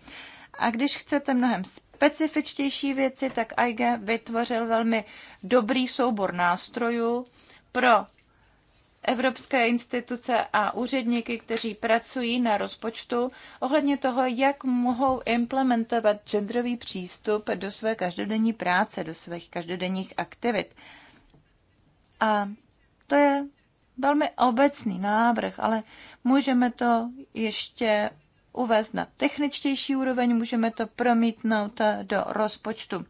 A když chcete mnohem specifičtější věci, tak IG vytvořil velmi dobrý soubor nástrojů pro evropské instituce a úředníky, kteří pracují na rozpočtu, ohledně toho, jak mohou implementovat genderový přístup do své každodenní práce, do svých každodenních aktivit. A to je velmi obecný návrh, ale můžeme to ještě uvést na techničtější úroveň, můžeme to promítnout do rozpočtu.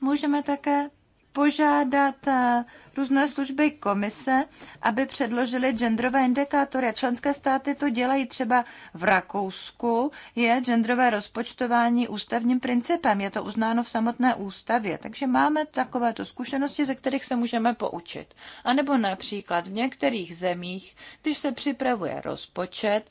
Můžeme také požádat eh, různé služby komise, aby předložili genderové indikátory. A členské státy to dělají třeba v Rakousku. Je genderové rozpočtování ústavním principem. Je to uznáno v samotné ústavě. Takže máme takovéto zkušenosti, ze kterých se můžeme poučit. A nebo například v některých zemích, když se připravuje rozpočet,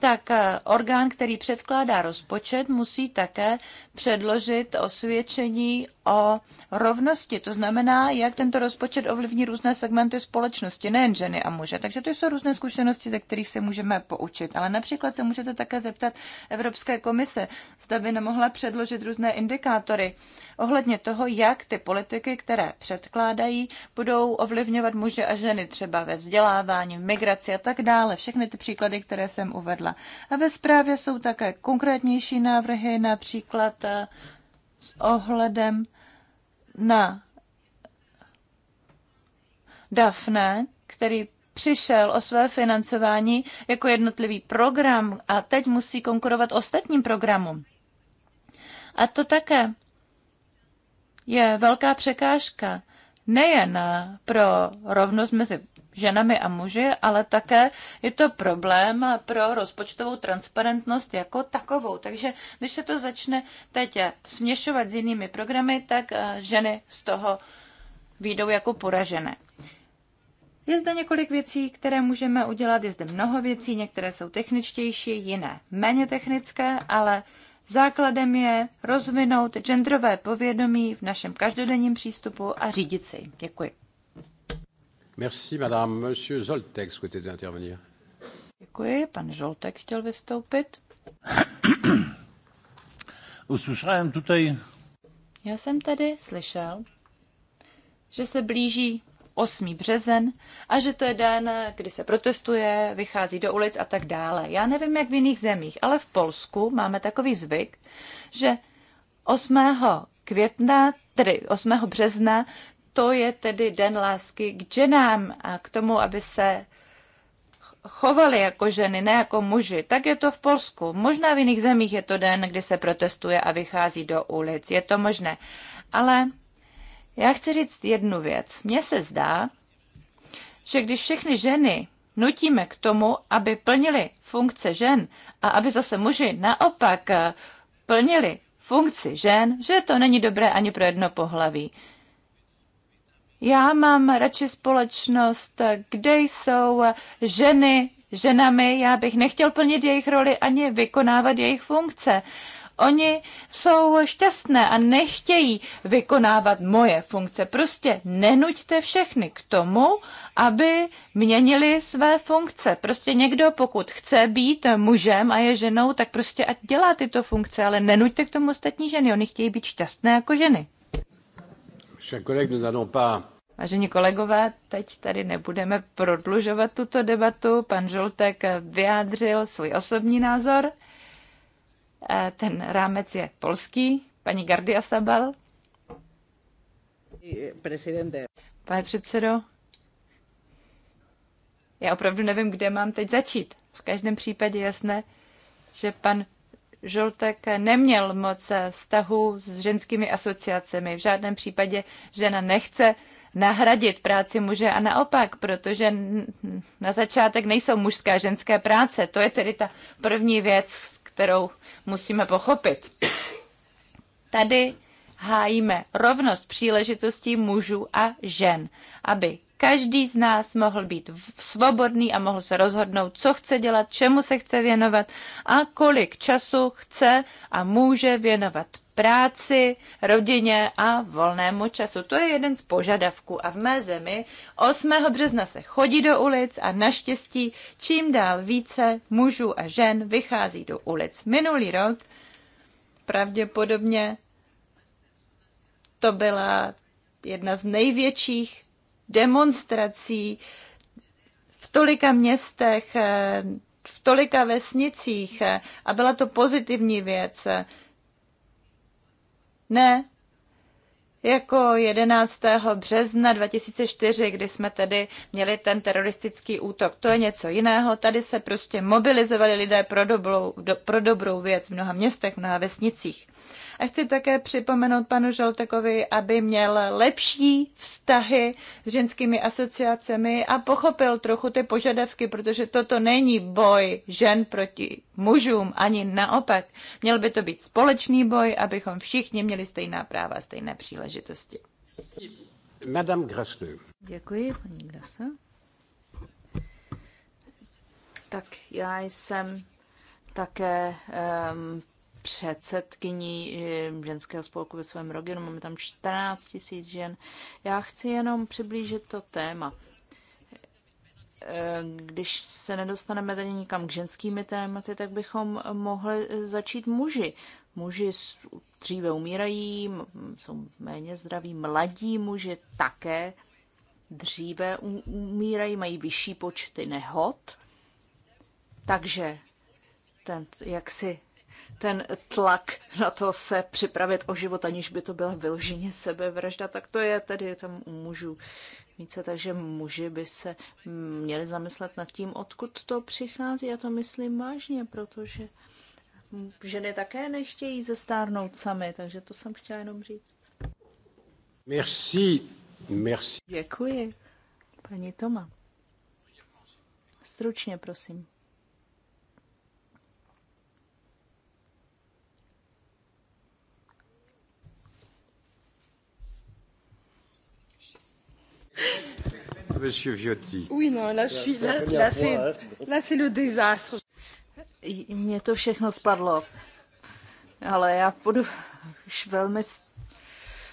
tak eh, orgán, který předkládá rozpočet, musí také předložit osvědčení o rovnosti. To znamená, jak tento rozpočet ovlivní různé segmenty společnosti, nejen ženy a muže. Takže to jsou různé zkušenosti, ze kterých se můžeme poučit. Ale například se můžete také zeptat Evropské komise, zda by nemohla předložit různé indikátory ohledně toho, jak ty politiky, které předkládají, budou ovlivňovat muže a ženy třeba ve vzdělávání, v migraci a tak dále. Všechny ty příklady, které jsem uvedla pravidla. A ve zprávě jsou také konkrétnější návrhy, například eh, s ohledem na Dafne, který přišel o své financování jako jednotlivý program a teď musí konkurovat ostatním programům. A to také je velká překážka nejen pro rovnost mezi ženami a muži, ale také je to problém pro rozpočtovou transparentnost jako takovou. Takže když se to začne teď směšovat s jinými programy, tak eh, ženy z toho výjdou jako poražené. Je zde několik věcí, které můžeme udělat. Je zde mnoho věcí, některé jsou techničtější, jiné méně technické, ale základem je rozvinout genderové povědomí v našem každodenním přístupu a řídit si. Děkuji. Merci, madame. Monsieur Zoltek, souhaitez intervenir. Děkuji, pan Zoltek chtěl vystoupit. Uslyšel tutaj... Já jsem tady slyšel, že se blíží 8. březen a že to je den, kdy se protestuje, vychází do ulic a tak dále. Já nevím, jak v jiných zemích, ale v Polsku máme takový zvyk, že 8. května, tedy 8. března, to je tedy den lásky k ženám a k tomu, aby se chovali jako ženy, ne jako muži. Tak je to v Polsku. Možná v jiných zemích je to den, kdy se protestuje a vychází do ulic. Je to možné. Ale já chci říct jednu věc. Mně se zdá, že když všechny ženy nutíme k tomu, aby plnili funkce žen a aby zase muži naopak plnili funkci žen, že to není dobré ani pro jedno pohlaví. Já mám radši společnost, kde jsou ženy ženami. Já bych nechtěl plnit jejich roli ani vykonávat jejich funkce. Oni jsou šťastné a nechtějí vykonávat moje funkce. Prostě nenuďte všechny k tomu, aby měnili své funkce. Prostě někdo, pokud chce být mužem a je ženou, tak prostě ať dělá tyto funkce, ale nenuďte k tomu ostatní ženy. Oni chtějí být šťastné jako ženy. No, no, Vážení kolegové, teď tady nebudeme prodlužovat tuto debatu. Pan Žoltek vyjádřil svůj osobní názor. E, ten rámec je polský. Paní Gardia Sabal. Pane předsedo, já opravdu nevím, kde mám teď začít. V každém případě jasné, že pan Žoltek neměl moc vztahu s ženskými asociacemi. V žádném případě žena nechce nahradit práci muže a naopak, protože na začátek nejsou mužské a ženské práce. To je tedy ta první věc, kterou musíme pochopit. Tady hájíme rovnost příležitostí mužů a žen, aby každý z nás mohl být svobodný a mohl se rozhodnout, co chce dělat, čemu se chce věnovat a kolik času chce a může věnovat práci, rodině a volnému času. To je jeden z požadavků a v mé zemi 8. března se chodí do ulic a naštěstí čím dál více mužů a žen vychází do ulic. Minulý rok pravděpodobně to byla jedna z největších demonstrací v tolika městech, eh, v tolika vesnicích eh, a byla to pozitivní věc. Ne, jako 11. března 2004, kdy jsme tedy měli ten teroristický útok. To je něco jiného. Tady se prostě mobilizovali lidé pro dobrou, do, pro dobrou věc v mnoha městech, v mnoha vesnicích. A chci také připomenout panu Žoltekovi, aby měl lepší vztahy s ženskými asociacemi a pochopil trochu ty požadavky, protože toto není boj žen proti mužům, ani naopak. Měl by to být společný boj, abychom všichni měli stejná práva a stejné příležitosti. Madame Grasse. Děkuji, paní Grasse. Tak já jsem také um, předsedkyní eh, ženského spolku ve svém regionu, máme tam 14 tisíc žen. Já chci jenom přiblížit to téma. Eh, když se nedostaneme tady nikam k ženskými tématy, tak bychom mohli začít muži. Muži dříve umírají, jsou méně zdraví, mladí muži také dříve umírají, mají vyšší počty nehod. Takže ten jaksi ten tlak na to se připravit o život, aniž by to byla vyloženě sebevražda, tak to je tedy tam u mužů více, takže muži by se měli zamyslet nad tím, odkud to přichází. Já to myslím vážně, protože ženy také nechtějí zestárnout sami, takže to jsem chtěla jenom říct. Merci. Merci. Děkuji. Paní Toma. Stručně, prosím. Monsieur Viotti. Oui, no, là, je suis, là, là, c'est, là, c'est le désastre. Mně to všechno spadlo. Ale já budu už velmi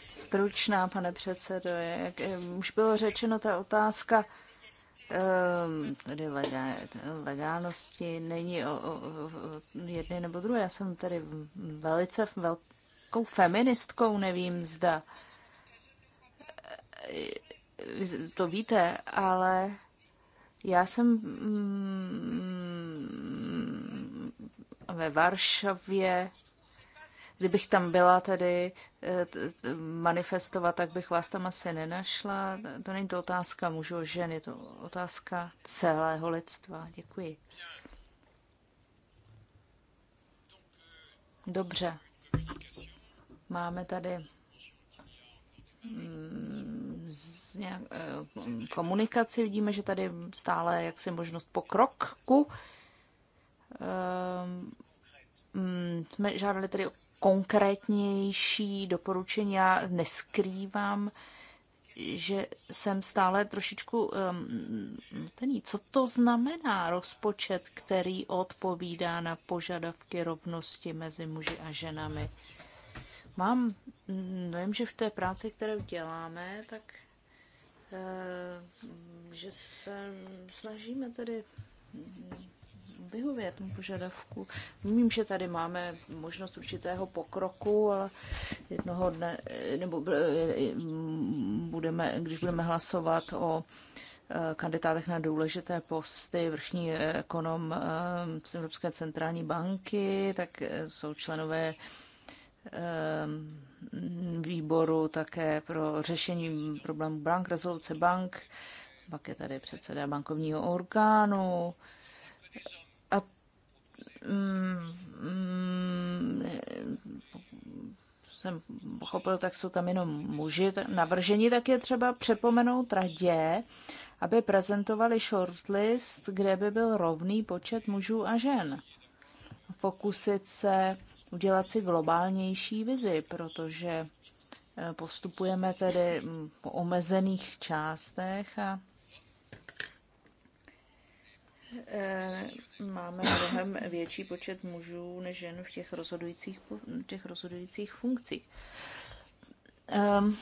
stručná, pane předsedo. Jak eh, už bylo řečeno, ta otázka ehm, tedy legálnosti není o, o, o jedné nebo druhé. Já jsem tady velice velkou feministkou, nevím, zda to víte, ale já jsem mm, ve Varšavě, kdybych tam byla tedy eh, manifestovat, tak bych vás tam asi nenašla. To není to otázka mužů žen, je to otázka celého lidstva. Děkuji. Dobře. Máme tady mm, z nějak, eh, komunikaci. Vidíme, že tady stále jaksi možnost pokroku. Ehm, mm, jsme žádali tady o konkrétnější doporučení. Já neskrývám, že jsem stále trošičku ehm, ten, co to znamená rozpočet, který odpovídá na požadavky rovnosti mezi muži a ženami. Mám dojem, že v té práci, kterou děláme, tak eh, že se snažíme tedy vyhovět tomu požadavku. Vím, že tady máme možnost určitého pokroku, ale jednoho dne, nebo eh, budeme, když budeme hlasovat o eh, kandidátech na důležité posty, vrchní ekonom z Evropské centrální banky, tak jsou členové Ehm, výboru také pro řešení problémů bank, rezoluce bank, pak je tady předseda bankovního orgánu. A mm, mm jsem pochopil, tak jsou tam jenom muži navržení, tak je třeba přepomenout radě, aby prezentovali shortlist, kde by byl rovný počet mužů a žen. Pokusit se udělat si globálnější vizi, protože eh, postupujeme tedy mm, po omezených částech a eh, máme mnohem větší počet mužů než žen v těch rozhodujících, těch rozhodujících funkcích. Ehm,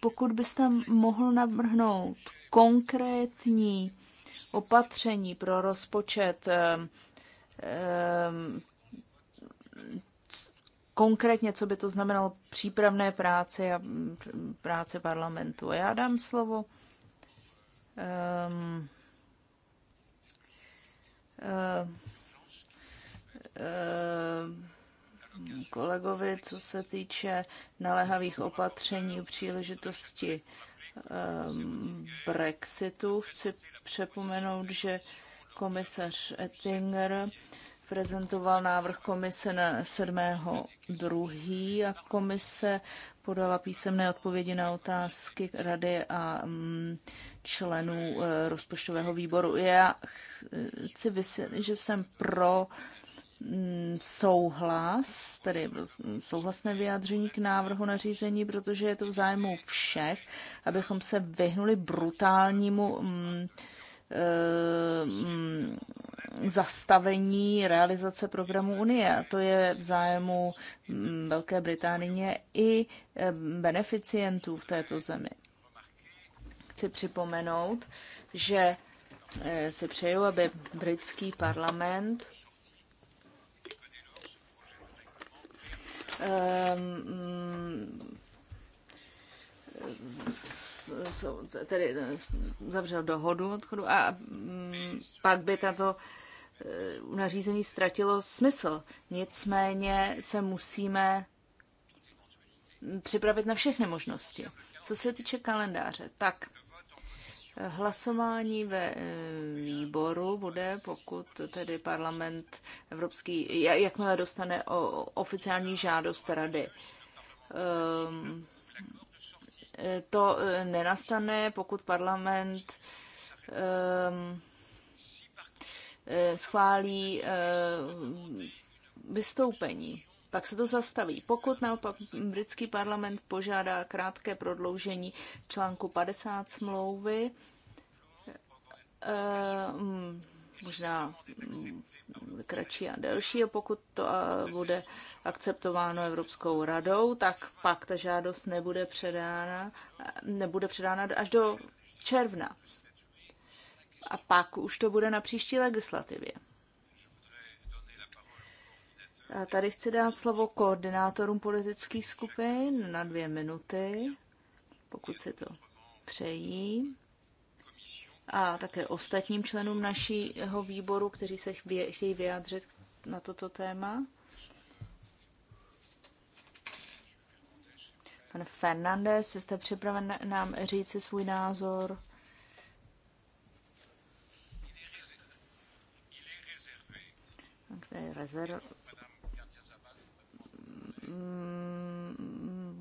pokud byste mohl navrhnout konkrétní opatření pro rozpočet ehm, ehm, konkrétně, co by to znamenalo přípravné práce a mm, práce parlamentu. A já dám slovo um, kolegovi, co se týče naléhavých opatření u příležitosti Brexitu. Chci přepomenout, že komisař Ettinger prezentoval návrh komise na 7.2. a komise podala písemné odpovědi na otázky rady a mm, členů e, rozpočtového výboru. Já chci vysvětlit, že jsem pro mm, souhlas, tedy souhlasné vyjádření k návrhu na řízení, protože je to v zájmu všech, abychom se vyhnuli brutálnímu mm, Eh, mm, zastavení realizace programu Unie. A to je v zájmu mm, Velké Británie i eh, beneficientů v této zemi. Chci připomenout, že eh, si přeju, aby britský parlament mm, tedy eh, zavřel dohodu odchodu a mm, pak by tato eh, nařízení ztratilo smysl. Nicméně se musíme připravit na všechny možnosti. Co se týče kalendáře, tak eh, hlasování ve výboru bude, pokud tedy parlament evropský, jakmile dostane oficiální žádost rady. Um, to e, nenastane, pokud parlament e, schválí e, vystoupení. Pak se to zastaví. Pokud naopak britský parlament požádá krátké prodloužení článku 50 smlouvy, možná kratší a delší a pokud to bude akceptováno Evropskou radou, tak pak ta žádost nebude předána, nebude předána až do června. A pak už to bude na příští legislativě. A tady chci dát slovo koordinátorům politických skupin na dvě minuty, pokud si to přejí a také ostatním členům našeho výboru, kteří se chtějí vyjádřit na toto téma. Pan Fernandez, jste připraven nám si svůj názor? rezerv... Mm,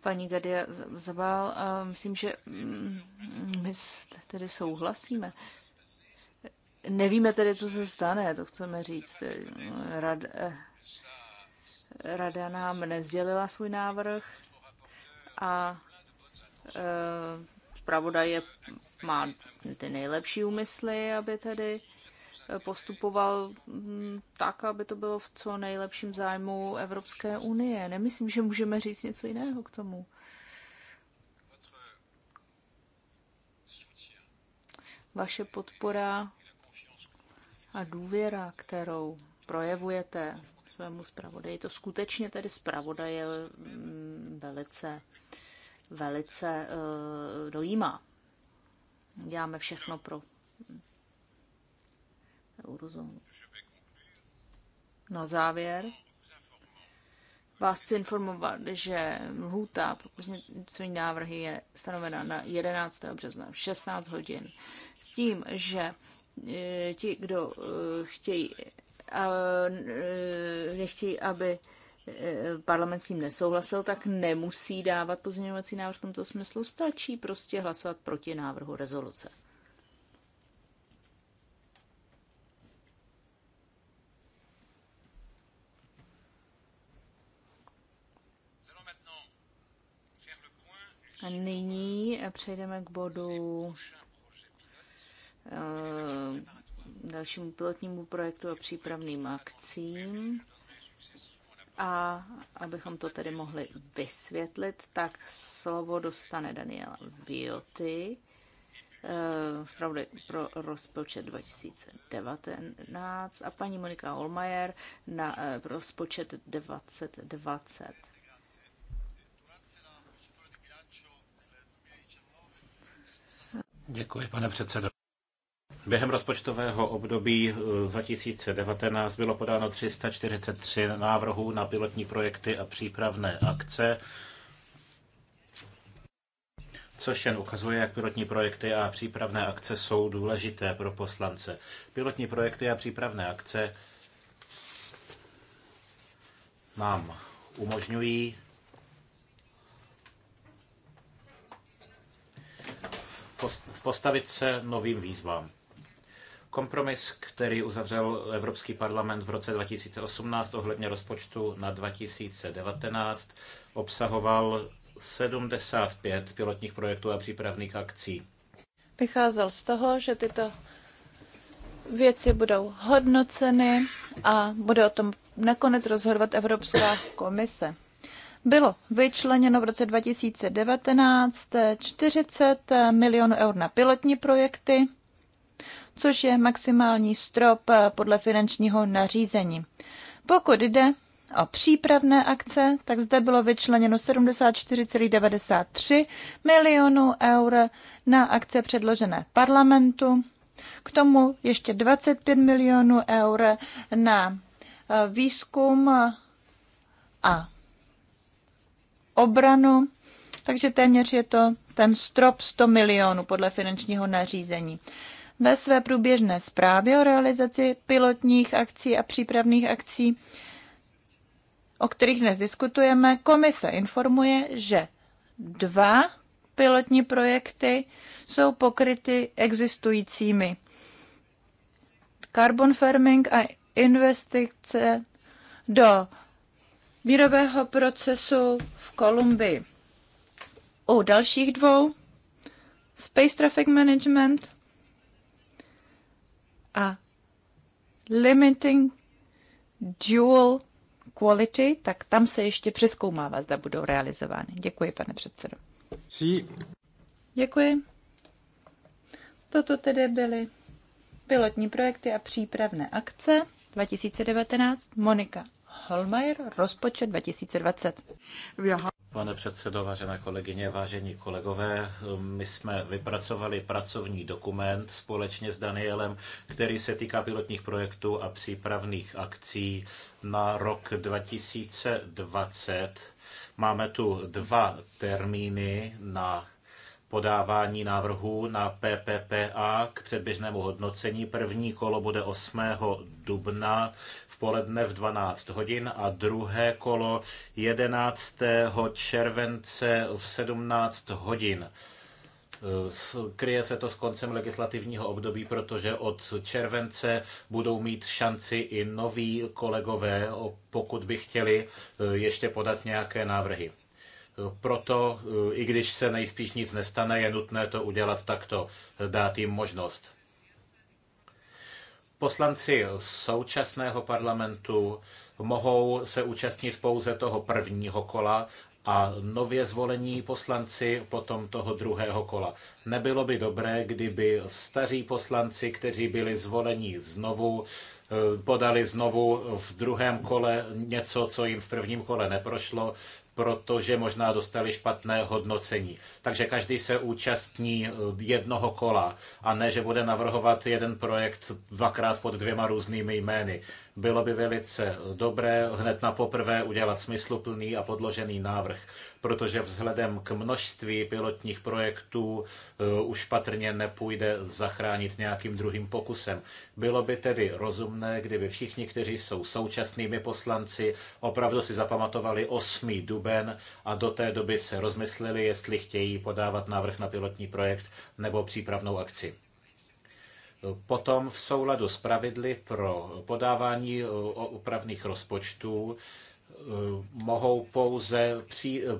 paní Gadia Zabal, a myslím, že mm, my tedy souhlasíme. Nevíme tedy, co se stane, to chceme říct. Rad eh, rada nám nezdělila svůj návrh a eh, zpravodaj má ty nejlepší úmysly, aby tedy Eh, postupoval hm, tak, aby to bylo v co nejlepším zájmu Evropské unie. Nemyslím, že můžeme říct něco jiného k tomu. Vaše podpora a důvěra, kterou projevujete svému zpravodaji, to skutečně tedy zpravodaj je hm, velice, velice eh, dojímá. Děláme všechno pro eurozónu. Na závěr vás chci informovat, že lhůta pro pozměňovací návrhy je stanovena na 11. března v 16 hodin. S tím, že e, ti, kdo e, chtějí, e, nechtějí, aby parlament s tím nesouhlasil, tak nemusí dávat pozměňovací návrh v tomto smyslu. Stačí prostě hlasovat proti návrhu rezoluce. A nyní eh, přejdeme k bodu eh, dalšímu pilotnímu projektu a přípravným akcím. A abychom to tedy mohli vysvětlit, tak slovo dostane Daniela Bioty, eh, zpravodaj pro rozpočet 2019 a paní Monika Olmajer na rozpočet 2020. Děkuji, pane předsedo. Během rozpočtového období 2019 eh, bylo podáno 343 návrhů na pilotní projekty a přípravné akce, což jen ukazuje, jak pilotní projekty a přípravné akce jsou důležité pro poslance. Pilotní projekty a přípravné akce nám umožňují postavit se novým výzvám. Kompromis, který uzavřel Evropský parlament v roce 2018 ohledně rozpočtu na 2019, obsahoval 75 pilotních projektů a přípravných akcí. Vycházel z toho, že tyto věci budou hodnoceny a bude o tom nakonec rozhodovat Evropská komise bylo vyčleněno v roce 2019 40 milionů eur na pilotní projekty, což je maximální strop podle finančního nařízení. Pokud jde o přípravné akce, tak zde bylo vyčleněno 74,93 milionů eur na akce předložené parlamentu, k tomu ještě 25 milionů eur na eh, výzkum a obranu, takže téměř je to ten strop 100 milionů podle finančního nařízení. Ve své průběžné zprávě o realizaci pilotních akcí a přípravných akcí, o kterých dnes diskutujeme, komise informuje, že dva pilotní projekty jsou pokryty existujícími. Carbon farming a investice do mírového procesu v Kolumbii. U dalších dvou Space Traffic Management a Limiting Dual Quality, tak tam se ještě přeskoumává, zda budou realizovány. Děkuji, pane předsedo. Sí. Děkuji. Toto tedy byly pilotní projekty a přípravné akce 2019. Monika Holmajer, rozpočet 2020. Pane předsedo, vážené kolegyně, vážení kolegové, my jsme vypracovali pracovní dokument společně s Danielem, který se týká pilotních projektů a přípravných akcí na rok 2020. Máme tu dva termíny na podávání návrhů na PPPA k předběžnému hodnocení. První kolo bude 8. dubna odpoledne v 12 hodin a druhé kolo 11. července v 17 hodin. Kryje se to s koncem legislativního období, protože od července budou mít šanci i noví kolegové, pokud by chtěli e, ještě podat nějaké návrhy. Proto, e, i když se nejspíš nic nestane, je nutné to udělat takto, dát jim možnost. Poslanci současného parlamentu mohou se účastnit pouze toho prvního kola a nově zvolení poslanci potom toho druhého kola. Nebylo by dobré, kdyby staří poslanci, kteří byli zvoleni znovu, eh, podali znovu v druhém kole něco, co jim v prvním kole neprošlo, protože možná dostali špatné hodnocení. Takže každý se účastní eh, jednoho kola a ne, že bude navrhovat jeden projekt dvakrát pod dvěma různými jmény. Bylo by velice dobré hned na poprvé udělat smysluplný a podložený návrh, protože vzhledem k množství pilotních projektů eh, už patrně nepůjde zachránit nějakým druhým pokusem. Bylo by tedy rozumné, kdyby všichni, kteří jsou současnými poslanci, opravdu si zapamatovali 8. duben a do té doby se rozmysleli, jestli chtějí podávat návrh na pilotní projekt nebo přípravnou akci. Potom v souladu s pravidly pro podávání e, opravných rozpočtů e, mohou pouze při, e,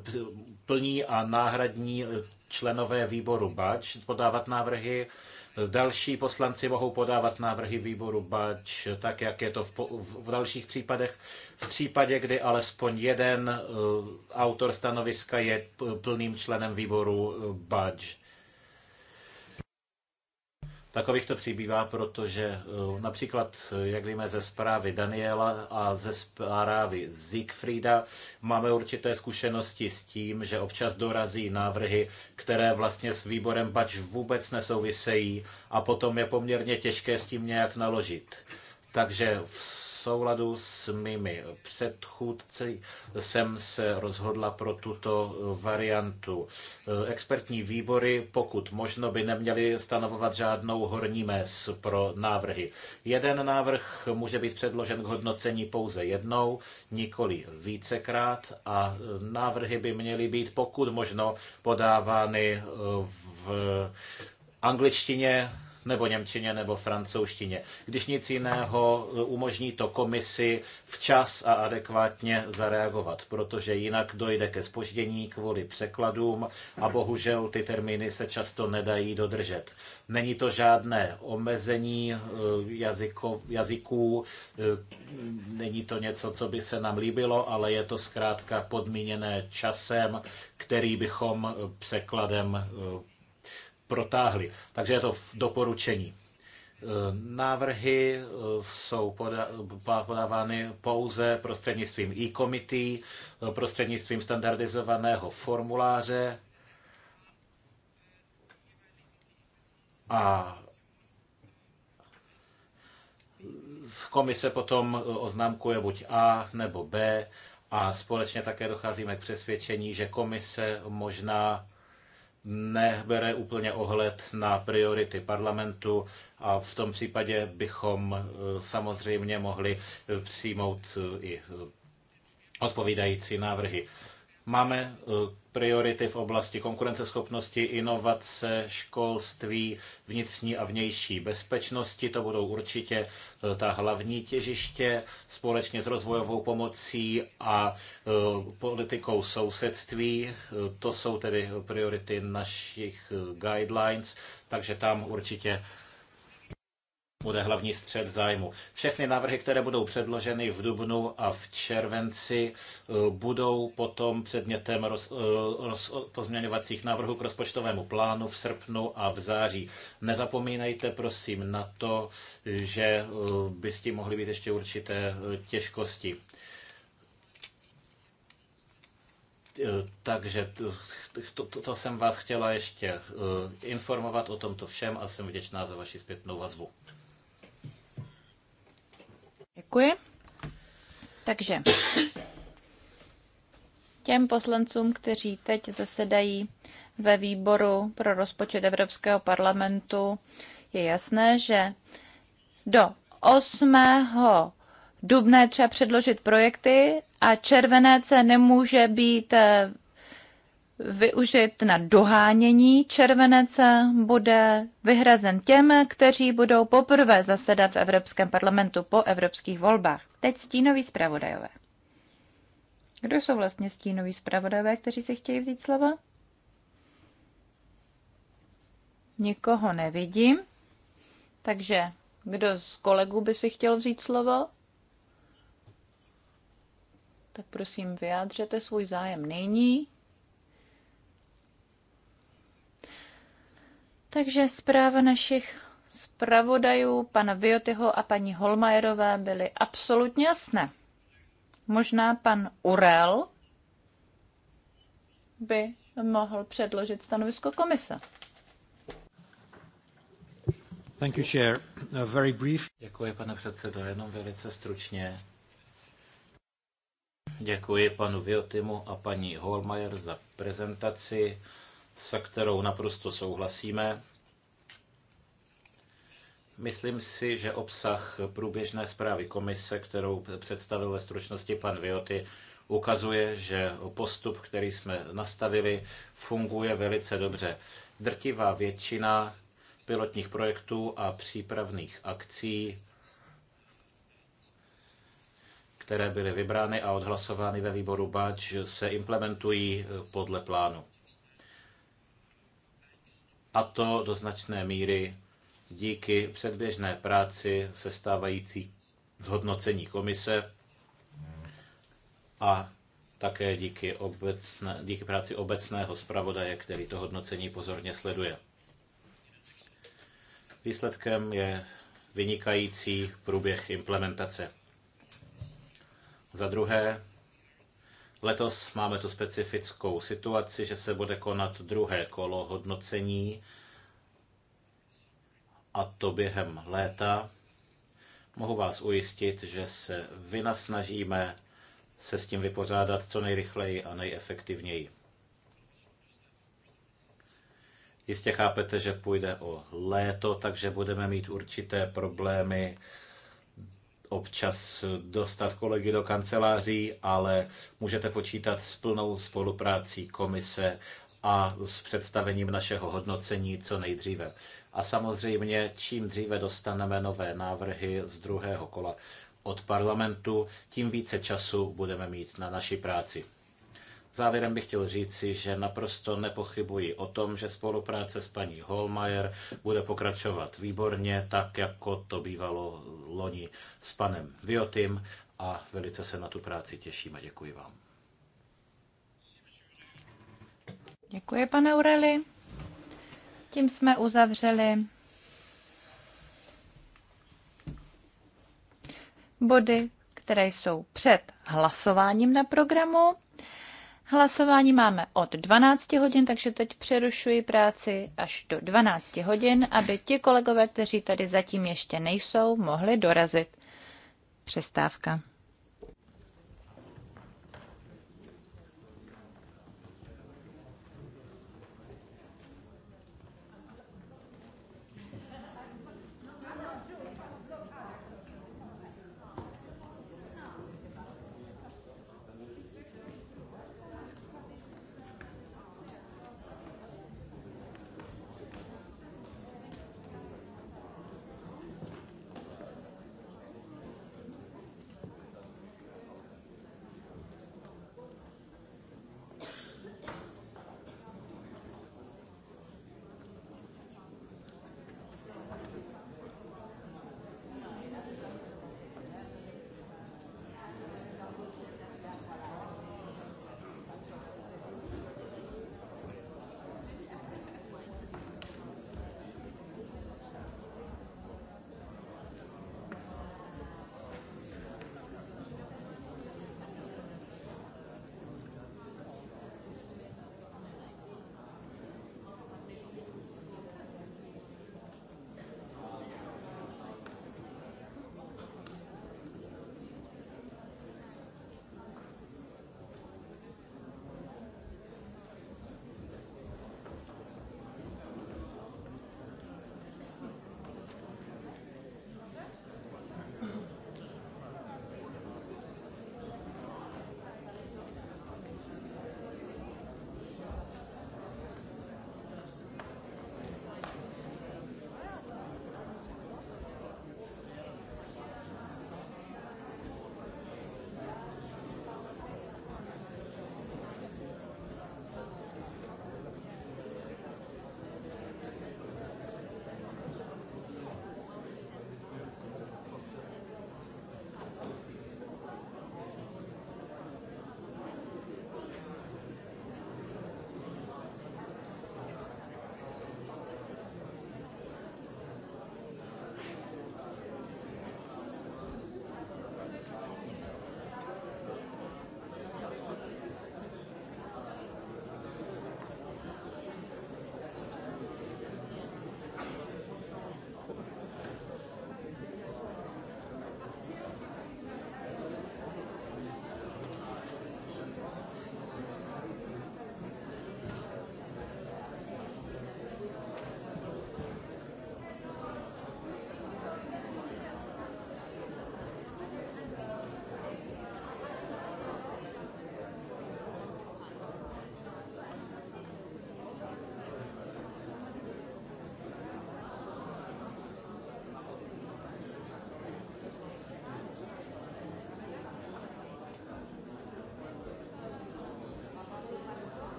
plní a náhradní členové výboru BAČ podávat návrhy. Další poslanci mohou podávat návrhy výboru BAČ, tak jak je to v, v dalších případech. V případě, kdy alespoň jeden autor stanoviska je plným členem výboru BAČ to přibývá, protože eh, například, eh, jak víme ze zprávy Daniela a ze zprávy Siegfrieda, máme určité zkušenosti s tím, že občas dorazí návrhy, které vlastně s výborem Bač vůbec nesouvisejí a potom je poměrně těžké s tím nějak naložit. Takže v souladu s mými předchůdci jsem se rozhodla pro tuto variantu. Expertní výbory, pokud možno, by neměly stanovovat žádnou horní mez pro návrhy. Jeden návrh může být předložen k hodnocení pouze jednou, nikoli vícekrát a návrhy by měly být pokud možno podávány v angličtině, nebo němčině, nebo francouzštině. Když nic jiného, umožní to komisi včas a adekvátně zareagovat, protože jinak dojde ke spoždění kvůli překladům a bohužel ty termíny se často nedají dodržet. Není to žádné omezení eh, jazyko, jazyků, eh, není to něco, co by se nám líbilo, ale je to zkrátka podmíněné časem, který bychom eh, překladem protáhli. Takže je to doporučení. E, návrhy e, jsou podávány pouze prostřednictvím e-komití, e, prostřednictvím standardizovaného formuláře a komise potom oznámkuje buď A nebo B a společně také docházíme k přesvědčení, že komise možná nebere úplně ohled na priority parlamentu a v tom případě bychom e, samozřejmě mohli e, přijmout e, i odpovídající návrhy. Máme eh, priority v oblasti konkurenceschopnosti, inovace, školství, vnitřní a vnější bezpečnosti. To budou určitě eh, ta hlavní těžiště společně s rozvojovou pomocí a eh, politikou sousedství. To jsou tedy priority našich guidelines, takže tam určitě bude hlavní střed zájmu. Všechny návrhy, které budou předloženy v dubnu a v červenci, eh, budou potom předmětem roz, eh, roz, pozměňovacích návrhů k rozpočtovému plánu v srpnu a v září. Nezapomínejte prosím na to, že eh, by s tím mohly být ještě určité těžkosti. Takže to, to, to jsem vás chtěla ještě informovat o tomto všem a jsem vděčná za vaši zpětnou vazbu. Děkuji. Takže těm poslancům, kteří teď zasedají ve výboru pro rozpočet Evropského parlamentu, je jasné, že do 8. dubna třeba předložit projekty a červenec nemůže být využit na dohánění. Červenec bude vyhrazen těm, kteří budou poprvé zasedat v Evropském parlamentu po evropských volbách. Teď stínoví zpravodajové. Kdo jsou vlastně stínoví zpravodajové, kteří si chtějí vzít slovo? Nikoho nevidím. Takže kdo z kolegů by si chtěl vzít slovo? Tak prosím, vyjádřete svůj zájem nyní. Takže zpráva našich zpravodajů, pana Viotyho a paní Holmajerové, byly absolutně jasné. Možná pan Urel by mohl předložit stanovisko komise. Thank you, Chair. A very brief. Děkuji, pane předsedo, jenom velice stručně. Děkuji panu Viotimu a paní Holmajer za prezentaci se kterou naprosto souhlasíme. Myslím si, že obsah průběžné zprávy komise, kterou představil ve stručnosti pan Vioty, ukazuje, že postup, který jsme nastavili, funguje velice dobře. Drtivá většina pilotních projektů a přípravných akcí, které byly vybrány a odhlasovány ve výboru BAČ, se implementují podle plánu a to do značné míry díky předběžné práci sestávající zhodnocení komise a také díky, obecné, díky práci obecného zpravodaje, který to hodnocení pozorně sleduje. Výsledkem je vynikající průběh implementace. Za druhé, Letos máme tu specifickou situaci, že se bude konat druhé kolo hodnocení a to během léta. Mohu vás ujistit, že se vynasnažíme se s tím vypořádat co nejrychleji a nejefektivněji. Jistě chápete, že půjde o léto, takže budeme mít určité problémy občas dostat kolegy do kanceláří, ale můžete počítat s plnou spoluprácí komise a s představením našeho hodnocení co nejdříve. A samozřejmě, čím dříve dostaneme nové návrhy z druhého kola od parlamentu, tím více času budeme mít na naší práci. Závěrem bych chtěl říci, že naprosto nepochybuji o tom, že spolupráce s paní Holmajer bude pokračovat výborně, tak jako to bývalo loni s panem Viotym a velice se na tu práci těšíme. Děkuji vám. Děkuji, pane Ureli. Tím jsme uzavřeli body, které jsou před hlasováním na programu. Hlasování máme od 12 hodin, takže teď přerušuji práci až do 12 hodin, aby ti kolegové, kteří tady zatím ještě nejsou, mohli dorazit. Přestávka.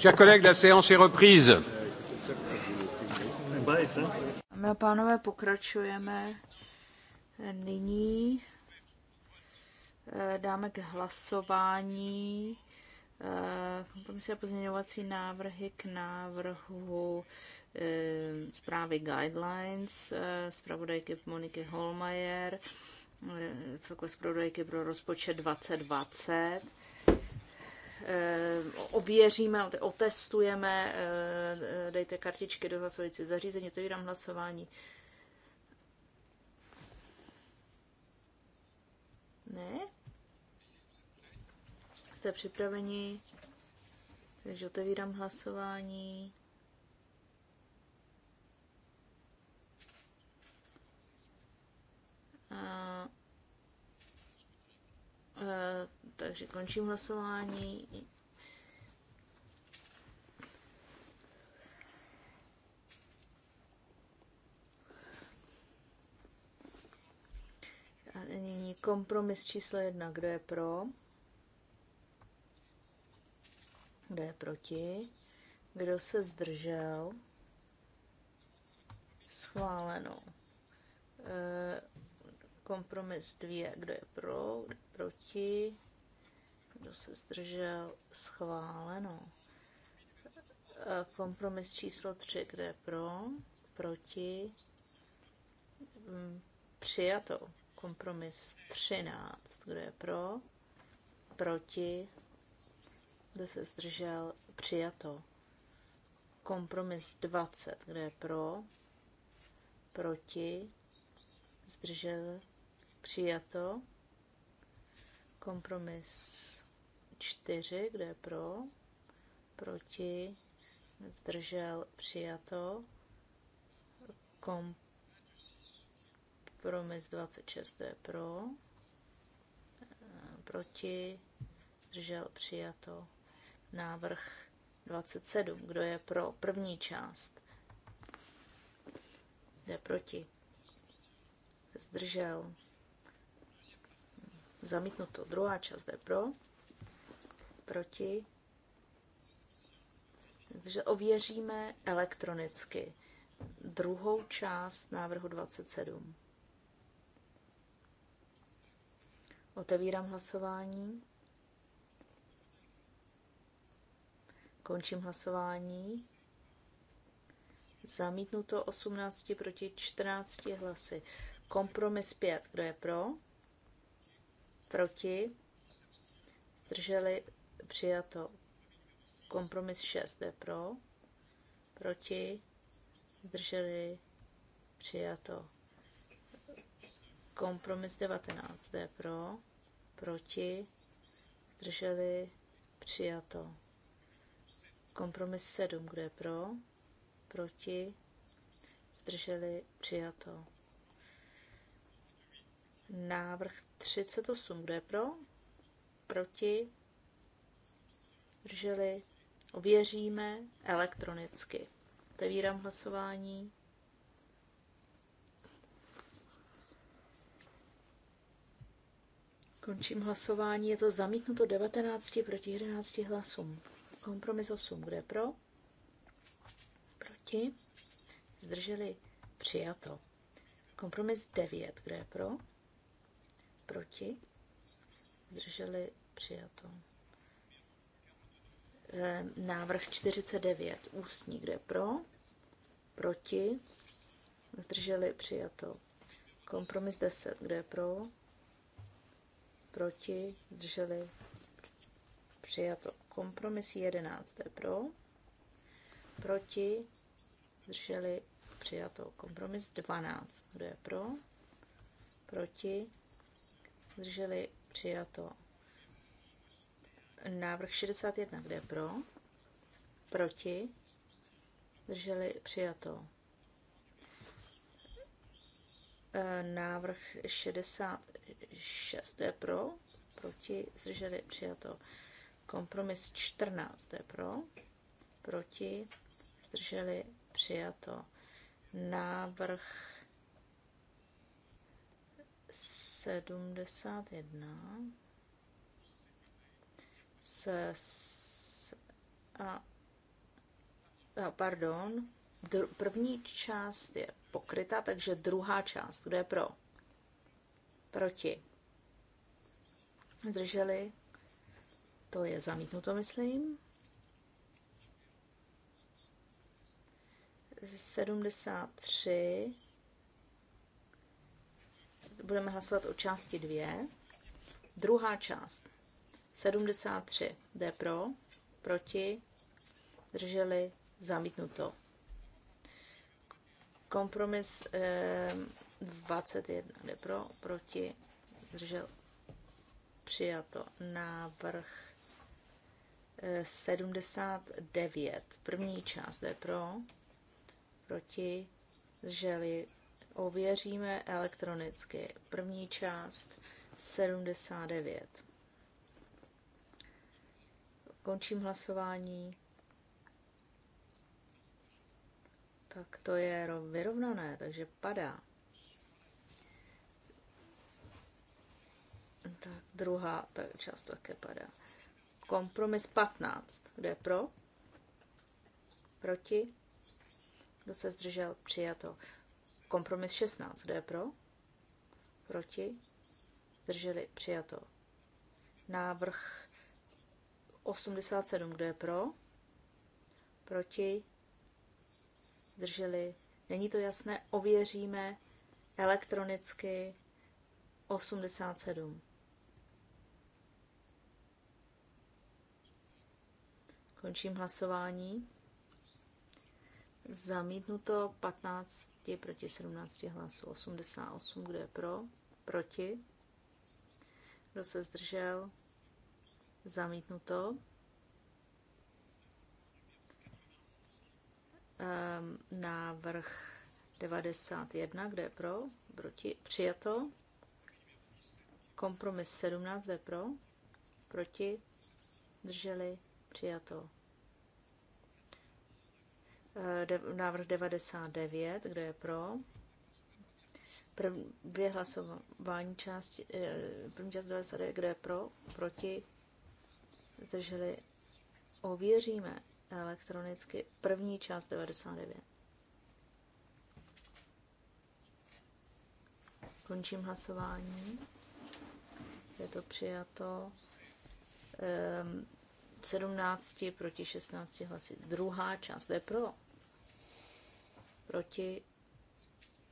Chers collègues, la séance est reprise. Dámy a pánové, pokračujeme. Nyní eh, dáme k hlasování eh, komise pozměňovací návrhy k návrhu eh, zprávy Guidelines zpravodajky Moniky Holmajer, celkově zpravodajky pro rozpočet 2020. Eh, ověříme, otestujeme, eh, dejte kartičky do hlasovací zařízení, to dám hlasování. Ne? Jste připraveni? Takže otevírám hlasování. A Eh, takže končím hlasování. A nyní kompromis číslo jedna. Kdo je pro? Kdo je proti? Kdo se zdržel? Schváleno. Eh, Kompromis dvě, Kdo je pro? Kdo je proti? Kdo se zdržel? Schváleno. E, kompromis číslo tři, Kdo je pro? Proti? Mm, přijato. Kompromis třináct, Kdo je pro? Proti? Kdo se zdržel? Přijato. Kompromis 20. Kdo je pro? Proti? Zdržel? Přijato. Kompromis 4, kde je pro, proti, zdržel, přijato. Kompromis 26, kde je pro, eh, proti, zdržel, přijato. Návrh 27, kdo je pro první část, kde je proti, zdržel, Zamítnuto. Druhá část je pro. Proti. Takže ověříme elektronicky druhou část návrhu 27. Otevírám hlasování. Končím hlasování. Zamítnuto 18 proti 14 hlasy. Kompromis 5. Kdo je pro? proti, zdrželi, přijato. Kompromis 6 je pro, proti, zdrželi, přijato. Kompromis 19 je pro, proti, zdrželi, přijato. Kompromis 7, kde je pro, proti, zdrželi, přijato. Návrh 38, kdo je pro? Proti? Drželi? Ověříme elektronicky. Otevírám hlasování. Končím hlasování. Je to zamítnuto 19 proti 11 hlasům. Kompromis 8. Kdo je pro? Proti? Zdrželi? Přijato. Kompromis 9. Kdo je pro? proti, zdrželi přijato. Eh, návrh 49, ústní, kde pro, proti, zdrželi přijato. Kompromis 10, kde pro, proti, zdrželi přijato. Kompromis 11, kde pro, proti, zdrželi přijato. Kompromis 12, kde pro, proti, zdrželi, přijato. Návrh 61, e, kde je pro, proti, zdrželi, přijato. Návrh 66, kde je pro, proti, zdrželi, přijato. Kompromis 14, kde je pro, proti, zdrželi, přijato. Návrh 71 se s, a, a pardon, dr, první část je pokryta, takže druhá část, kde je pro? Proti. Zdrželi. To je zamítnuto, myslím. 73 budeme hlasovat o části 2. Druhá část. 73. Jde pro, proti, drželi, zamítnuto. Kompromis eh, 21. Jde pro, proti, držel, přijato. Návrh eh, 79. První část jde pro, proti, drželi, ověříme elektronicky. První část 79. Končím hlasování. Tak to je vyrovnané, takže padá. Tak druhá ta část také padá. Kompromis 15. Kdo je pro? Proti? Kdo se zdržel? Přijato. Kompromis 16. Kdo je pro? Proti? Drželi přijato. Návrh 87. Kdo je pro? Proti? Drželi. Není to jasné? Ověříme elektronicky 87. Končím hlasování. Zamítnuto 15 proti 17 hlasů. 88, kdo je pro? Proti? Kdo se zdržel? Zamítnuto. Ehm, návrh 91, kde je pro? Proti? Přijato. Kompromis 17, kde je pro? Proti? Drželi? Přijato. Eh, návrh 99, kdo je pro. Dvě hlasování část, eh, první část 99, kdo je pro, proti, zdrželi, ověříme elektronicky první část 99. Končím hlasování. Je to přijato. 17 ehm, proti 16 hlasy. Druhá část je pro proti,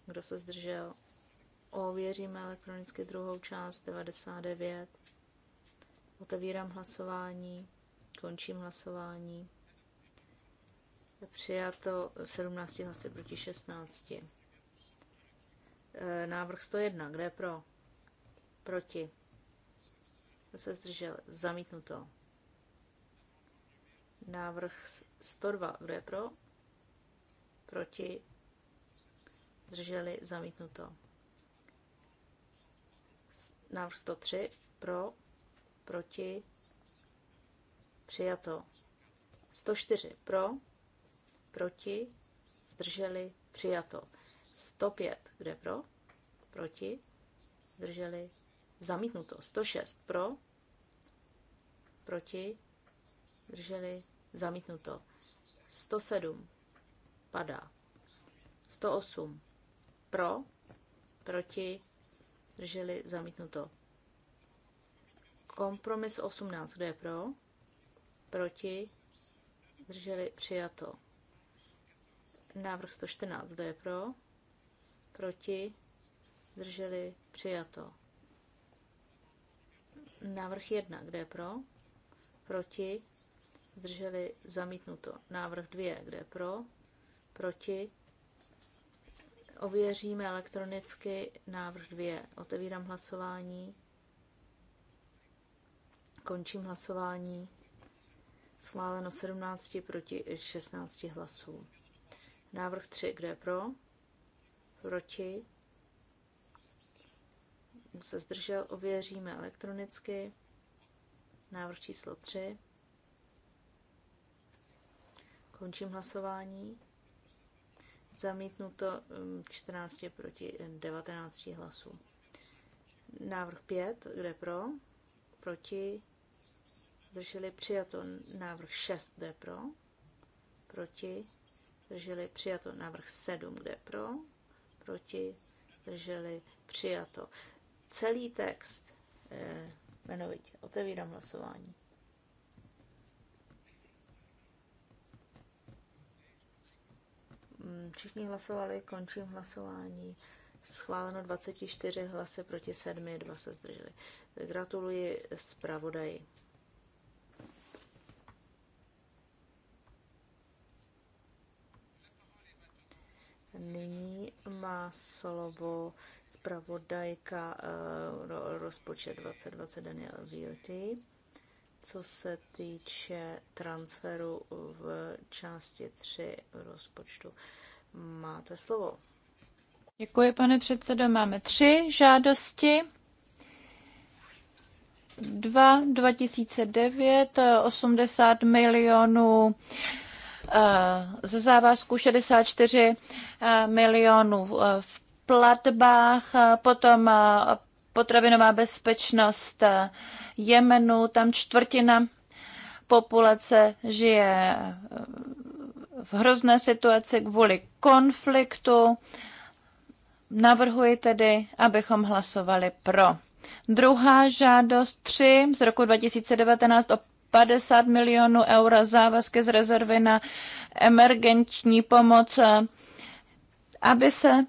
kdo se zdržel. Ověříme elektronicky druhou část 99. Otevírám hlasování, končím hlasování. Přijato 17 hlasy proti 16. E, návrh 101, kde je pro? Proti. Kdo se zdržel? Zamítnuto. Návrh 102, kdo je pro? proti, zdrželi, zamítnuto. Návrh 103, pro, proti, přijato. 104, pro, proti, zdrželi, přijato. 105, kde pro, proti, zdrželi, zamítnuto. 106, pro, proti, zdrželi, zamítnuto. 107, padá. 108 pro, proti, drželi zamítnuto. Kompromis 18, kdo je pro, proti, drželi přijato. Návrh 114, kdo je pro, proti, drželi přijato. Návrh 1, Kdo je pro, proti, drželi zamítnuto. Návrh 2, Kdo je pro, proti. Ověříme elektronicky návrh 2. Otevírám hlasování. Končím hlasování. Schváleno 17 proti 16 hlasů. Návrh 3. Kde je pro? Proti? Se zdržel? Ověříme elektronicky. Návrh číslo 3. Končím hlasování. Zamítnuto 14 um, proti 19 um, hlasů. Návrh 5, kde pro? Proti. Drželi přijato návrh 6, kde pro? Proti. Drželi přijato návrh 7, kde pro? Proti. Drželi přijato. Celý text eh, jmenovitě. Otevírám hlasování. Mm, všichni hlasovali, končím hlasování. Schváleno 24 hlasy proti 7, 2 se zdrželi. Gratuluji zpravodaji. Nyní má slovo zpravodajka eh, no, rozpočet 2020 Daniel Vioty co se týče transferu v části 3 rozpočtu. Máte slovo. Děkuji, pane předsedo. Máme tři žádosti. 2 2009 80 milionů eh, ze závazku 64 eh, milionů eh, v platbách, potom potravinová bezpečnost Jemenu, tam čtvrtina populace žije eh, v hrozné situaci kvůli konfliktu. Navrhuji tedy, abychom hlasovali pro. Druhá žádost 3 z roku 2019 o 50 milionů euro závazky z rezervy na emergenční pomoc, eh, aby se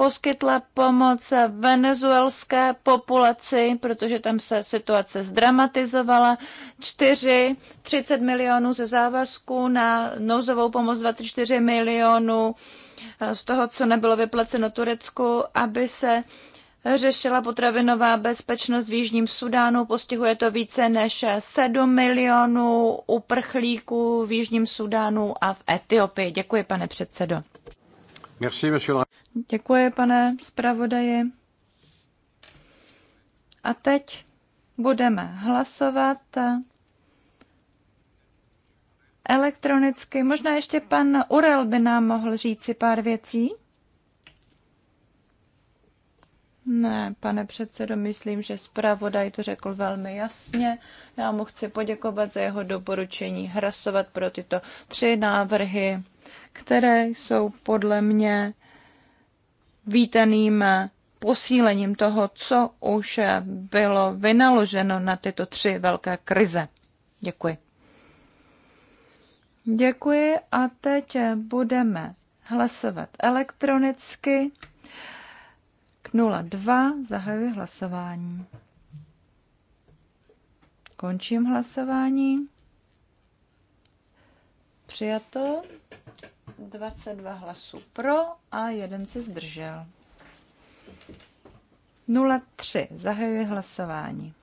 poskytla pomoc venezuelské populaci, protože tam se situace zdramatizovala. 4, 30 milionů ze závazků na nouzovou pomoc 24 milionů eh, z toho, co nebylo vyplaceno Turecku, aby se řešila potravinová bezpečnost v Jižním Sudánu. Postihuje to více než 7 milionů uprchlíků v Jižním Sudánu a v Etiopii. Děkuji, pane předsedo. Merci, monsieur. Děkuji, pane zpravodaji. A teď budeme hlasovat elektronicky. Možná ještě pan Urel by nám mohl říci pár věcí. Ne, pane předsedo, myslím, že zpravodaj to řekl velmi jasně. Já mu chci poděkovat za jeho doporučení hlasovat pro tyto tři návrhy, které jsou podle mě vítaným eh, posílením toho, co už eh, bylo vynaloženo na tyto tři velké krize. Děkuji. Děkuji a teď eh, budeme hlasovat elektronicky. K 02 zahajuji hlasování. Končím hlasování. Přijato. 22 hlasů pro a jeden se zdržel. 03. Zahajuji hlasování.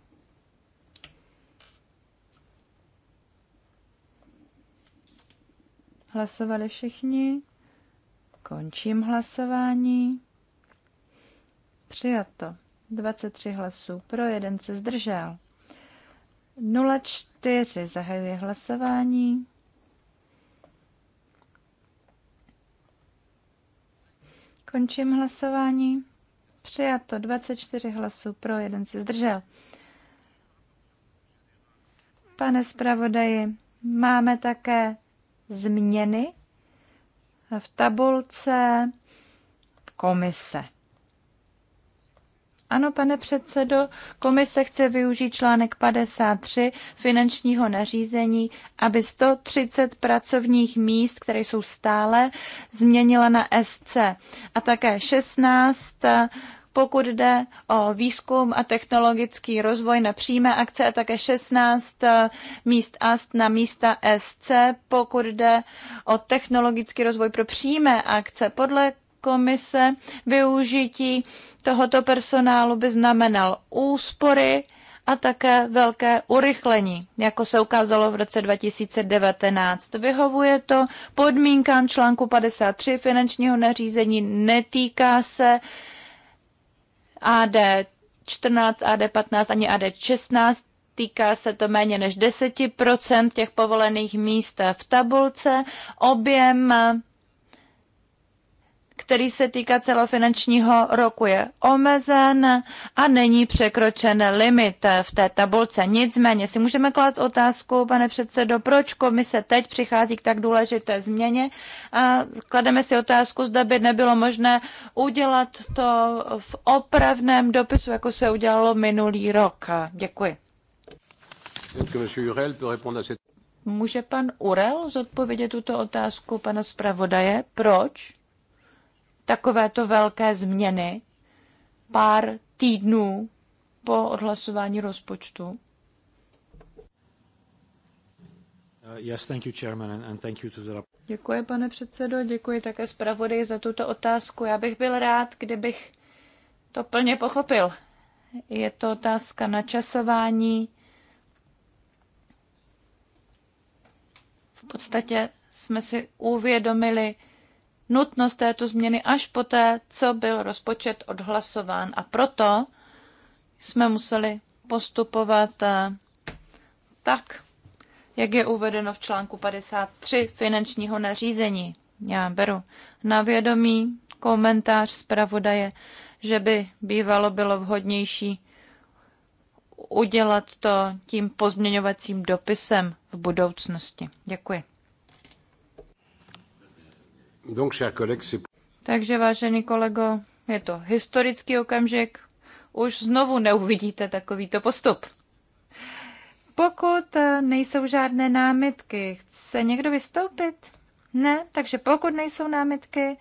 Hlasovali všichni? Končím hlasování. Přijato. 23 hlasů pro, jeden se zdržel. 04. Zahajuji hlasování. Končím hlasování. Přijato 24 hlasů pro, jeden se zdržel. Pane zpravodaji, máme také změny v tabulce komise. Ano, pane předsedo, komise chce využít článek 53 finančního nařízení, aby 130 pracovních míst, které jsou stále, změnila na SC a také 16 pokud jde o výzkum a technologický rozvoj na přímé akce a také 16 míst AST na místa SC, pokud jde o technologický rozvoj pro přímé akce. Podle komise využití tohoto personálu by znamenal úspory a také velké urychlení, jako se ukázalo v roce 2019. Vyhovuje to podmínkám článku 53 finančního nařízení, netýká se AD 14, AD 15 ani AD 16, týká se to méně než 10% těch povolených míst v tabulce. Objem který se týká celého finančního roku, je omezen a není překročen limit v té tabulce. Nicméně si můžeme klást otázku, pane předsedo, proč komise teď přichází k tak důležité změně a klademe si otázku, zda by nebylo možné udělat to v opravném dopisu, jako se udělalo minulý rok. Děkuji. Může pan Urel zodpovědět tuto otázku pana zpravodaje? Proč? takovéto velké změny pár týdnů po odhlasování rozpočtu? Uh, děkuji, pane předsedo, děkuji také zpravodaji za tuto otázku. Já bych byl rád, kdybych to plně pochopil. Je to otázka načasování. V podstatě jsme si uvědomili, nutnost této změny až poté, co byl rozpočet odhlasován. A proto jsme museli postupovat eh, tak, jak je uvedeno v článku 53 finančního nařízení. Já beru na vědomí komentář zpravodaje, že by bývalo bylo vhodnější udělat to tím pozměňovacím dopisem v budoucnosti. Děkuji. Takže, vážený kolego, je to historický okamžik. Už znovu neuvidíte takovýto postup. Pokud eh, nejsou žádné námitky, chce někdo vystoupit? Ne, takže pokud nejsou námitky,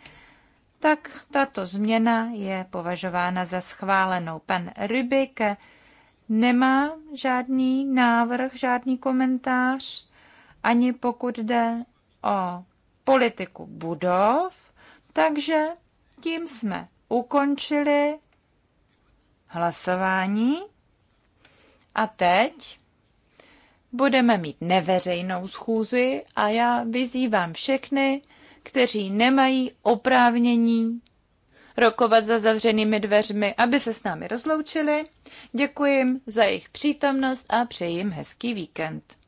tak tato změna je považována za schválenou. Pan Rybik nemá žádný návrh, žádný komentář, ani pokud jde o politiku budov, takže tím jsme ukončili hlasování a teď budeme mít neveřejnou schůzi a já vyzývám všechny, kteří nemají oprávnění rokovat za zavřenými dveřmi, aby se s námi rozloučili. Děkuji jim za jejich přítomnost a přeji jim hezký víkend.